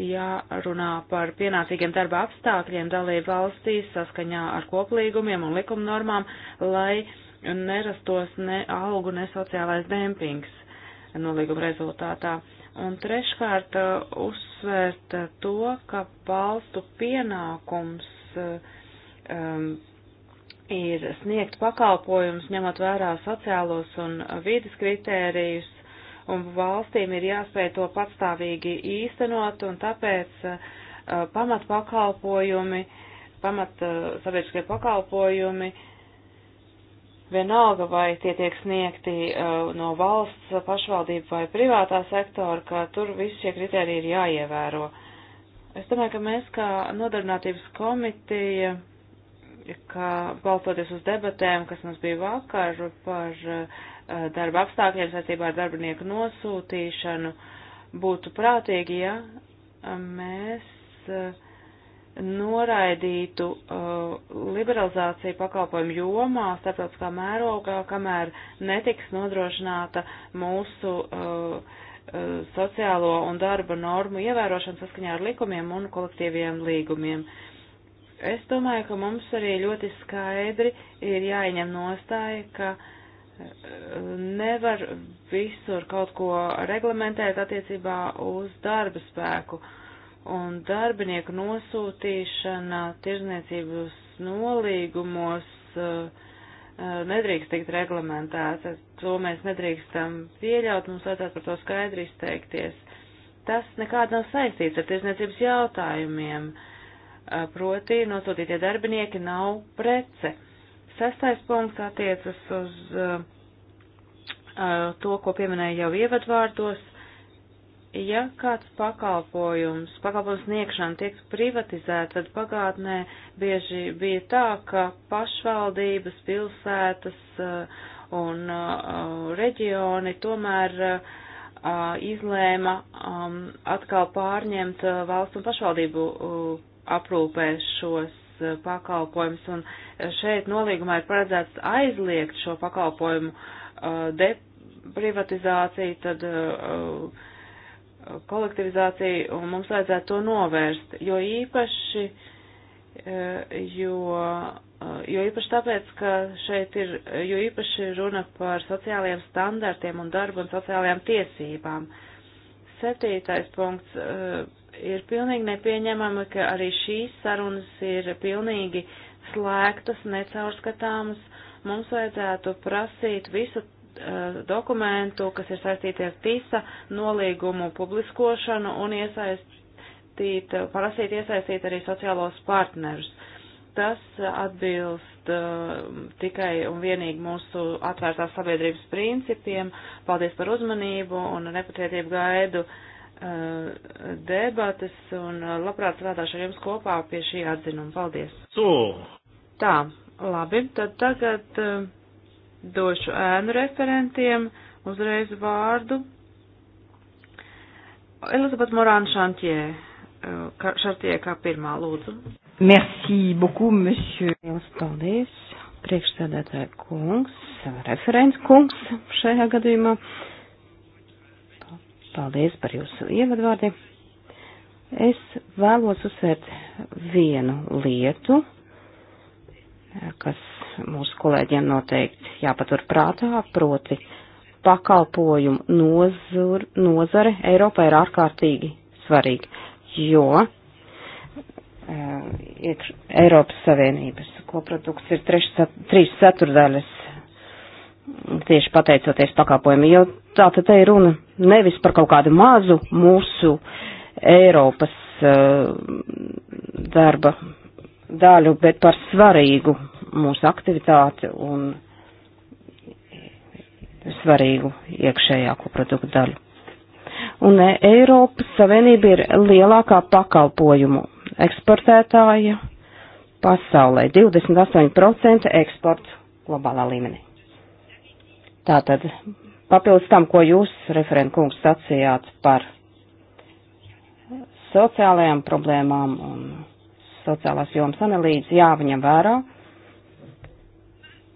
jārunā par pienācīgiem darba apstākļiem dalību valstīs saskaņā ar koplīgumiem un likumnormām, lai nerastos ne algu, ne sociālais dempings nolīguma rezultātā. Un treškārt uh, uzsvērt uh, to, ka valstu pienākums uh, um, ir sniegt pakalpojumus, ņemot vērā sociālos un vidas kritērijus, un valstīm ir jāspēj to patstāvīgi īstenot, un tāpēc uh, pamat pakalpojumi, pamat uh, sabiedriskie pakalpojumi uh, Vienalga, vai tie tiek sniegti uh, no valsts, pašvaldību vai privātā sektora, ka tur visi šie kriteriji ir jāievēro. Es domāju, ka mēs kā nodarbinātības komiteja, kā balstoties uz debatēm, kas mums bija vakar par uh, darba apstākļiem saistībā ar darbinieku nosūtīšanu, būtu prātīgi, ja uh, mēs. Uh, noraidītu uh, liberalizāciju pakalpojumu jomā starptautiskā mērogā, kamēr netiks nodrošināta mūsu uh, uh, sociālo un darba normu ievērošana saskaņā ar likumiem un kolektīviem līgumiem. Es domāju, ka mums arī ļoti skaidri ir jāieņem nostāja, ka uh, nevar visur kaut ko reglamentēt attiecībā uz darba spēku. Uh, un darbinieku nosūtīšana tirzniecības nolīgumos uh, uh, nedrīkst tikt reglamentēta. To mēs nedrīkstam pieļaut, mums vajadzētu par to skaidri izteikties. Tas nekāda nav saistīts ar tirzniecības jautājumiem, uh, proti nosūtītie darbinieki nav prece. Sestais punkts attiecas uz uh, to, ko pieminēja jau ievadvārdos, ja kāds pakalpojums, pakalpojums sniegšana tiek privatizēta, tad pagātnē bieži bija tā, ka pašvaldības, pilsētas uh, un uh, reģioni tomēr uh, izlēma um, atkal pārņemt valsts un pašvaldību aprūpē šos pakalpojumus, un šeit nolīgumā ir paredzēts aizliegt šo pakalpojumu deprivatizāciju, tad uh, kolektivizāciju, un mums vajadzētu to novērst, jo īpaši, e, jo, e, jo īpaši tāpēc, ka šeit ir, jo īpaši runa par sociālajiem standartiem un darbu un sociālajām tiesībām. Septītais punkts e, ir pilnīgi nepieņemama, ka arī šīs sarunas ir pilnīgi slēgtas, necaurskatāmas. Mums vajadzētu prasīt visu Eh, dokumentu, kas ir saistīti ar TISA nolīgumu publiskošanu un iesaistīt, prasīt iesaistīt arī sociālos partnerus. Tas atbilst uh, tikai un vienīgi mūsu atvērtās sabiedrības principiem. Paldies par uzmanību un nepacietību gaidu uh, eh, debatas un labprāt strādāšu ar jums kopā pie šī atzinuma. Paldies! So. Tā, labi, tad tagad. Uh, došu ēnu referentiem uzreiz vārdu. Elizabeth Morāna Šantie, Šartie eh, kā pirmā lūdzu. Merci beaucoup, monsieur. Jums paldies, priekšsēdētāja kungs, referents kungs šajā gadījumā. Paldies par jūsu ievadvārdiem. Es vēlos uzsvērt vienu lietu, kas mūsu kolēģiem noteikti jāpatur prātā, proti pakalpojumu nozur, nozare Eiropā ir ārkārtīgi svarīga, jo uh, Eiropas Savienības koprodukts ir treš, sat, trīs ceturdaļas tieši pateicoties pakalpojumi, jo tā tad te ir runa nevis par kaut kādu mazu mūsu Eiropas uh, darba daļu, bet par svarīgu mūsu aktivitāti un svarīgu iekšējāko produktu daļu. Un e, Eiropas Savienība ir lielākā pakalpojumu eksportētāja pasaulē - 28% eksports globālā līmenī. Tātad, papildus tam, ko jūs, referent kungs, sacījāt par sociālajām problēmām un sociālās jomas analīzes, jāvaņem vērā,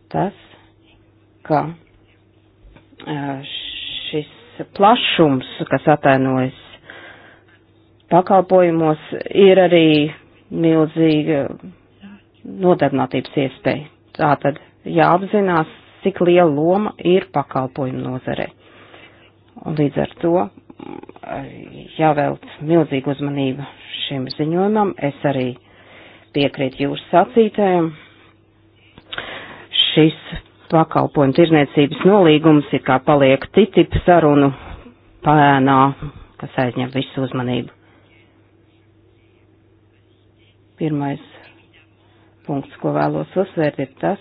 tas, ka šis plašums, kas atainojas pakalpojumos, ir arī milzīga nodarbinātības iespēja. Tātad jāapzinās, cik liela loma ir pakalpojumu nozarei. Un līdz ar to jāvēlt milzīgu uzmanību šim ziņojumam. Es arī piekrītu jūsu sacītājiem. Šis pakalpojumu tirzniecības nolīgums ir kā paliek TTIP sarunu pēnā, kas aizņem visu uzmanību. Pirmais punkts, ko vēlos uzsvērt, ir tas,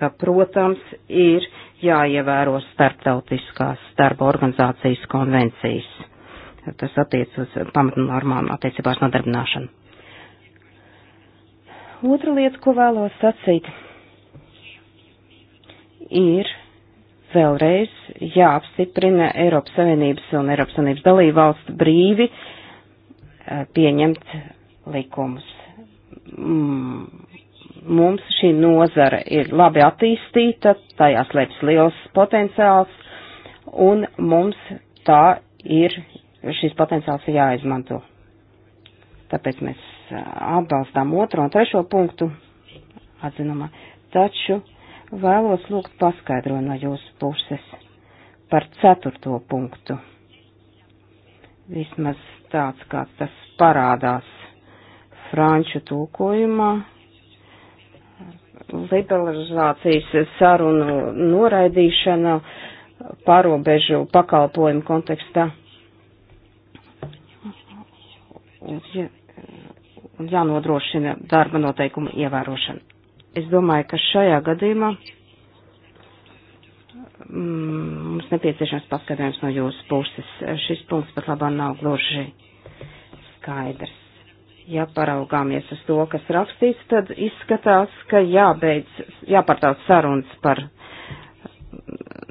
ka, protams, ir jāievēro starptautiskās darba organizācijas konvencijas. Tas attiec uz pamatnormām attiecībās nodarbināšanu. Otra lieta, ko vēlos sacīt, ir vēlreiz jāapstiprina Eiropas Savienības un Eiropas Savienības dalību valstu brīvi eh, pieņemt likumus. Mm, mums šī nozara ir labi attīstīta, tajā slēpjas liels potenciāls, un mums tā ir, šis potenciāls ir jāizmanto. Tāpēc mēs atbalstām otro un trešo punktu atzinumā, taču vēlos lūgt paskaidrojumu no jūsu puses par ceturto punktu. Vismaz tāds, kā tas parādās franču tulkojumā, liberalizācijas sarunu noraidīšana pārobežu pakalpojumu kontekstā. Un, ja, un jānodrošina darba noteikumu ievērošana. Es domāju, ka šajā gadījumā mm, mums nepieciešams paskatījums no jūsu puses. Šis punkts pat labāk nav gluži skaidrs. Ja paraugāmies uz to, kas rakstīts, tad izskatās, ka jābeidz, jāpārtauc sarunas par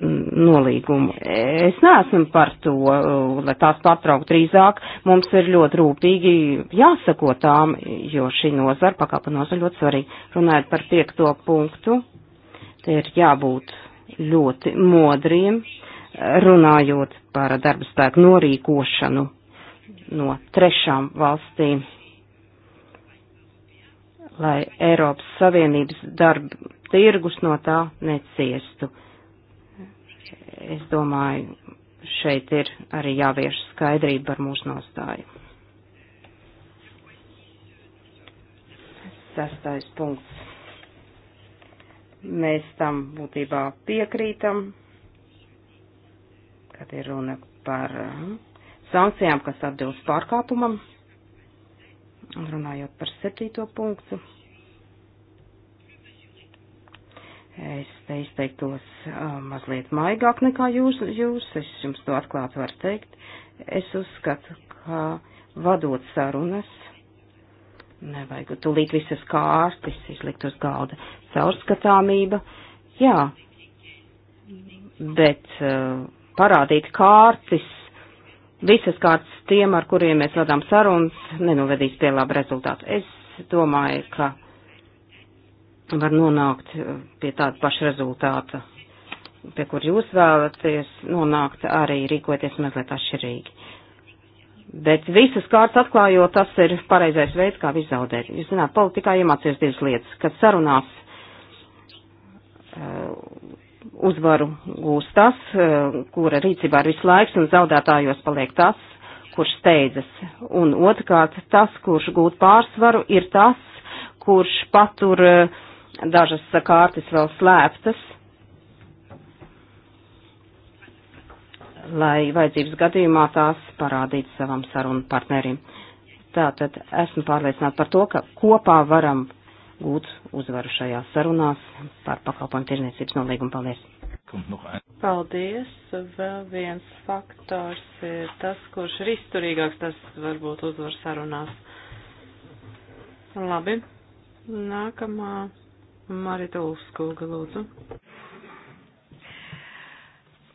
nolīgumu. Es neesmu par to, lai tās pārtraukt drīzāk. Mums ir ļoti rūpīgi jāsako tām, jo šī nozara, pakāpa nozara ļoti svarīga. Runājot par piekto punktu, te ir jābūt ļoti modriem, runājot par darba spēku norīkošanu no trešām valstīm, lai Eiropas Savienības darba tirgus no tā neciestu es domāju, šeit ir arī jāvieš skaidrība par mūsu nostāju. Sastais punkts. Mēs tam būtībā piekrītam, kad ir runa par eh, sankcijām, kas atbilst pārkāpumam. Runājot par septīto punktu Es te izteiktos mazliet maigāk nekā jūs, jūs, es jums to atklāti varu teikt. Es uzskatu, ka vadot sarunas, nevajag tulīt visas kārtas, izlikt uz galda caurskatāmība, jā, bet uh, parādīt kārtas, visas kārtas tiem, ar kuriem mēs vadām sarunas, nenovedīs pie laba rezultātu. Es domāju, ka var nonākt eh, pie tāda paša rezultāta, pie kur jūs vēlaties nonākt, arī rīkoties mazliet atšķirīgi. Bet visas kārtas atklājot, tas ir pareizais veids, kā izzaudēt. Jūs zināt, politikā iemācies divas lietas, kad sarunās eh, uzvaru gūs tas, eh, kura rīcībā ir visu laiks, un zaudētājos paliek tas, kurš steidzas. Un otrkārt, tas, kurš gūt pārsvaru, ir tas, kurš patur uh, dažas kārtas vēl slēptas, lai vajadzības gadījumā tās parādītu savam sarunu partnerim. Tātad esmu pārliecināta par to, ka kopā varam gūt uzvaru šajās sarunās par pakalpojumu tirniecības nolīgumu. Paldies! Paldies! Vēl viens faktors ir tas, kurš ir izturīgāks, tas varbūt uzvar sarunās. Labi. Nākamā Marita Ulfskoga, lūdzu.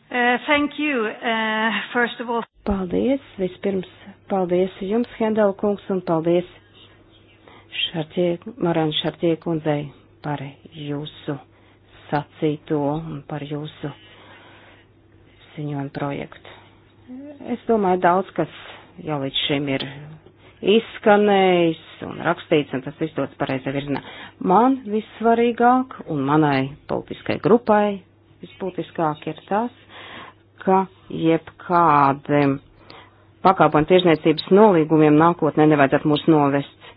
Uh, thank you, uh, first of all. Paldies, vispirms paldies jums, Hendela kungs, un paldies Šartie, Maran Šartie kundzei par jūsu sacīto un par jūsu ziņojumu projektu. Es domāju, daudz kas jau līdz šim ir izskanējis un rakstīts, un tas viss dots pareizā virzienā. Man vissvarīgāk un manai politiskai grupai visbūtiskāk ir tas, ka jebkādiem pakāpojumu tiešniecības nolīgumiem nākotnē nevajadzētu mūs novest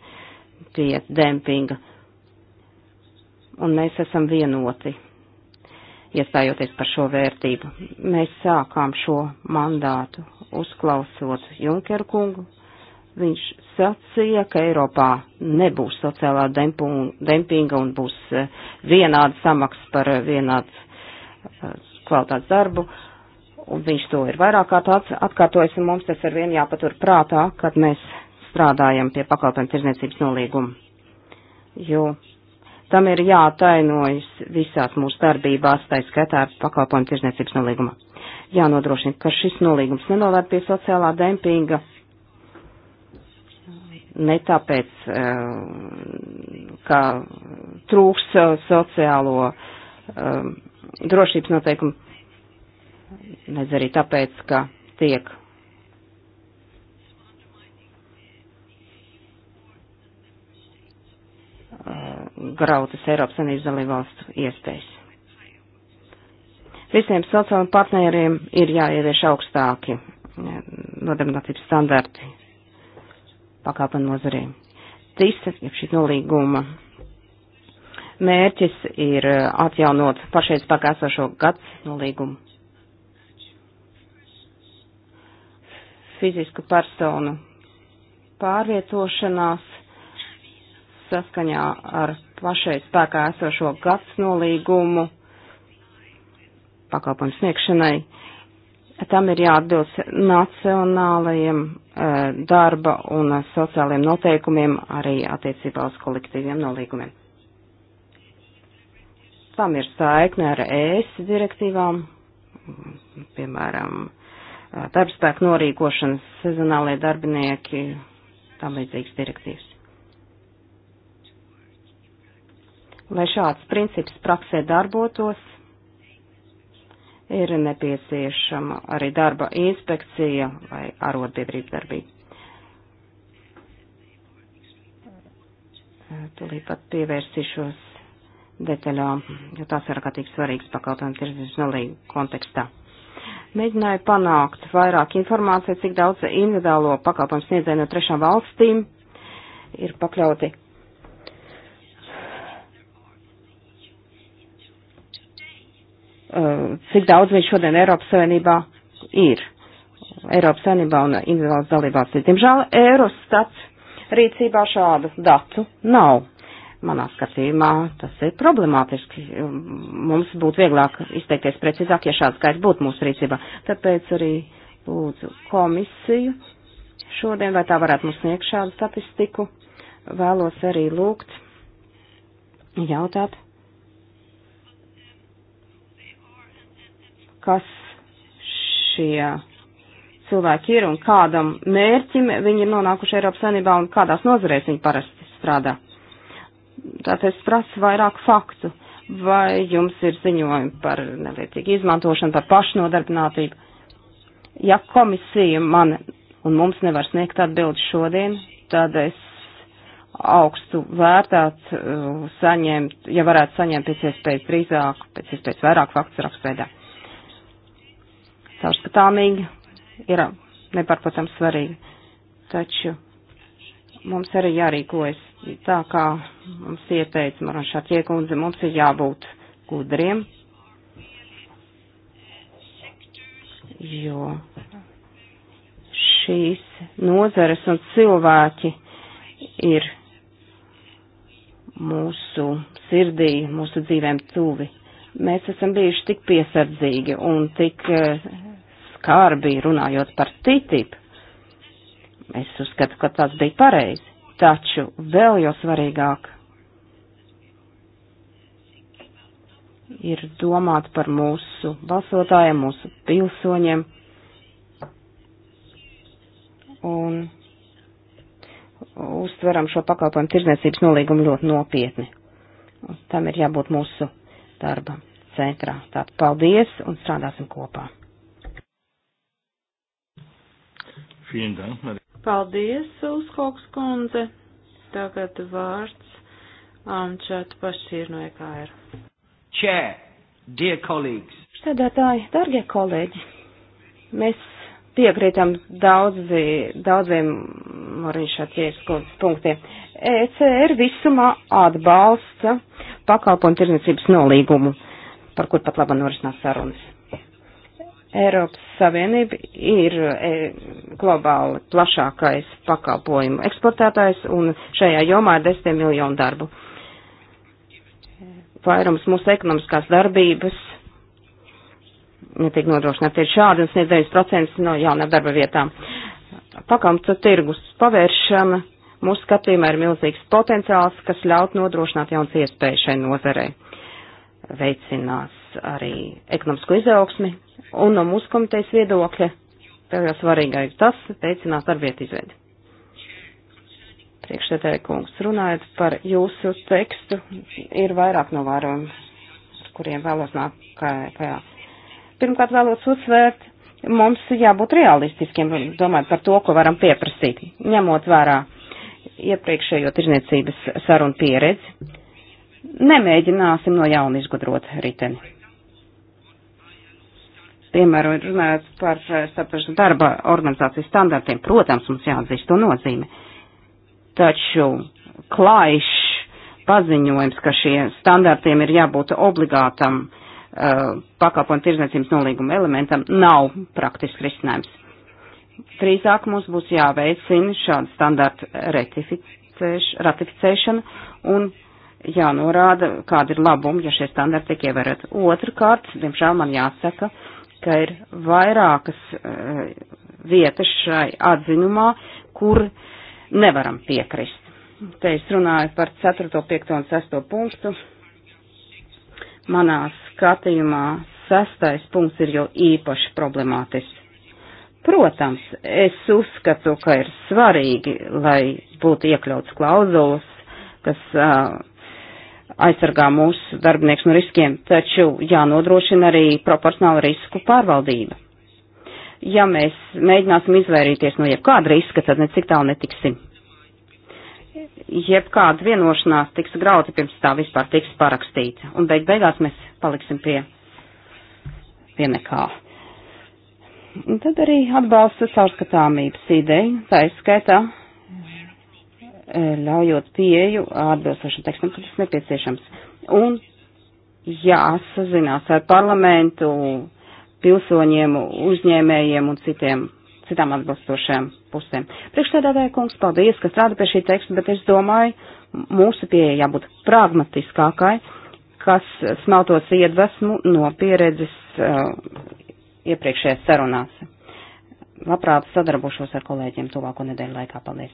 pie dempinga. Un mēs esam vienoti, iestājoties par šo vērtību. Mēs sākām šo mandātu uzklausot Junkeru kungu, Viņš sacīja, ka Eiropā nebūs sociālā dempinga un būs eh, vienāda samaksa par eh, vienāds eh, kvalitātes darbu. Un viņš to ir vairāk kārt atkārtojis, un mums tas ar vienu jāpatur prātā, kad mēs strādājam pie pakalpojumu tirzniecības nolīguma. Jo tam ir jātainojas visās mūsu darbībās, tā skaitā pakalpojumu tirzniecības nolīguma. Jānodrošina, ka šis nolīgums nenovērt pie sociālā dempinga ne tāpēc, eh, ka trūks sociālo eh, drošības noteikumu, nedz arī tāpēc, ka tiek eh, grautas Eiropas Savienības dalībvalstu iespējas. Visiem sociālajiem partneriem ir jāievieš augstāki nodarbinātības standarti pakāpenu nozarē. Tisa, ja šī nolīguma mērķis ir uh, atjaunot pašreiz pakāsošo gads nolīgumu. Fizisku personu pārvietošanās saskaņā ar pašreiz spēkā esošo gads nolīgumu pakalpojumu sniegšanai tam ir jāatbilst nacionālajiem e, darba un sociālajiem noteikumiem arī attiecībā uz kolektīviem nolīgumiem. Tam ir saikne ar ES direktīvām, piemēram, e, darbspēku norīkošanas sezonālie darbinieki, tam līdzīgas direktīvas. Lai šāds princips praksē darbotos, ir nepieciešama arī darba inspekcija vai arotbiedrība darbība. Tūlīt pat pievērsīšos detaļām, jo tās ir ārkārtīgi svarīgas pakalpojumu tirdzniecības nolīgu kontekstā. Mēģināju panākt vairāk informāciju, cik daudz individuālo pakalpojumu sniedzēju no trešām valstīm ir pakļauti Uh, cik daudz viņš šodien Eiropas Savienībā ir. Eiropas Savienībā un individuālas dalībās. Diemžēl Eurostats rīcībā šādu datu nav. Manā skatījumā tas ir problemātiski. Um, mums būtu vieglāk izteikties precīzāk, ja šāds skaits būtu mūsu rīcībā. Tāpēc arī lūdzu komisiju šodien, vai tā varētu mums sniegt šādu statistiku. Vēlos arī lūgt jautāt kas šie cilvēki ir un kādam mērķim viņi ir nonākuši Eiropas Savienībā un kādās nozarēs viņi parasti strādā. Tātad es prasu vairāk faktu. Vai jums ir ziņojumi par nevienlīdzīgu izmantošanu, par pašnodarbinātību? Ja komisija man un mums nevar sniegt atbildi šodien, tad es augstu vērtāt, uh, saņemt, ja varētu saņemt pēc iespējas drīzāk, pēc iespējas vairāk faktu rakstveidā caurskatāmīgi ir nepārprotams svarīgi. Taču mums arī jārīkojas tā, kā mums ieteica Maranšā Tiekundze, mums ir jābūt gudriem, jo šīs nozares un cilvēki ir mūsu sirdī, mūsu dzīvēm tuvi. Mēs esam bijuši tik piesardzīgi un tik uh, skarbi runājot par TTIP. Es uzskatu, ka tas bija pareizi, taču vēl jau svarīgāk ir domāt par mūsu balsotājiem, mūsu pilsoņiem un uztveram šo pakalpojumu tirdzniecības nolīgumu ļoti nopietni. Un tam ir jābūt mūsu darba centrā. Tātad paldies un strādāsim kopā. Paldies, Uzkoks kundze. Tagad vārds Amčat Pašīr no EKR. Čē, die kolēģis. Štādātāji, dargie kolēģi, mēs piekrītam daudzi, daudziem Moriņšā ķērskundas punktiem. ECR visumā atbalsta pakalpojumu tirdzniecības nolīgumu, par kur pat labam norisinās sarunas. Eiropas Savienība ir e, globāli plašākais pakalpojumu eksportētājs un šajā jomā ir desmit miljonu darbu. Vairums mūsu ekonomiskās darbības netiek nodrošināt tieši šādi un sniedz 9% no jaunām darba vietām. Pakamta tirgus pavēršana mūsu skatījumā ir milzīgs potenciāls, kas ļaut nodrošināt jaunas iespējas šai nozarei. Veicinās arī ekonomisko izaugsmi, un no mūsu komitejas viedokļa vēl jau svarīgāk ir tas veicināt darbvietu izveidi. Priekšsēdētāji kungs, runājot par jūsu tekstu, ir vairāk novērojumu, ar kuriem vēlos nākt kājā. Pirmkārt vēlos uzsvērt, mums jābūt realistiskiem, domājot par to, ko varam pieprasīt, ņemot vērā iepriekšējo tirzniecības sarunu pieredzi. Nemēģināsim no jauna izgudrot riteni piemēram, runājot par eh, saprašu darba organizācijas standartiem, protams, mums jāatzīst to nozīme. Taču klaišs paziņojums, ka šie standartiem ir jābūt obligātam uh, pakalpojumu tirdzniecības nolīguma elementam, nav praktisks risinājums. Drīzāk mums būs jāveicina šādu standartu ratificēšana un jānorāda, kāda ir labuma, ja šie standarti tiek ievērot. Otrkārt, diemžēl man jāsaka, uh, ka ir vairākas uh, vietas šai atzinumā, kur nevaram piekrist. Te es runāju par 4., 5. un 6. punktu. Manā skatījumā 6. punkts ir jau īpaši problemātisks. Protams, es uzskatu, ka ir svarīgi, lai būtu iekļauts klauzulas, kas uh, aizsargā mūsu darbinieks no riskiem, taču jānodrošina arī proporcionāla risku pārvaldība. Ja mēs mēģināsim izvairīties no jebkāda riska, tad necik tālu netiksim. Jebkāda vienošanās tiks grauta pirms tā vispār tiks parakstīta, un beig beigās mēs paliksim pie, pie nekā. Un tad arī atbalsta caurskatāmības ideja, tā izskaitā E, ļaujot pieju atbilstošam tekstam, kas ir nepieciešams. Un jāsazinās ar parlamentu, pilsoņiem, uzņēmējiem un citiem, citām atbilstošajām pusēm. Priekšstādātāja kungs, paldies, ka strādā pie šī teksta, bet es domāju, mūsu pieeja jābūt pragmatiskākai, kas smeltos iedvesmu no pieredzes uh, iepriekšējās sarunās. Labprāt sadarbošos ar kolēģiem tuvāko nedēļu laikā. Paldies!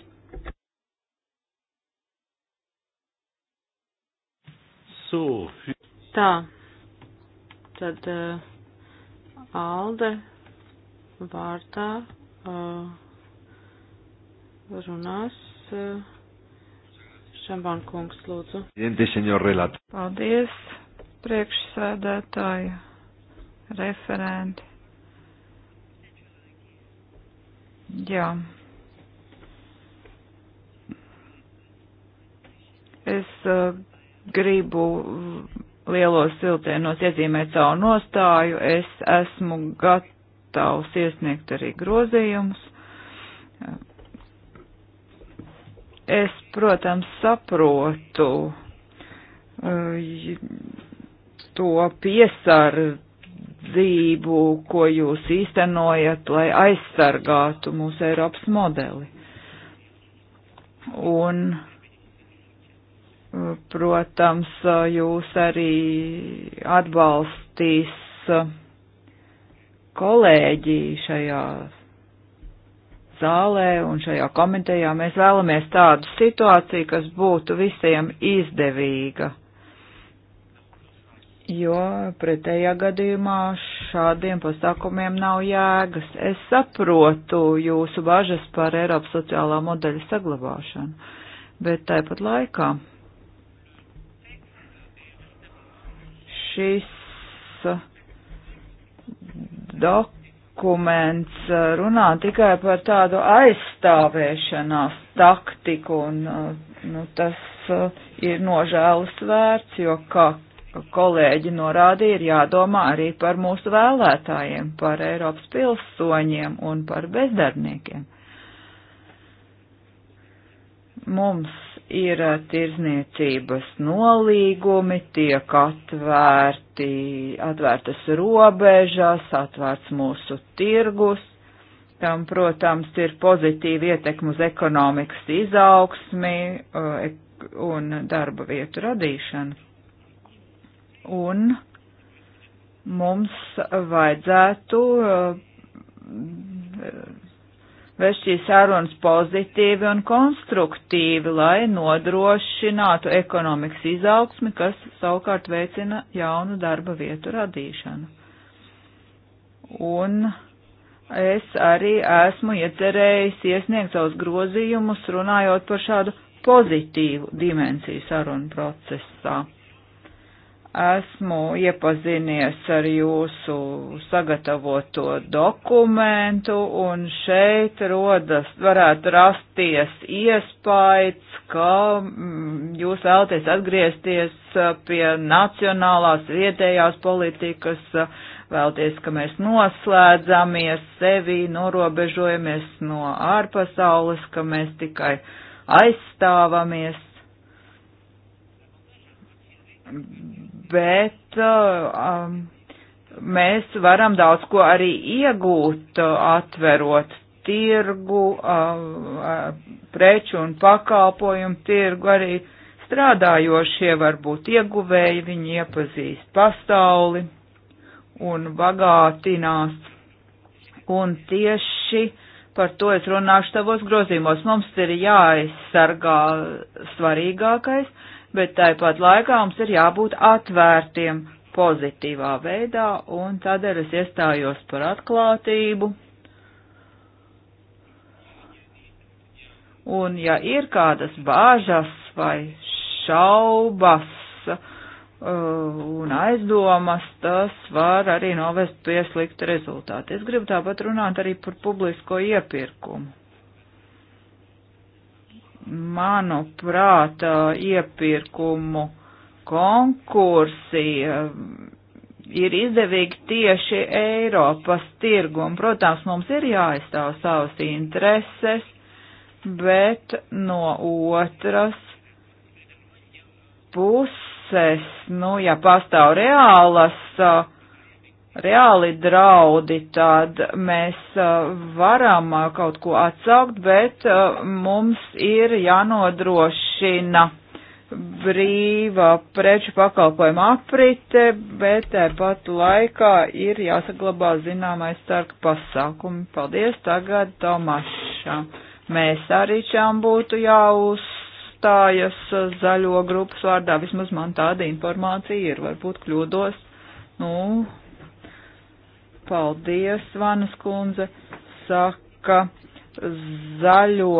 So. Tā. Tad uh, Alde vārtā uh, runās uh, Šambāna kungs, lūdzu. Paldies, priekšsēdētāji, referenti. Jā. Es uh, gribu lielos siltienos iezīmēt savu nostāju. Es esmu gatavs iesniegt arī grozījumus. Es, protams, saprotu eh, to piesardzību, ko jūs īstenojat, lai aizsargātu mūsu Eiropas modeli. Un protams, jūs arī atbalstīs uh, kolēģi šajā zālē un šajā komitejā. Mēs vēlamies tādu situāciju, kas būtu visiem izdevīga, jo pretējā gadījumā šādiem pasākumiem nav jēgas. Es saprotu jūsu bažas par Eiropas sociālā modeļa saglabāšanu, bet tāpat laikā šis uh, dokuments uh, runā tikai par tādu aizstāvēšanās taktiku, un uh, nu, tas ir nožēlas vērts, jo, kā kolēģi norādīja, ir jādomā arī par mūsu vēlētājiem, par Eiropas pilsoņiem un par bezdarbniekiem. Mums ir eh, tirzniecības nolīgumi, tiek atvērti, atvērtas robežas, atvērts mūsu tirgus. Tam, protams, ir pozitīva ietekma uz ekonomikas izaugsmi eh, un darba vietu radīšanu. Un mums vajadzētu eh, vēst šīs sarunas pozitīvi un konstruktīvi, lai nodrošinātu ekonomikas izaugsmi, kas savukārt veicina jaunu darba vietu radīšanu. Un es arī esmu iecerējis iesniegt savus grozījumus, runājot par šādu pozitīvu dimensiju sarunu procesā esmu iepazinies ar jūsu sagatavoto dokumentu, un šeit rodas, varētu rasties iespējas, ka mm, jūs vēlaties atgriezties uh, pie nacionālās vietējās politikas, uh, vēlaties, ka mēs noslēdzamies sevi, norobežojamies no ārpasaules, ka mēs tikai aizstāvamies bet uh, um, mēs varam daudz ko arī iegūt, uh, atverot tirgu, um, preču un pakalpojumu tirgu arī strādājošie var būt ieguvēji, viņi iepazīst pasauli un bagātinās. Un tieši par to es runāšu tavos grozījumos. Mums ir jāaizsargā svarīgākais, bet tāpat laikā mums ir jābūt atvērtiem pozitīvā veidā, un tādēļ es iestājos par atklātību. Un ja ir kādas bāžas vai šaubas uh, un aizdomas, tas var arī novest pie slikta rezultāta. Es gribu tāpat runāt arī par publisko iepirkumu manuprāt, iepirkumu konkursi ir izdevīgi tieši Eiropas tirgumu. Protams, mums ir jāaizstāv savas intereses, bet no otras puses, nu, ja pastāv reālas uh, reāli draudi, tad mēs uh, varam uh, kaut ko atsaukt, bet uh, mums ir jānodrošina brīva preču pakalpojuma aprite, bet tāpat laikā ir jāsaglabā zināmais starka pasākumi. Paldies tagad Tomašā. Mēs arī šām būtu jāuzstājas zaļo grupas vārdā, vismaz man tāda informācija ir, varbūt kļūdos. Nu, Paldies, Vanas kundze, saka zaļo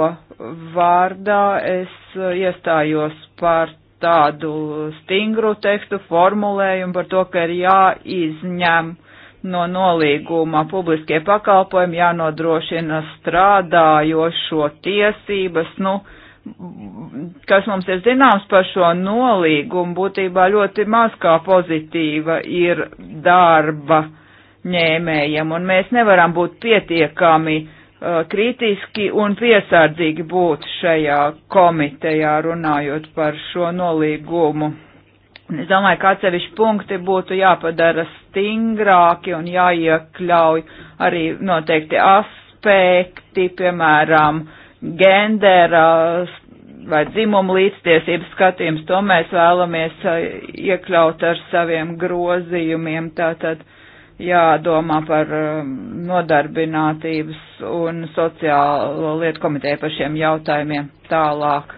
vārdā. Es uh, iestājos par tādu stingru tekstu formulējumu par to, ka ir jāizņem no nolīguma publiskie pakalpojumi, jānodrošina strādājošo tiesības. Nu, kas mums ir zināms par šo nolīgumu, būtībā ļoti maz kā pozitīva ir darba ņēmējiem, un mēs nevaram būt pietiekami uh, kritiski un piesardzīgi būt šajā komitejā runājot par šo nolīgumu. Es domāju, ka atsevišķi punkti būtu jāpadara stingrāki un jāiekļauj arī noteikti aspekti, piemēram, gendera vai dzimuma līdztiesības skatījums. To mēs vēlamies uh, iekļaut ar saviem grozījumiem. Tātad jādomā par um, nodarbinātības un sociālo lietu komiteju par šiem jautājumiem tālāk.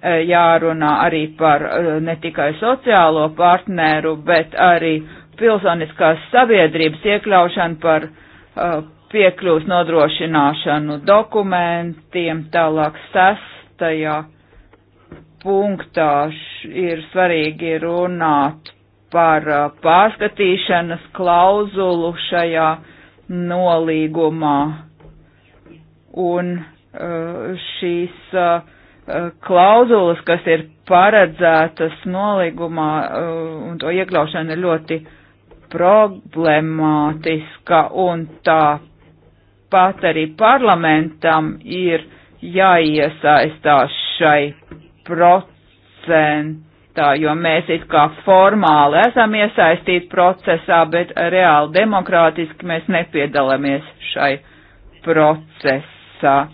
E, jārunā arī par e, ne tikai sociālo partneru, bet arī pilsoniskās sabiedrības iekļaušanu par e, piekļūs nodrošināšanu dokumentiem, tālāk sestajā punktā ir svarīgi runāt par uh, pārskatīšanas klauzulu šajā nolīgumā. Un uh, šīs uh, klauzulas, kas ir paredzētas nolīgumā, un to iekļaušana ir ļoti problemātiska, un tāpat arī parlamentam ir jāiesaistās šai procentu konfliktā, jo mēs it kā formāli esam iesaistīti procesā, bet reāli demokrātiski mēs nepiedalāmies šai procesā.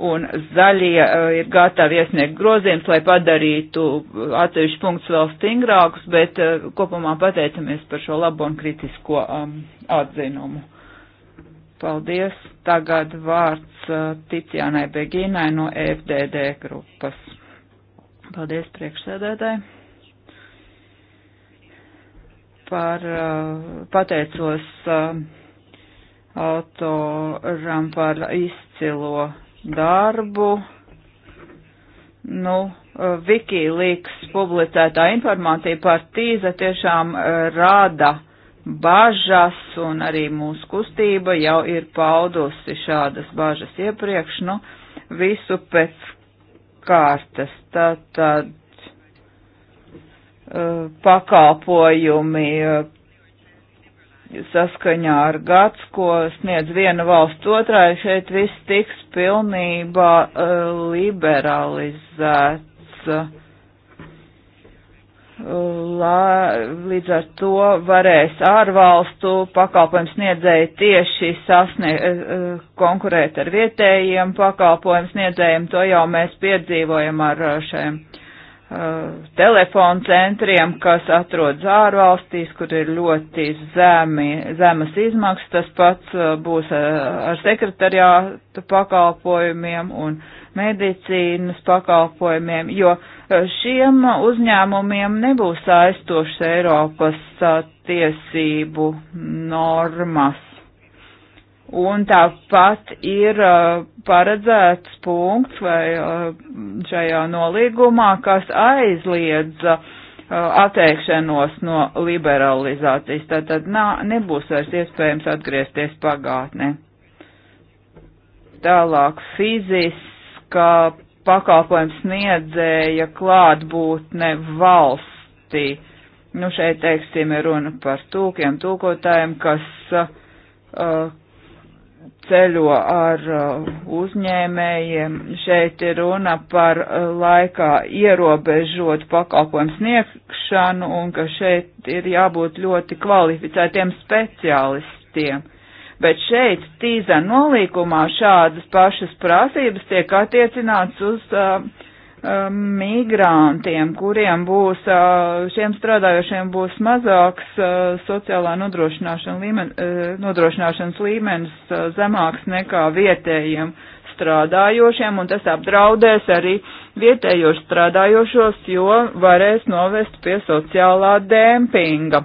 Un zaļie eh, ir gatavi iesniegt grozījums, lai padarītu eh, atsevišķu punktus vēl stingrākus, bet eh, kopumā pateicamies par šo labo un kritisko um, atzinumu. Paldies. Tagad vārds uh, Ticiānai Beginai no FDD grupas. Paldies priekšsēdētāji. Par, uh, pateicos autoram uh, par izcilo darbu. Nu, uh, Wikileaks publicētā informācija par tīza tiešām rada bažas, un arī mūsu kustība jau ir paudusi šādas bažas iepriekš. Nu, visu pēc kārtas. Tātad uh, pakalpojumi uh, saskaņā ar gads, ko sniedz viena valsts otrai, šeit viss tiks pilnībā uh, liberalizēts. Lā, līdz ar to varēs ārvalstu pakalpojumu sniedzēji tieši sasnie, eh, eh, konkurēt ar vietējiem pakalpojumu sniedzējiem. To jau mēs piedzīvojam ar eh, šiem uh, telefonu centriem, kas atrodas ārvalstīs, kur ir ļoti zemi, zemas izmaksas. Tas pats būs ar sekretariātu pakalpojumiem un uh, medicīnas pakalpojumiem, jo e, šiem uzņēmumiem nebūs aizstošas Eiropas e, tiesību normas. Un tāpat ir e, paredzēts punkts vai šajā nolīgumā, kas aizliedza atteikšanos no liberalizācijas. Tātad nā, nebūs vairs iespējams atgriezties pagātnē. Tālāk fizis, ka pakalpojums sniedzēja klātbūtne valstī. Nu, šeit, teiksim, ir runa par tūkiem, tūkotājiem, kas uh, ceļo ar uh, uzņēmējiem. Šeit ir runa par uh, laikā ierobežot pakalpojumu sniegšanu un ka šeit ir jābūt ļoti kvalificētiem speciālistiem bet šeit tīza nolīkumā šādas pašas prasības tiek attiecināts uz uh, um, migrantiem, kuriem būs, uh, šiem strādājošiem būs mazāks uh, sociālā nodrošināšana līmen, uh, nodrošināšanas līmenis zemāks nekā vietējiem strādājošiem, un tas apdraudēs arī vietējos strādājošos, jo varēs novest pie sociālā dēmpinga.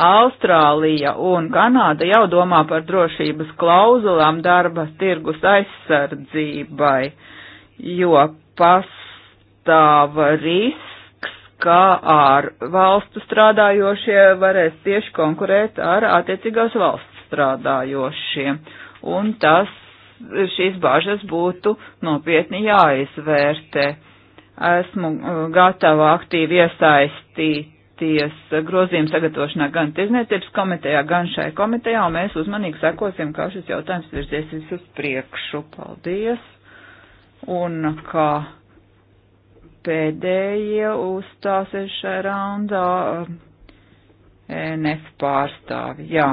Austrālija un Kanāda jau domā par drošības klauzulām darba tirgus aizsardzībai, jo pastāv risks, ka ar valstu strādājošie varēs tieši konkurēt ar attiecīgās valsts strādājošie. Un tas, šīs bažas būtu nopietni jāizvērtē esmu uh, gatava aktīvi iesaistīt piedalīties grozījuma sagatavošanā gan tirzniecības komitejā, gan šai komitejā, un mēs uzmanīgi sekosim, kā šis jautājums virziesies uz priekšu. Paldies! Un kā pēdējie uzstāsies šajā raundā NF pārstāvi. Jā.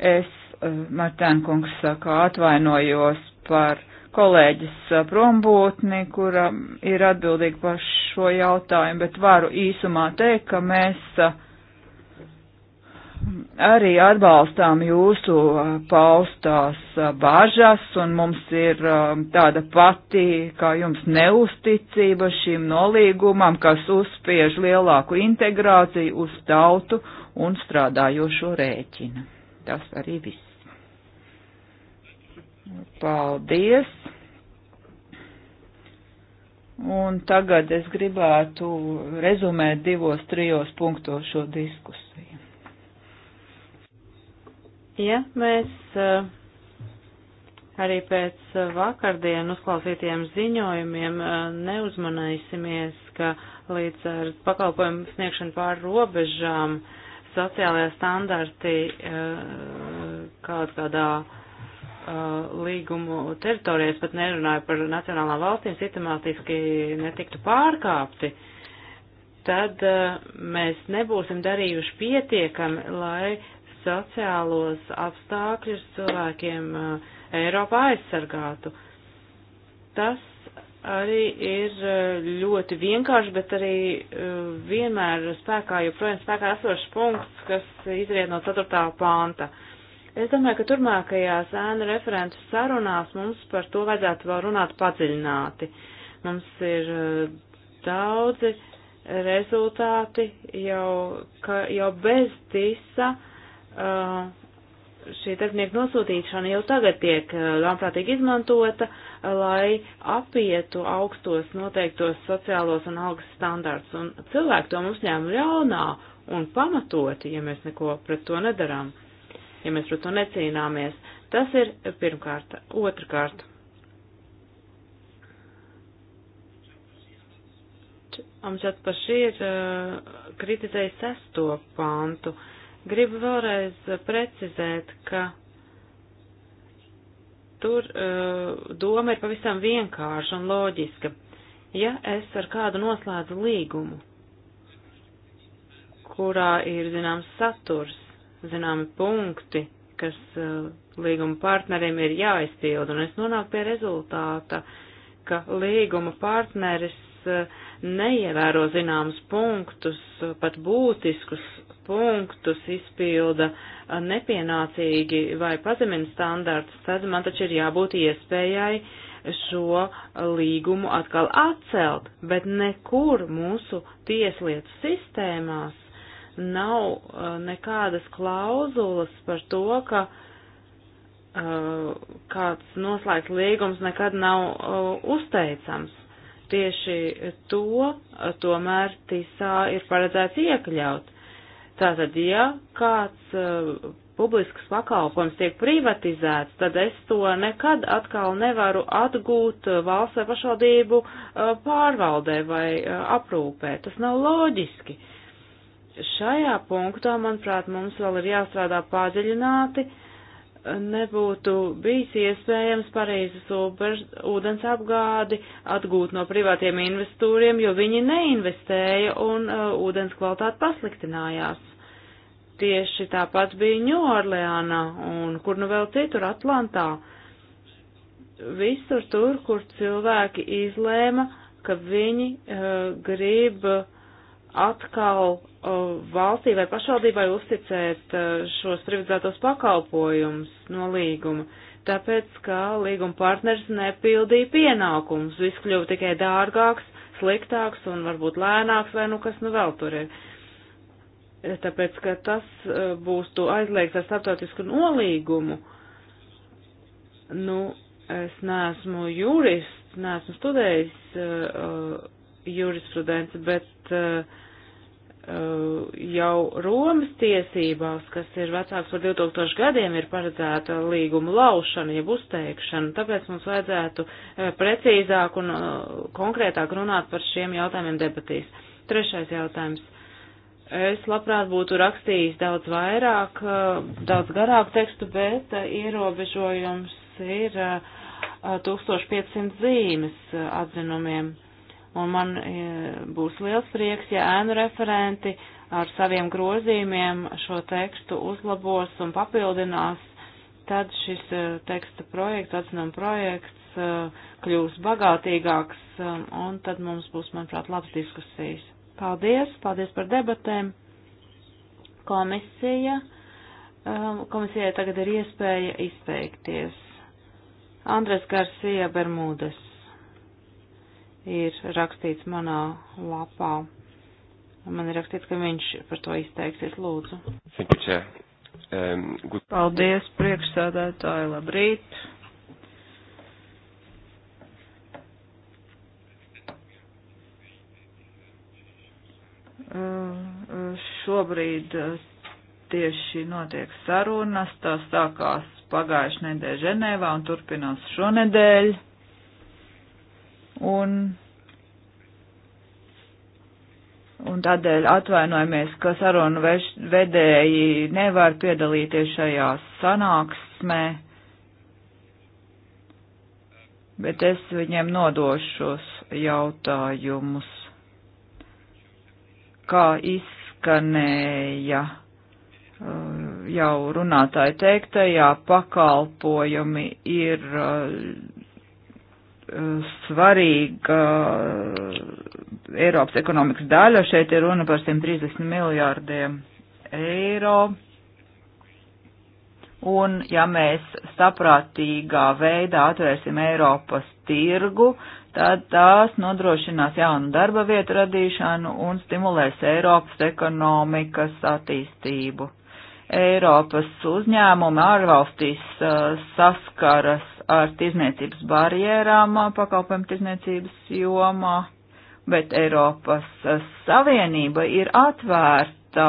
Es, Martēn kungs, saka, atvainojos par kolēģis prombūtni, kura ir atbildīga par šo jautājumu, bet varu īsumā teikt, ka mēs arī atbalstām jūsu paustās bažas, un mums ir tāda pati, kā jums, neusticība šim nolīgumam, kas uzspiež lielāku integrāciju uz tautu un strādājošo rēķinu. Tas arī viss. Paldies! Un tagad es gribētu rezumēt divos, trijos punktos šo diskusiju. Ja mēs eh, arī pēc eh, vakardien uzklausītiem ziņojumiem eh, neuzmanēsimies, ka līdz ar pakalpojumu sniegšanu pār robežām sociālajā standarti kaut kādā Uh, līgumu teritorijas, pat nerunāju par nacionālām valstīm, sistemātiski netiktu pārkāpti, tad uh, mēs nebūsim darījuši pietiekami, lai sociālos apstākļus cilvēkiem uh, Eiropā aizsargātu. Tas arī ir ļoti vienkārši, bet arī vienmēr spēkā, joprojām spēkā esošs punkts, kas izriet no 4. panta. Uh, Es domāju, ka turmākajās ēnu referentu sarunās mums par to vajadzētu vēl runāt padziļināti. Mums ir eh, daudzi rezultāti jau, ka, jau bez tisa eh, šī darbinieku nosūtīšana jau tagad tiek eh, ļaunprātīgi izmantota, lai apietu augstos noteiktos sociālos un augstus standārts. Un cilvēki to mums ņēma ļaunā un pamatoti, ja mēs neko pret to nedarām ja mēs par to necīnāmies. Tas ir pirmkārt. Otrakārt. Amžat Pašīr kritizēja sesto pantu. Gribu vēlreiz precizēt, ka tur doma ir pavisam vienkārša un loģiska. Ja es ar kādu noslēdzu līgumu, kurā ir zināms saturs, zināmi punkti, kas uh, līguma partneriem ir jāizpild, un es nonāku pie rezultāta, ka līguma partneris uh, neievēro zināmus punktus, uh, pat būtiskus punktus izpilda uh, nepienācīgi vai pazemina standārtus, tad man taču ir jābūt iespējai šo līgumu atkal atcelt, bet nekur mūsu tieslietu sistēmās nav uh, nekādas klauzulas par to, ka uh, kāds noslēgts līgums nekad nav uh, uzteicams. Tieši to tomēr TISā ir paredzēts iekļaut. Tātad, ja kāds publisks pakalpojums tiek privatizēts, tad es to nekad atkal nevaru atgūt valsts vai pašvaldību pārvaldē vai aprūpē. Tas nav loģiski. Uh, šajā punktā, manuprāt, mums vēl ir jāstrādā padziļināti. Nebūtu bijis iespējams Parīzes ūdens apgādi atgūt no privātiem investoriem, jo viņi neinvestēja un uh, ūdens kvalitāte pasliktinājās. Tieši tāpat bija Ņūorleānā un kur nu vēl citur Atlantā. Visur tur, kur cilvēki izlēma, ka viņi uh, grib uh, atkal uh, valstī vai pašvaldībai uzticēt uh, šos privatizētos pakalpojumus no līguma, tāpēc, ka līguma partners nepildīja pienākumus, viss kļuva tikai dārgāks, sliktāks un varbūt lēnāks vai nu kas nu vēl tur ir. Tāpēc, ka tas uh, būs tu aizliegts ar starptautisku nolīgumu, nu, es neesmu jurists, neesmu studējis uh, uh jurisprudence, bet uh, uh, jau Romas tiesībās, kas ir vecāks par 2000 gadiem, ir paredzēta līguma laušana, jeb uzteikšana. Tāpēc mums vajadzētu uh, precīzāk un uh, konkrētāk runāt par šiem jautājumiem debatīs. Trešais jautājums. Es labprāt būtu rakstījis daudz vairāk, daudz garāku tekstu, bet ierobežojums ir 1500 zīmes atzinumiem un man e, būs liels prieks, ja ēnu referenti ar saviem grozījumiem šo tekstu uzlabos un papildinās, tad šis e, teksta projekts, atzinuma projekts, e, kļūs bagātīgāks, un tad mums būs, manuprāt, labas diskusijas. Paldies, paldies par debatēm. Komisija, komisijai tagad ir iespēja izteikties. Andres Garcia Bermūdes ir rakstīts manā lapā. Man ir rakstīts, ka viņš par to izteiksies lūdzu. Um, Paldies, priekšsādātāji, labrīt! Uh, šobrīd uh, tieši notiek sarunas, tās sākās pagājušajā nedēļā Ženēvā un turpinās šonedēļ. Un, un tādēļ atvainojamies, ka sarunu vedēji nevar piedalīties šajā sanāksmē, bet es viņiem nodošos jautājumus, kā izskanēja uh, jau runātāji teiktajā pakalpojumi ir uh, svarīga uh, Eiropas ekonomikas daļa. Šeit ir runa par 130 miljārdiem eiro. Un ja mēs saprātīgā veidā atvērsim Eiropas tirgu, tad tās nodrošinās jaunu darba vietu radīšanu un stimulēs Eiropas ekonomikas attīstību. Eiropas uzņēmumi ārvalstīs uh, saskaras ar tirzniecības barjerām pakalpojumu tirzniecības jomā, bet Eiropas Savienība ir atvērta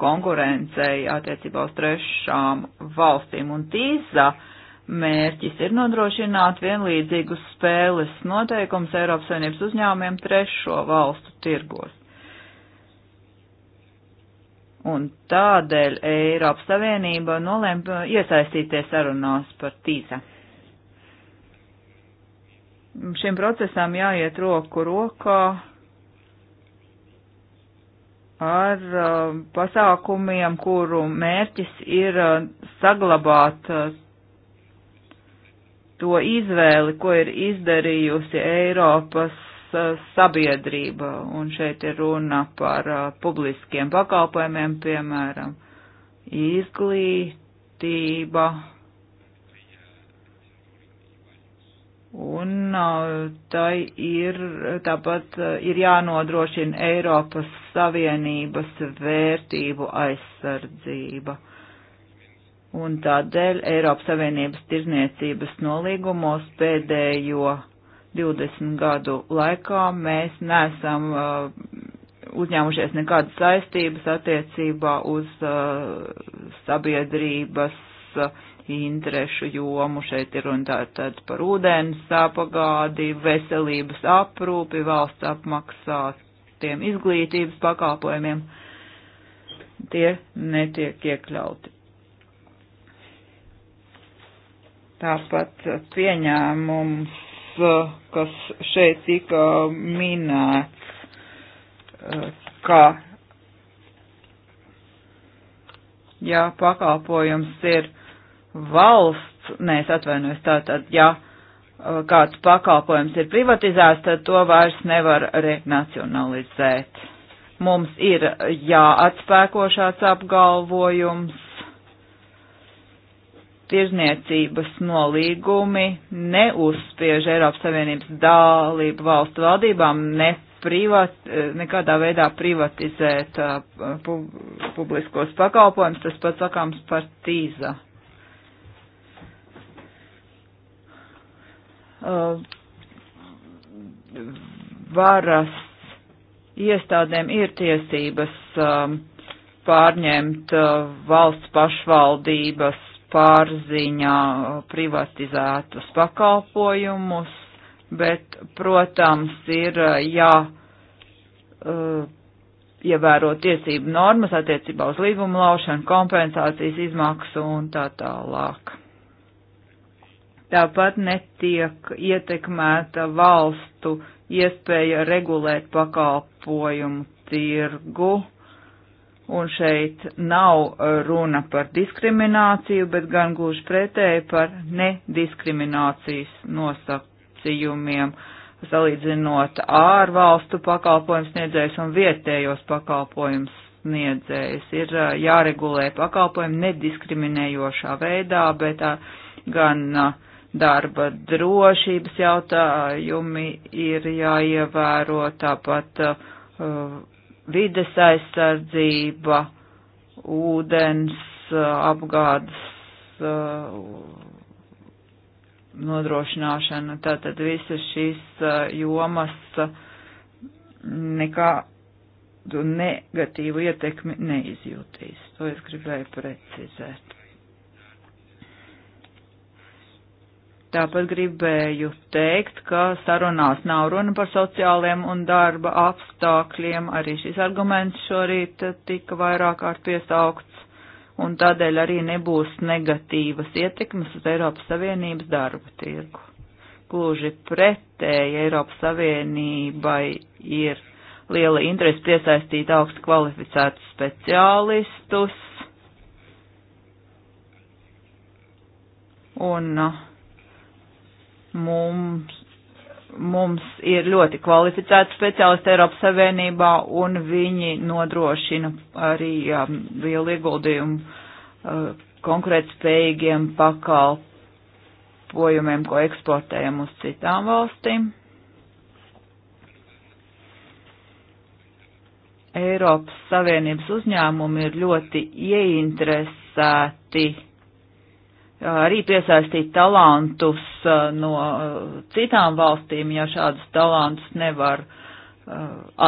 konkurencei attiecībā uz trešām valstīm un tīza. Mērķis ir nodrošināt vienlīdzīgus spēles noteikums Eiropas Savienības uzņēmumiem trešo valstu tirgos. Un tādēļ Eiropas Savienība nolēma iesaistīties sarunās par tīza šim procesam jāiet roku rokā ar uh, pasākumiem, kuru mērķis ir uh, saglabāt uh, to izvēli, ko ir izdarījusi Eiropas uh, sabiedrība, un šeit ir runa par uh, publiskiem pakalpojumiem, piemēram, izglītība Un uh, tai ir tāpat uh, ir jānodrošina Eiropas Savienības vērtību aizsardzība. Un tādēļ Eiropas Savienības tirzniecības nolīgumos pēdējo 20 gadu laikā mēs nesam uh, uzņēmušies nekādas saistības attiecībā uz uh, sabiedrības uh, interešu jomu. Šeit ir runa tātad par ūdens apgādi, veselības aprūpi, valsts apmaksātiem izglītības pakalpojumiem. Tie netiek iekļauti. Tāpat pieņēmums, kas šeit tika minēts, ka ja pakalpojums ir valsts, nē, es atvainojos, tātad, ja uh, kāds pakalpojums ir privatizēts, tad to vairs nevar renacionalizēt. Mums ir jāatspēko šāds apgalvojums. Tirzniecības nolīgumi neuzspiež Eiropas Savienības dalību valstu valdībām ne privat, eh, nekādā veidā privatizēt eh, pu, publiskos pakalpojumus, tas pats sakāms par tīza Uh, varas iestādēm ir tiesības um, pārņemt uh, valsts pašvaldības pārziņā privatizētus pakalpojumus, bet, protams, ir uh, jā. Ja, ievēro tiesību normas attiecībā uz līgumu laušanu, kompensācijas izmaksu un tā tālāk. Tāpat netiek ietekmēta valstu iespēja regulēt pakalpojumu tirgu. Un šeit nav runa par diskrimināciju, bet gan gluži pretēji par nediskriminācijas nosacījumiem, salīdzinot ārvalstu pakalpojumu sniedzējus un vietējos pakalpojumus sniedzējus. Ir jāregulē pakalpojumi nediskriminējošā veidā, bet gan uh, darba drošības jautājumi ir jāievēro, tāpat uh, vides aizsardzība, ūdens uh, apgādes uh, nodrošināšana, tātad visas šīs uh, jomas nekādu negatīvu ietekmi neizjūtīs. To es gribēju precizēt. Tāpat gribēju teikt, ka sarunās nav runa par sociāliem un darba apstākļiem. Arī šis arguments šorīt tika vairāk kārt piesaukts, un tādēļ arī nebūs negatīvas ietekmes uz Eiropas Savienības darba tirgu. Gluži pretēji Eiropas Savienībai ir liela interese piesaistīt augstu kvalificētus speciālistus. Un uh, mums, mums ir ļoti kvalificēti speciālisti Eiropas Savienībā, un viņi nodrošina arī um, lielu ieguldījumu uh, konkurētspējīgiem pakalpojumiem, ko eksportējam uz citām valstīm. Eiropas Savienības uzņēmumi ir ļoti ieinteresēti arī piesaistīt talantus uh, no uh, citām valstīm, ja šādus talantus nevar uh,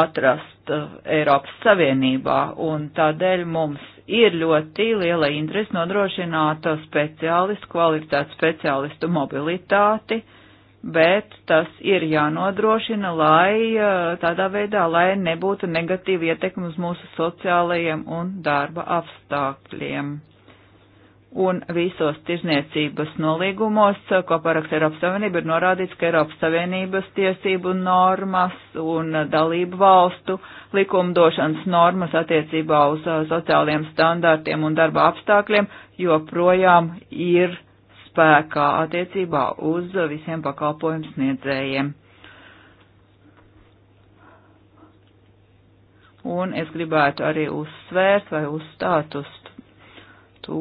atrast Eiropas Savienībā. Un tādēļ mums ir ļoti liela interese nodrošināt speciālistu, kvalificētu speciālistu mobilitāti, bet tas ir jānodrošina, lai tādā veidā, lai nebūtu negatīva ietekme uz mūsu sociālajiem un darba apstākļiem un visos tirzniecības nolīgumos, eh, ko paraksta Eiropas Savienība, ir norādīts, ka Eiropas Savienības tiesību normas un eh, dalību valstu likumdošanas normas attiecībā uz eh, sociāliem standārtiem un darba apstākļiem joprojām ir spēkā attiecībā uz visiem pakalpojumu sniedzējiem. Un es gribētu arī uzsvērt vai uzstāt uz to,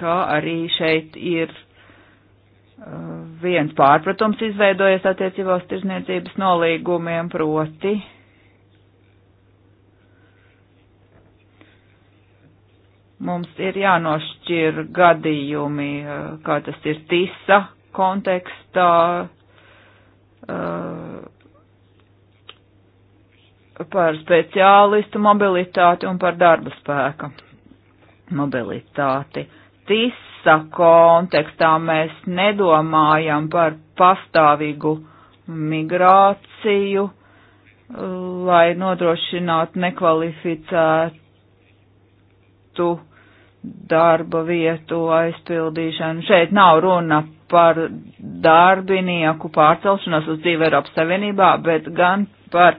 kā arī šeit ir uh, viens pārpratums izveidojies attiecībā uz tirzniecības nolīgumiem proti. Mums ir jānošķir gadījumi, uh, kā tas ir tisa kontekstā, uh, par speciālistu mobilitāti un par darba spēku mobilitāti. TISA kontekstā mēs nedomājam par pastāvīgu migrāciju, lai nodrošinātu nekvalificētu darba vietu aizpildīšanu. Šeit nav runa par darbinieku pārcelšanos uz dzīvi Eiropas Savienībā, bet gan par uh,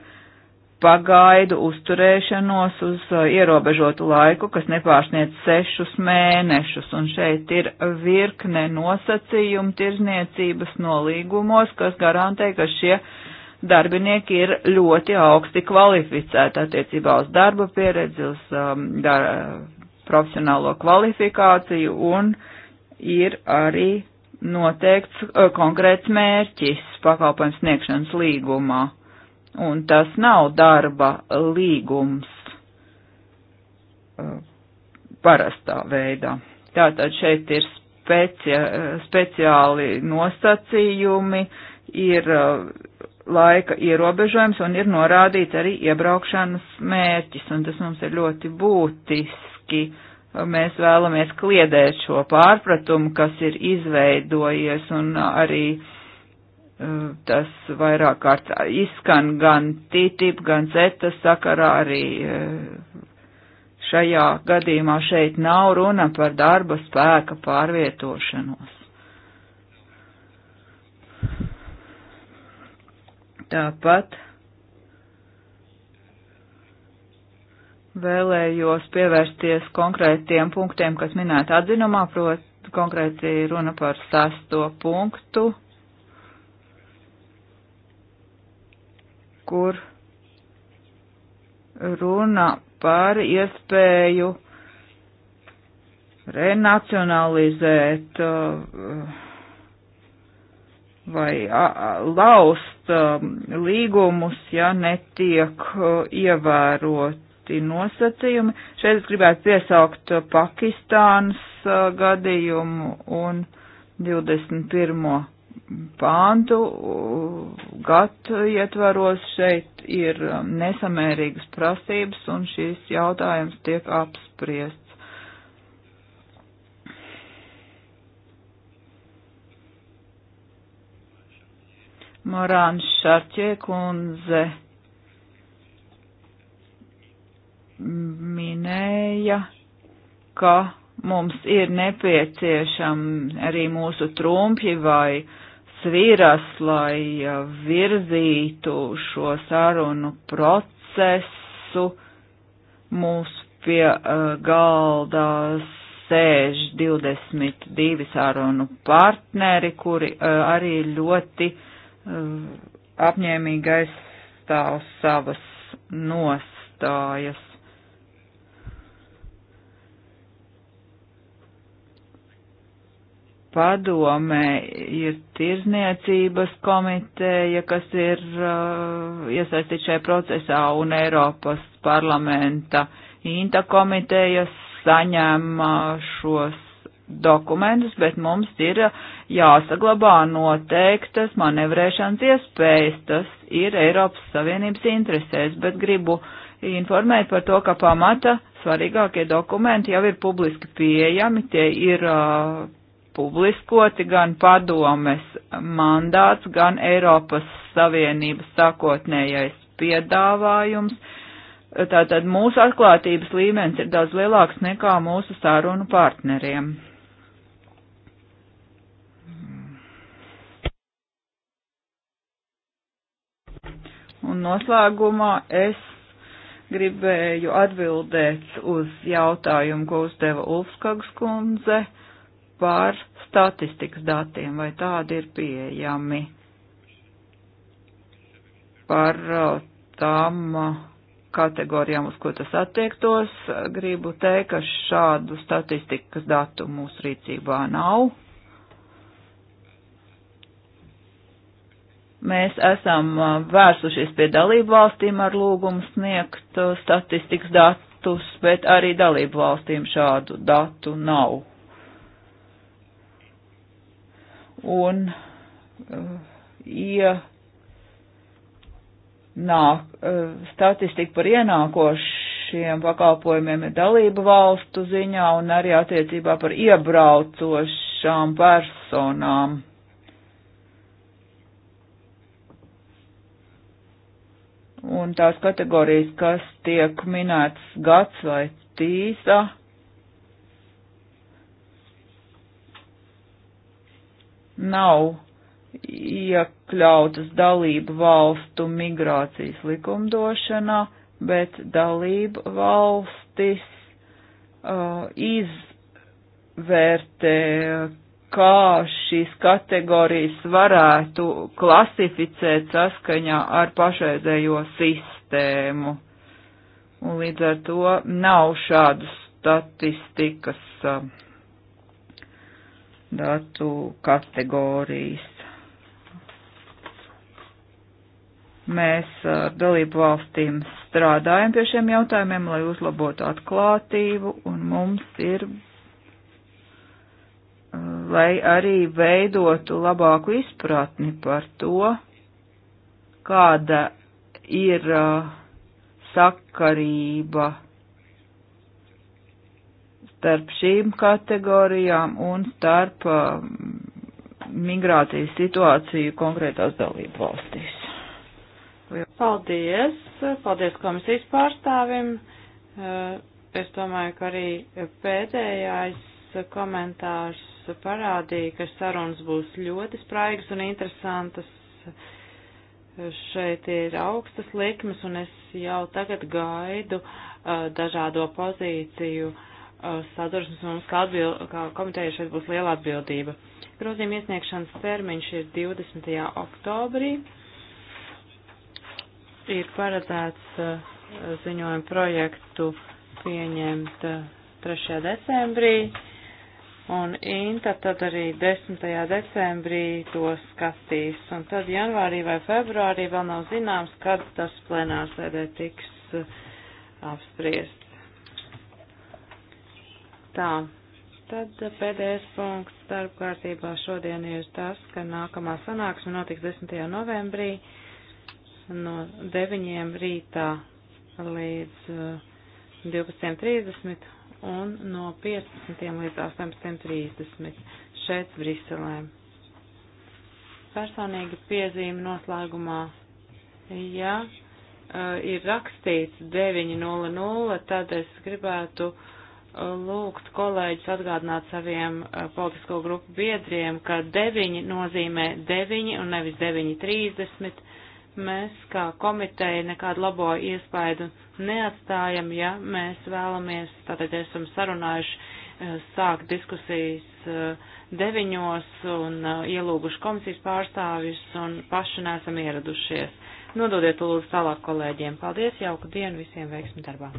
pagaidu uzturēšanos uz uh, ierobežotu laiku, kas nepārsniec sešus mēnešus. Un šeit ir virkne nosacījumu tirzniecības nolīgumos, kas garantē, ka šie darbinieki ir ļoti augsti kvalificēti attiecībā uz darba pieredzi, uz um, dar, profesionālo kvalifikāciju un ir arī noteikts uh, konkrēts mērķis pakalpojums sniegšanas līgumā un tas nav darba līgums uh, parastā veidā. Tātad šeit ir specia, uh, speciāli nosacījumi, ir uh, laika ierobežojums un ir norādīts arī iebraukšanas mērķis, un tas mums ir ļoti būtiski. Mēs vēlamies kliedēt šo pārpratumu, kas ir izveidojies, un arī uh, Tas vairāk kārt izskan gan TTIP, gan CETA sakarā arī eh, šajā gadījumā šeit nav runa par darba spēka pārvietošanos. Tāpat vēlējos pievērsties konkrētiem punktiem, kas minēti atzinumā, proti konkrēti runa par sesto punktu kur runa par iespēju renacionalizēt uh, vai laust um, līgumus, ja netiek uh, ievēroti nosacījumi. Šeit es gribētu piesaukt uh, Pakistānas gadījumu un 21 pāntu gadu ietvaros šeit ir um, nesamērīgas prasības un šīs jautājums tiek apspriests. Morāns Šarķie kundze minēja, ka mums ir nepieciešami arī mūsu trumpi vai uh, sviras, lai virzītu šo sarunu procesu. Mūs pie uh, galda sēž 22 sarunu partneri, kuri uh, arī ļoti uh, apņēmīgi aizstāv savas nostājas. padomē ir tirzniecības komiteja, kas ir uh, iesaistīta šajā procesā, un Eiropas parlamenta Inta komitejas saņem uh, šos dokumentus, bet mums ir jāsaglabā noteiktas manevrēšanas iespējas. Tas ir Eiropas Savienības interesēs, bet gribu informēt par to, ka pamata svarīgākie dokumenti jau ir publiski pieejami, tie ir uh, publiskoti gan padomes mandāts, gan Eiropas Savienības sākotnējais piedāvājums. Tātad mūsu atklātības līmenis ir daudz lielāks nekā mūsu sārunu partneriem. Un noslēgumā es gribēju atbildēt uz jautājumu, ko uzdeva Ulfskags kundze par statistikas datiem, vai tādi ir pieejami par uh, tām uh, kategorijām, uz ko tas attiektos. Gribu teikt, ka šādu statistikas datu mūsu rīcībā nav. Mēs esam uh, vērsušies pie dalību valstīm ar lūgumu sniegt statistikas datus, bet arī dalību valstīm šādu datu nav. un uh, ienāk, uh, statistika par ienākošiem pakalpojumiem ir dalība valstu ziņā un arī attiecībā par iebraucošām personām. un tās kategorijas, kas tiek minētas gads vai tīsa, nav iekļautas dalību valstu migrācijas likumdošanā, bet dalību valstis uh, izvērtē, kā šīs kategorijas varētu klasificēt saskaņā ar pašreizējo sistēmu. Un līdz ar to nav šādu statistikas. Uh, datu kategorijas. Mēs ar dalību valstīm strādājam pie šiem jautājumiem, lai uzlabotu atklātību, un mums ir, lai arī veidotu labāku izpratni par to, kāda ir sakarība starp šīm kategorijām un starp uh, migrācijas situāciju konkrētās dalību valstīs. Paldies! Paldies komisijas pārstāvim! Eh, es domāju, ka arī pēdējais komentārs parādīja, ka sarunas būs ļoti spraigas un interesantas. Šeit ir augstas likmes, un es jau tagad gaidu eh, dažādo pozīciju uh, Uh, sadursmes mums kā, atbild, kā komiteja šeit būs liela atbildība. Grozījuma iesniegšanas termiņš ir 20. oktobrī. Ir paredzēts uh, ziņojumu projektu pieņemt 3. Uh, decembrī, un Inta tad arī 10. decembrī to skatīs, un tad janvārī vai februārī vēl nav zināms, kad tas plenārsēdē tiks apspriest. Tā, tad pēdējais punkts starp kārtībā šodien ir tas, ka nākamā sanāksme notiks 10. novembrī no 9. rītā līdz 12.30 uh, un no 15. līdz 18.30 šeit Briselē. Personīgi piezīme noslēgumā, ja uh, ir rakstīts 9.00, tad es gribētu uh, lūgt kolēģis atgādināt saviem eh, politisko grupu biedriem, ka 9 nozīmē 9 un nevis 9.30. Mēs kā komiteja nekādu labo iespaidu neatstājam, ja mēs vēlamies, tātad esam sarunājuši eh, sākt diskusijas eh, deviņos un ielūguši komisijas pārstāvjus un paši neesam ieradušies. Nododiet lūdzu tālāk kolēģiem. Paldies, jauku dienu visiem, veiksmi darbā!